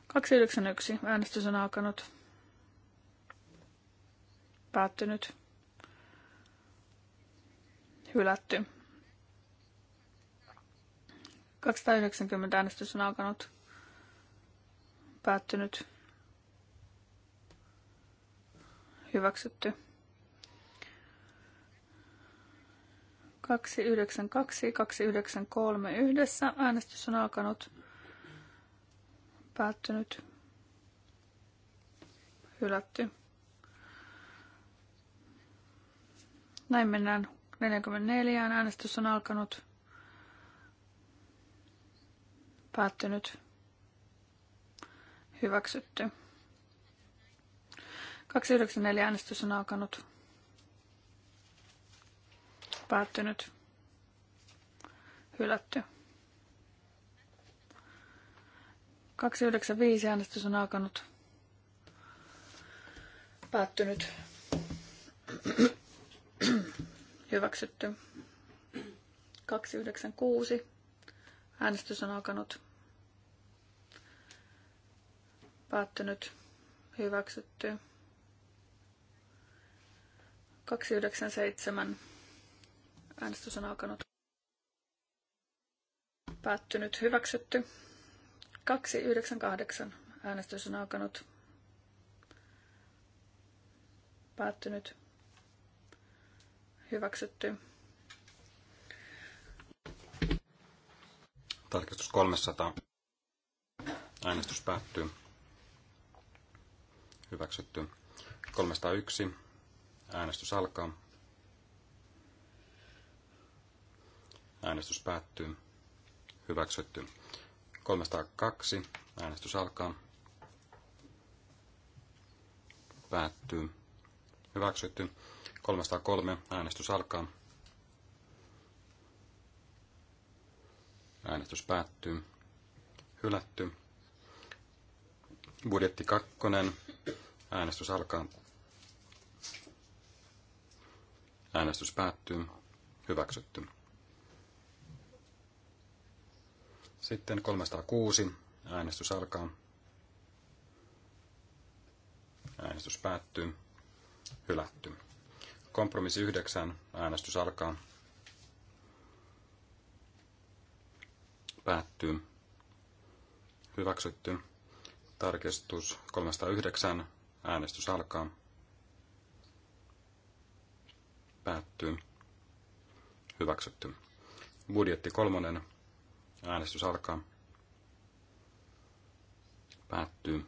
291. Äänestys on alkanut. Päättynyt. Hylätty. 290 äänestys on alkanut. Päättynyt. Hyväksytty. 292, 293 yhdessä. Äänestys on alkanut. Päättynyt. Hylätty. Näin mennään 44. Äänestys on alkanut. Päättynyt. Hyväksytty. 294 äänestys on alkanut. Päättynyt. Hylätty. 295 äänestys on alkanut. Päättynyt. Hyväksytty. 296. Äänestys on alkanut. Päättynyt. Hyväksytty. 297. Äänestys on alkanut. Päättynyt. Hyväksytty. 298. Äänestys on alkanut. Päättynyt. Hyväksytty. Tarkistus 300. Äänestys päättyy. Hyväksytty. 301. Äänestys alkaa. Äänestys päättyy. Hyväksytty. 302. Äänestys alkaa. Päättyy. Hyväksytty. 303. Äänestys alkaa. Äänestys päättyy. Hylätty. Budjetti kakkonen. Äänestys alkaa. Äänestys päättyy. Hyväksytty. Sitten 306. Äänestys alkaa. Äänestys päättyy. Hylätty. Kompromissi 9. Äänestys alkaa. Päättyy. Hyväksytty. Tarkistus 309. Äänestys alkaa. Päättyy. Hyväksytty. Budjetti kolmonen. Äänestys alkaa. Päättyy.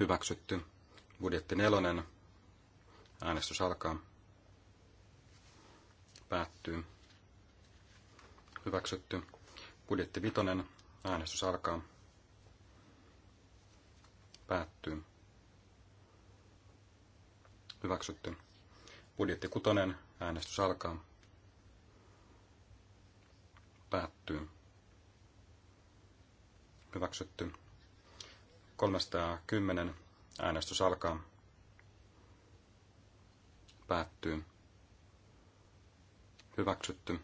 Hyväksytty. Budjetti nelonen. Äänestys alkaa. Päättyy. Hyväksytty. Budjetti vitonen. Äänestys alkaa. Päättyy. Hyväksytty. Budjetti kutonen. Äänestys alkaa. Päättyy. Hyväksytty. 310. Äänestys alkaa. Päättyy. Hyväksytty.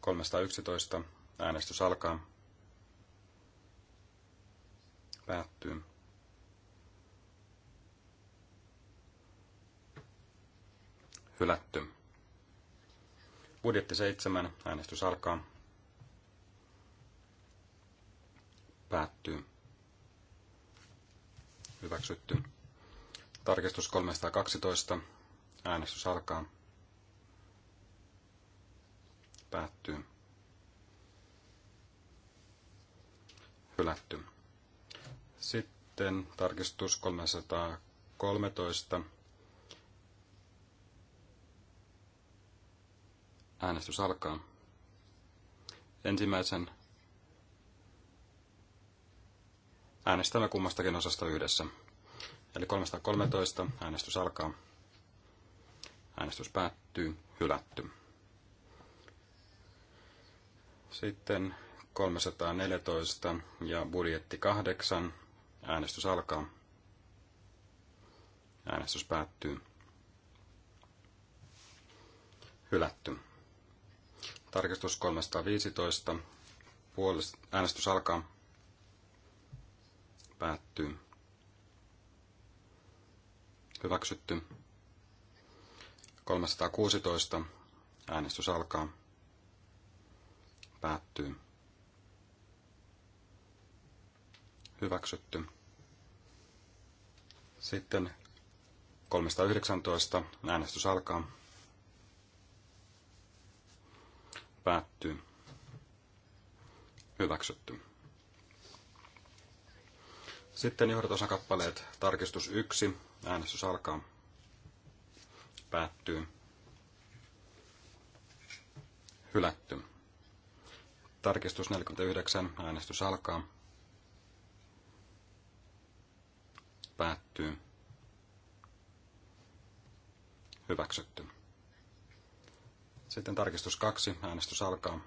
311. Äänestys alkaa. Päättyy. Hylätty. Budjetti seitsemän Äänestys alkaa. Päättyy. Hyväksytty. Tarkistus 312. Äänestys alkaa. Päättyy. Hylätty. Sitten tarkistus 313. Äänestys alkaa. Ensimmäisen äänestämme kummastakin osasta yhdessä. Eli 313 äänestys alkaa. Äänestys päättyy. Hylätty. Sitten 314 ja budjetti 8. Äänestys alkaa. Äänestys päättyy. Hylätty. Tarkistus 315. Puolest, äänestys alkaa. Päättyy. Hyväksytty. 316. Äänestys alkaa. Päättyy. Hyväksytty. Sitten 319. Äänestys alkaa. Päättyy. Hyväksytty. Sitten kappaleet Tarkistus 1. Äänestys alkaa. Päättyy. Hylätty. Tarkistus 49. Äänestys alkaa. Päättyy. Hyväksytty. Sitten tarkistus kaksi, äänestys alkaa.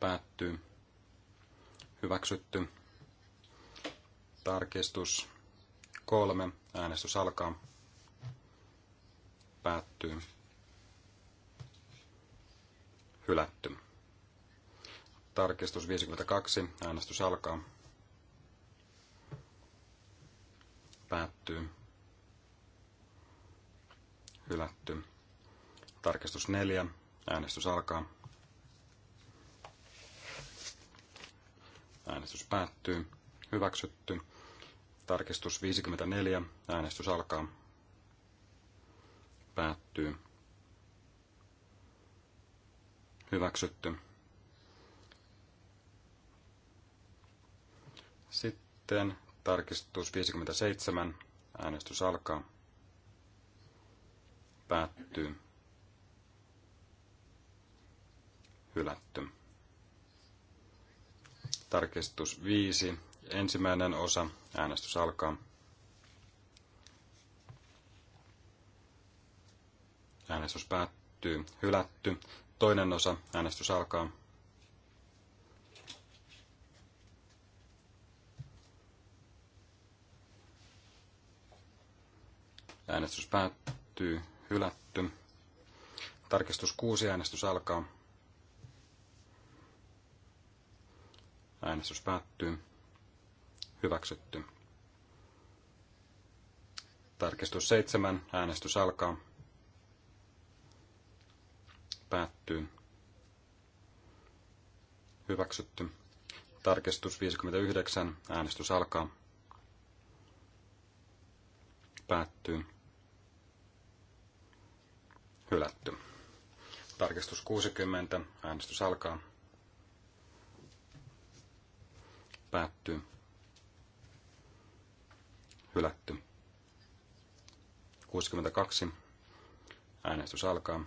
Päättyy. Hyväksytty. Tarkistus kolme, äänestys alkaa. Päättyy. Hylätty. Tarkistus 52, äänestys alkaa. Päättyy hylätty. Tarkistus 4. Äänestys alkaa. Äänestys päättyy. Hyväksytty. Tarkistus 54. Äänestys alkaa. Päättyy. Hyväksytty. Sitten tarkistus 57. Äänestys alkaa. Päättyy. Hylätty. Tarkistus 5. Ensimmäinen osa. Äänestys alkaa. Äänestys päättyy. Hylätty. Toinen osa. Äänestys alkaa. Äänestys päättyy hylätty. Tarkistus 6, äänestys alkaa. Äänestys päättyy. Hyväksytty. Tarkistus 7, äänestys alkaa. Päättyy. Hyväksytty. Tarkistus 59, äänestys alkaa. Päättyy Hylätty. Tarkistus 60. Äänestys alkaa. Päättyy. Hylätty. 62. Äänestys alkaa.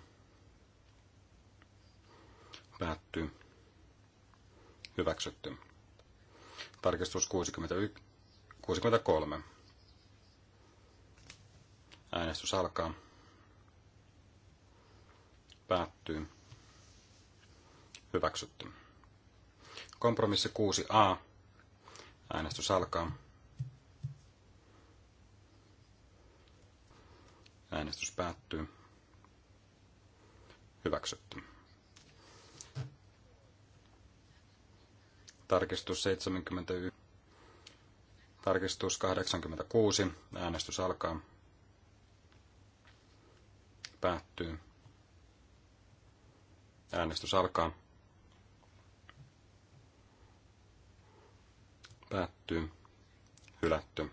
Päättyy. Hyväksytty. Tarkistus 61, 63. Äänestys alkaa päättyy. Hyväksytty. Kompromissi 6a. Äänestys alkaa. Äänestys päättyy. Hyväksytty. Tarkistus 71. Tarkistus 86. Äänestys alkaa. Päättyy. Äänestys alkaa. Päättyy. Hylätty.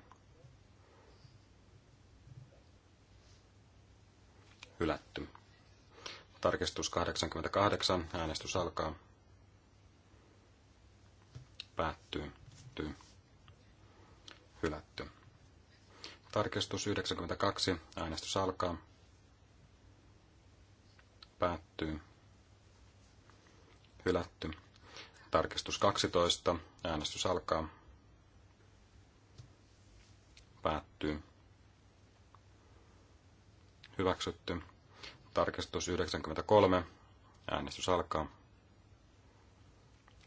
Hylätty. Tarkistus 88. Äänestys alkaa. Päättyy. Tyy. Hylätty. Tarkistus 92. Äänestys alkaa. Päättyy hylätty. Tarkistus 12. Äänestys alkaa. Päättyy. Hyväksytty. Tarkistus 93. Äänestys alkaa.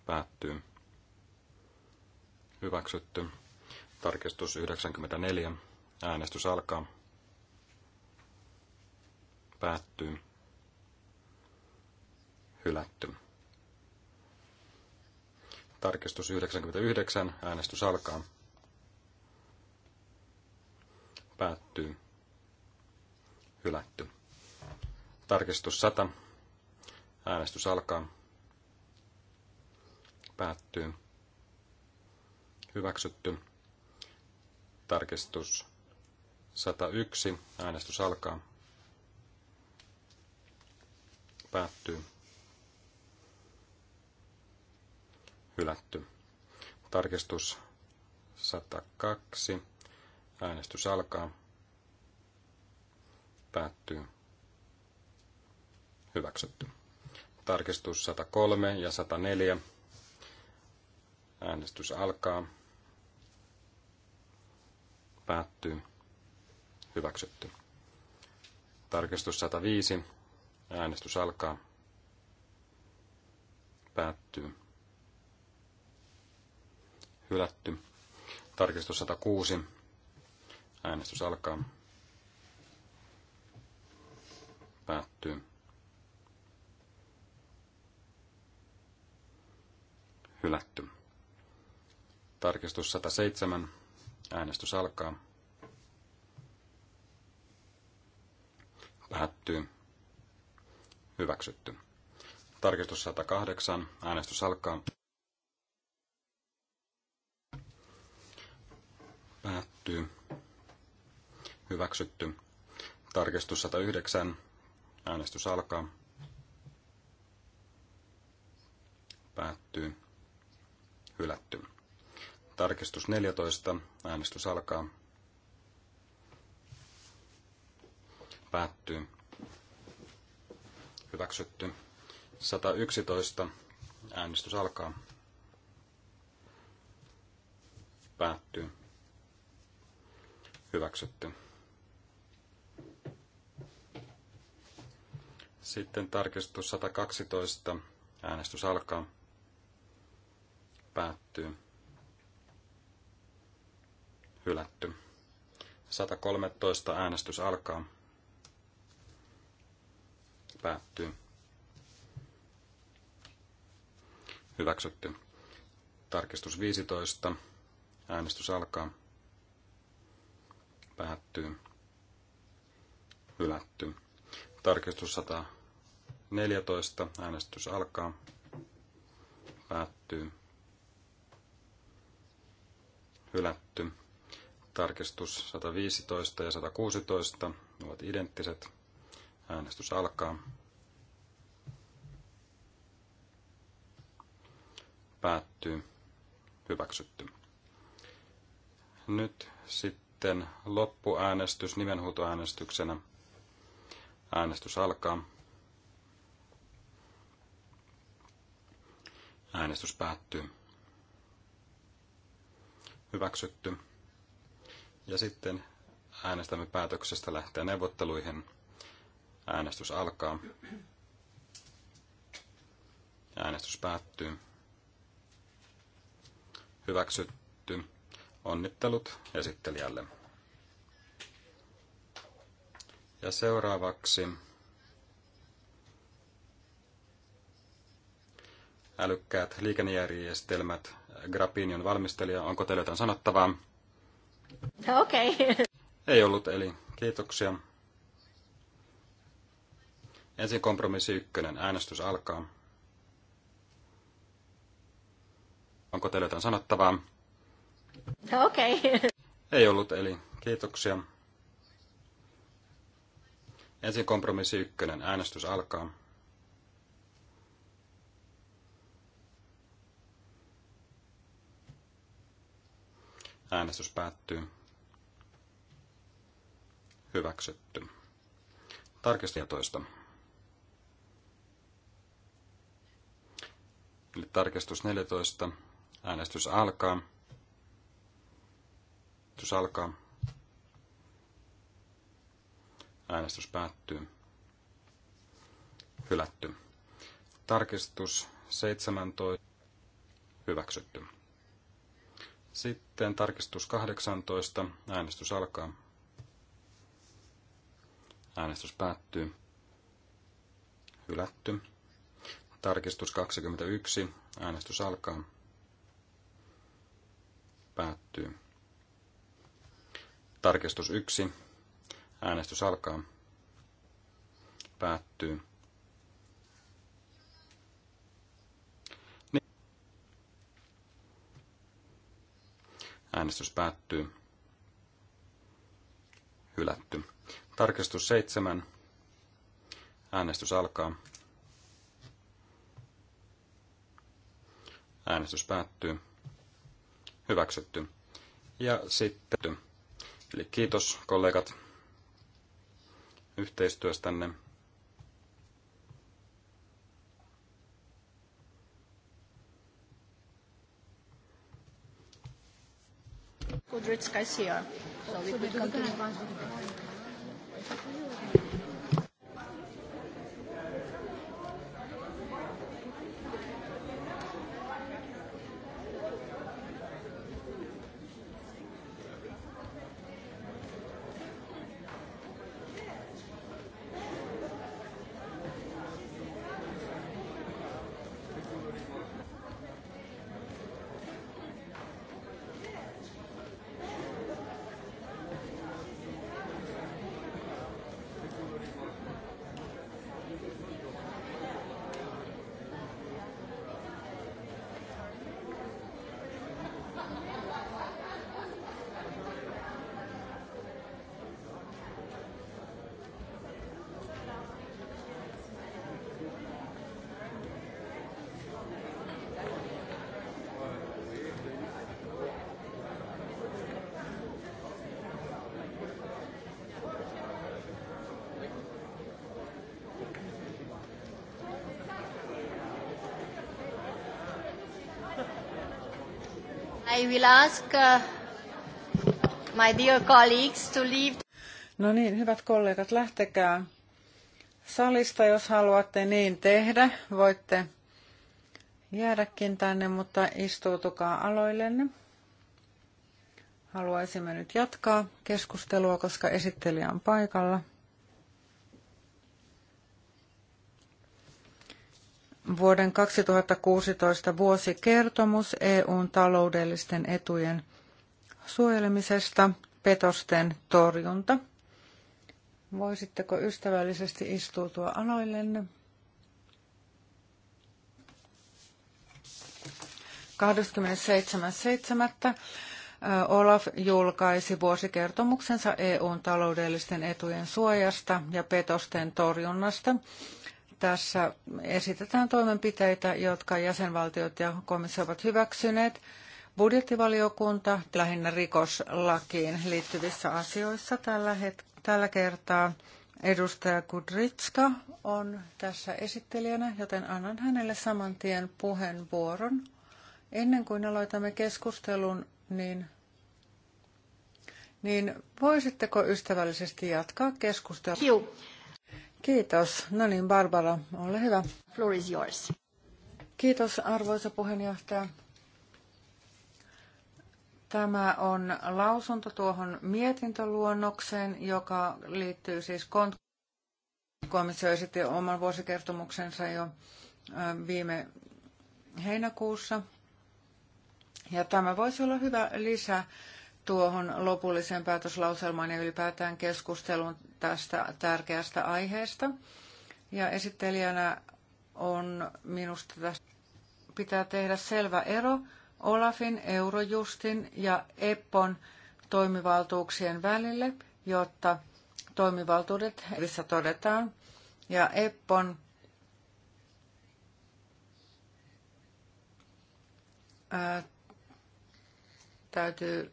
Päättyy. Hyväksytty. Tarkistus 94. Äänestys alkaa. Päättyy. Hylätty. Tarkistus 99. Äänestys alkaa. Päättyy. Hylätty. Tarkistus 100. Äänestys alkaa. Päättyy. Hyväksytty. Tarkistus 101. Äänestys alkaa. Päättyy. hylätty. Tarkistus 102. Äänestys alkaa. Päättyy. Hyväksytty. Tarkistus 103 ja 104. Äänestys alkaa. Päättyy. Hyväksytty. Tarkistus 105. Äänestys alkaa. Päättyy hylätty. Tarkistus 106. Äänestys alkaa. Päättyy. Hylätty. Tarkistus 107. Äänestys alkaa. Päättyy. Hyväksytty. Tarkistus 108. Äänestys alkaa. Päättyy. Hyväksytty. Tarkistus 109. Äänestys alkaa. Päättyy. Hylätty. Tarkistus 14. Äänestys alkaa. Päättyy. Hyväksytty. 111. Äänestys alkaa. Päättyy hyväksytty. Sitten tarkistus 112. Äänestys alkaa. Päättyy. Hylätty. 113. Äänestys alkaa. Päättyy. Hyväksytty. Tarkistus 15. Äänestys alkaa päättyy, hylätty. Tarkistus 114, äänestys alkaa, päättyy, hylätty. Tarkistus 115 ja 116 ovat identtiset. Äänestys alkaa. Päättyy. Hyväksytty. Nyt sitten sitten loppuäänestys nimenhuutoäänestyksenä. Äänestys alkaa. Äänestys päättyy. Hyväksytty. Ja sitten äänestämme päätöksestä lähteä neuvotteluihin. Äänestys alkaa. Äänestys päättyy. Hyväksytty. Onnittelut esittelijälle. Ja seuraavaksi älykkäät liikennejärjestelmät. Grappinion valmistelija, onko teillä jotain sanottavaa? No, okei. Okay. Ei ollut, eli kiitoksia. Ensin kompromissi ykkönen. Äänestys alkaa. Onko teillä jotain sanottavaa? Okei. Okay. <laughs> Ei ollut, eli kiitoksia. Ensin kompromissi ykkönen. Äänestys alkaa. Äänestys päättyy. Hyväksytty. Tarkistaja toista. Eli tarkistus 14. Äänestys alkaa. Äänestys alkaa. Äänestys päättyy. Hylätty. Tarkistus 17. Hyväksytty. Sitten tarkistus 18. Äänestys alkaa. Äänestys päättyy. Hylätty. Tarkistus 21. Äänestys alkaa. Päättyy. Tarkistus 1. Äänestys alkaa. Päättyy. Niin. Äänestys päättyy. Hylätty. Tarkistus 7. Äänestys alkaa. Äänestys päättyy. Hyväksytty. Ja sitten Eli kiitos kollegat yhteistyöstänne. Kudrytskais So we could continue. I will ask uh, my dear colleagues to leave. No niin, hyvät kollegat, lähtekää salista, jos haluatte niin tehdä. Voitte jäädäkin tänne, mutta istuutukaa aloillenne. Haluaisimme nyt jatkaa keskustelua, koska esittelijä on paikalla. vuoden 2016 vuosikertomus EUn taloudellisten etujen suojelemisesta, petosten torjunta. Voisitteko ystävällisesti istuutua aloillenne? 27.7. Olaf julkaisi vuosikertomuksensa EUn taloudellisten etujen suojasta ja petosten torjunnasta tässä esitetään toimenpiteitä, jotka jäsenvaltiot ja komissio ovat hyväksyneet budjettivaliokunta lähinnä rikoslakiin liittyvissä asioissa tällä, het- tällä kertaa. Edustaja Kudritska on tässä esittelijänä, joten annan hänelle saman tien puheenvuoron. Ennen kuin aloitamme keskustelun, niin, niin voisitteko ystävällisesti jatkaa keskustelua? Kiitos. No niin, Barbara, ole hyvä. Floor is yours. Kiitos, arvoisa puheenjohtaja. Tämä on lausunto tuohon mietintöluonnokseen, joka liittyy siis kont- komissio esitti oman vuosikertomuksensa jo viime heinäkuussa. Ja tämä voisi olla hyvä lisä tuohon lopulliseen päätöslauselmaan ja ylipäätään keskusteluun tästä tärkeästä aiheesta. Ja esittelijänä on minusta tässä pitää tehdä selvä ero Olafin, Eurojustin ja EPPON toimivaltuuksien välille, jotta toimivaltuudet missä todetaan. Ja EPPON ää, täytyy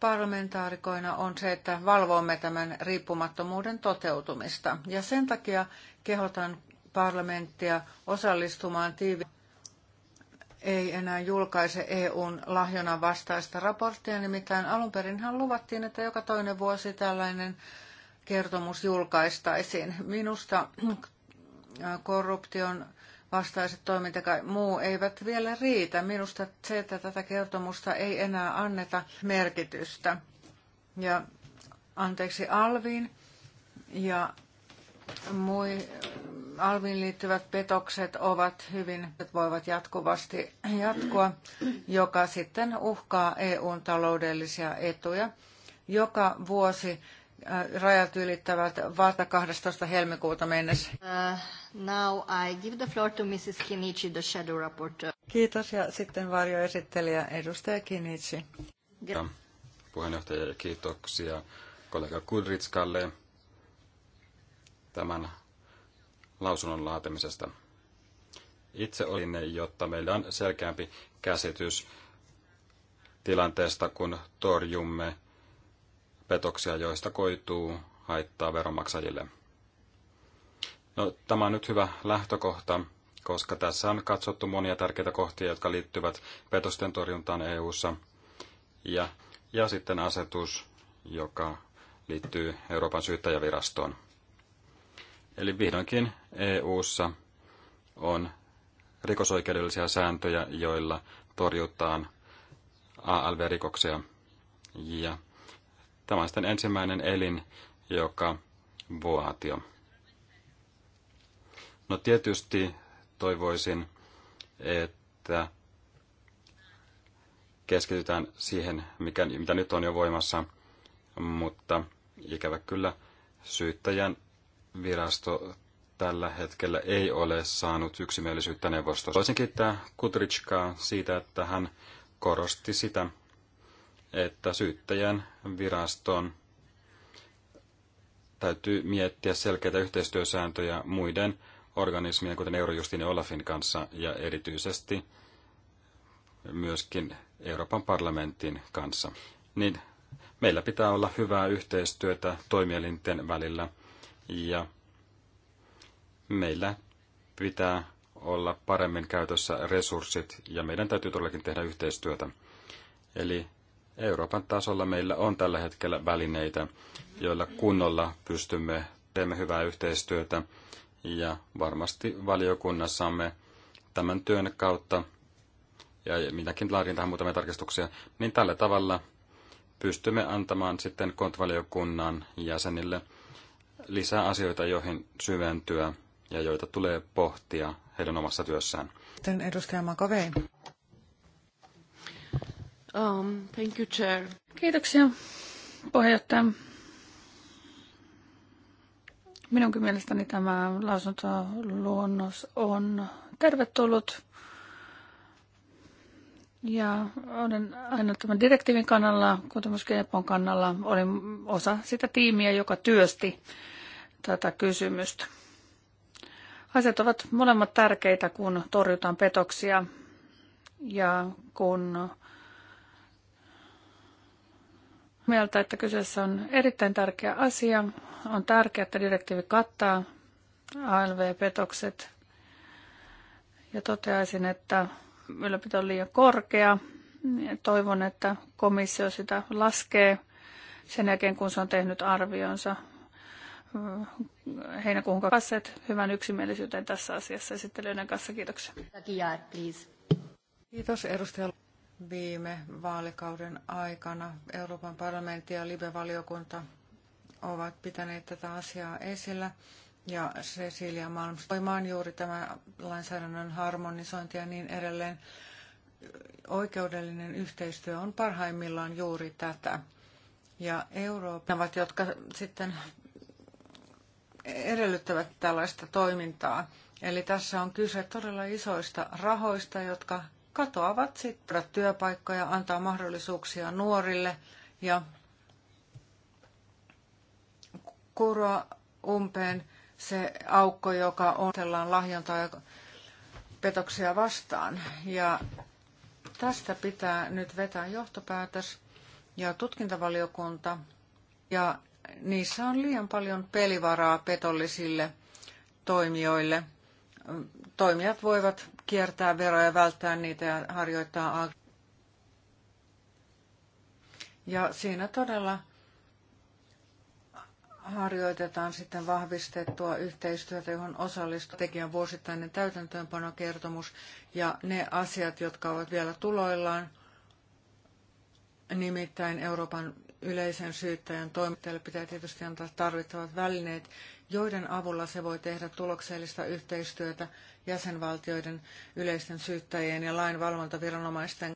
parlamentaarikoina on se, että valvomme tämän riippumattomuuden toteutumista. Ja sen takia kehotan parlamenttia osallistumaan tiivi ei enää julkaise EUn lahjona vastaista raporttia, nimittäin alun perinhän luvattiin, että joka toinen vuosi tällainen kertomus julkaistaisiin. Minusta korruption vastaiset toiminta tai muu eivät vielä riitä. Minusta se, että tätä kertomusta ei enää anneta merkitystä. Ja anteeksi Alviin ja mui, Alviin liittyvät petokset ovat hyvin, että voivat jatkuvasti jatkua, joka sitten uhkaa EUn taloudellisia etuja. Joka vuosi Äh, rajat ylittävät vasta 12. helmikuuta mennessä. Uh, now I give the floor to Mrs. Kinichi, the shadow rapporteur. Kiitos ja sitten varjoesittelijä edustaja Kinichi. Ja puheenjohtaja ja kiitoksia kollega Kudritskalle tämän lausunnon laatimisesta. Itse olin, jotta meillä on selkeämpi käsitys tilanteesta, kun torjumme petoksia, joista koituu haittaa veronmaksajille. No, tämä on nyt hyvä lähtökohta, koska tässä on katsottu monia tärkeitä kohtia, jotka liittyvät petosten torjuntaan EU-ssa. Ja, ja sitten asetus, joka liittyy Euroopan syyttäjävirastoon. Eli vihdoinkin EU-ssa on rikosoikeudellisia sääntöjä, joilla torjutaan ALV-rikoksia. Ja Tämä on sitten ensimmäinen elin, joka vuotio. No tietysti toivoisin, että keskitytään siihen, mikä, mitä nyt on jo voimassa, mutta ikävä kyllä syyttäjän virasto tällä hetkellä ei ole saanut yksimielisyyttä neuvostossa. Voisin kiittää Kutritskaa siitä, että hän korosti sitä, että syyttäjän viraston täytyy miettiä selkeitä yhteistyösääntöjä muiden organismien, kuten Eurojustin ja Olafin kanssa, ja erityisesti myöskin Euroopan parlamentin kanssa. Niin meillä pitää olla hyvää yhteistyötä toimielinten välillä, ja meillä pitää olla paremmin käytössä resurssit, ja meidän täytyy todellakin tehdä yhteistyötä. Eli Euroopan tasolla meillä on tällä hetkellä välineitä, joilla kunnolla pystymme, teemme hyvää yhteistyötä ja varmasti valiokunnassamme tämän työn kautta, ja minäkin laadin tähän muutamia tarkistuksia, niin tällä tavalla pystymme antamaan sitten kontvaliokunnan jäsenille lisää asioita, joihin syventyä ja joita tulee pohtia heidän omassa työssään. Sitten edustaja Makovein. Um, thank you, Chair. Kiitoksia, puheenjohtaja. Minunkin mielestäni tämä lausuntoluonnos on tervetullut. Ja olen aina tämän direktiivin kannalla, kuten myös EPOn kannalla, olin osa sitä tiimiä, joka työsti tätä kysymystä. Asiat ovat molemmat tärkeitä, kun torjutaan petoksia ja kun mieltä, että kyseessä on erittäin tärkeä asia. On tärkeää, että direktiivi kattaa ALV-petokset ja toteaisin, että ylläpito on liian korkea. Toivon, että komissio sitä laskee sen jälkeen, kun se on tehnyt arvionsa heinäkuun kasset hyvän yksimielisyyteen tässä asiassa esittelyiden kanssa. Kiitoksia. Kiitos edustaja. Viime vaalikauden aikana Euroopan parlamentti ja Libe-valiokunta ovat pitäneet tätä asiaa esillä. Ja Cecilia Malm voimaan juuri tämä lainsäädännön harmonisointi ja niin edelleen. Oikeudellinen yhteistyö on parhaimmillaan juuri tätä. Ja Euroopan ovat, jotka sitten edellyttävät tällaista toimintaa. Eli tässä on kyse todella isoista rahoista, jotka katoavat Sitra työpaikkoja, antaa mahdollisuuksia nuorille ja kuroa umpeen se aukko, joka on lahjontaa ja petoksia vastaan. Ja tästä pitää nyt vetää johtopäätös ja tutkintavaliokunta. Ja niissä on liian paljon pelivaraa petollisille toimijoille. Toimijat voivat kiertää veroja, välttää niitä ja harjoittaa Ja siinä todella harjoitetaan sitten vahvistettua yhteistyötä, johon osallistuu tekijän vuosittainen täytäntöönpanokertomus ja ne asiat, jotka ovat vielä tuloillaan, nimittäin Euroopan yleisen syyttäjän toimittajalle pitää tietysti antaa tarvittavat välineet, joiden avulla se voi tehdä tuloksellista yhteistyötä jäsenvaltioiden yleisten syyttäjien ja lainvalvontaviranomaisten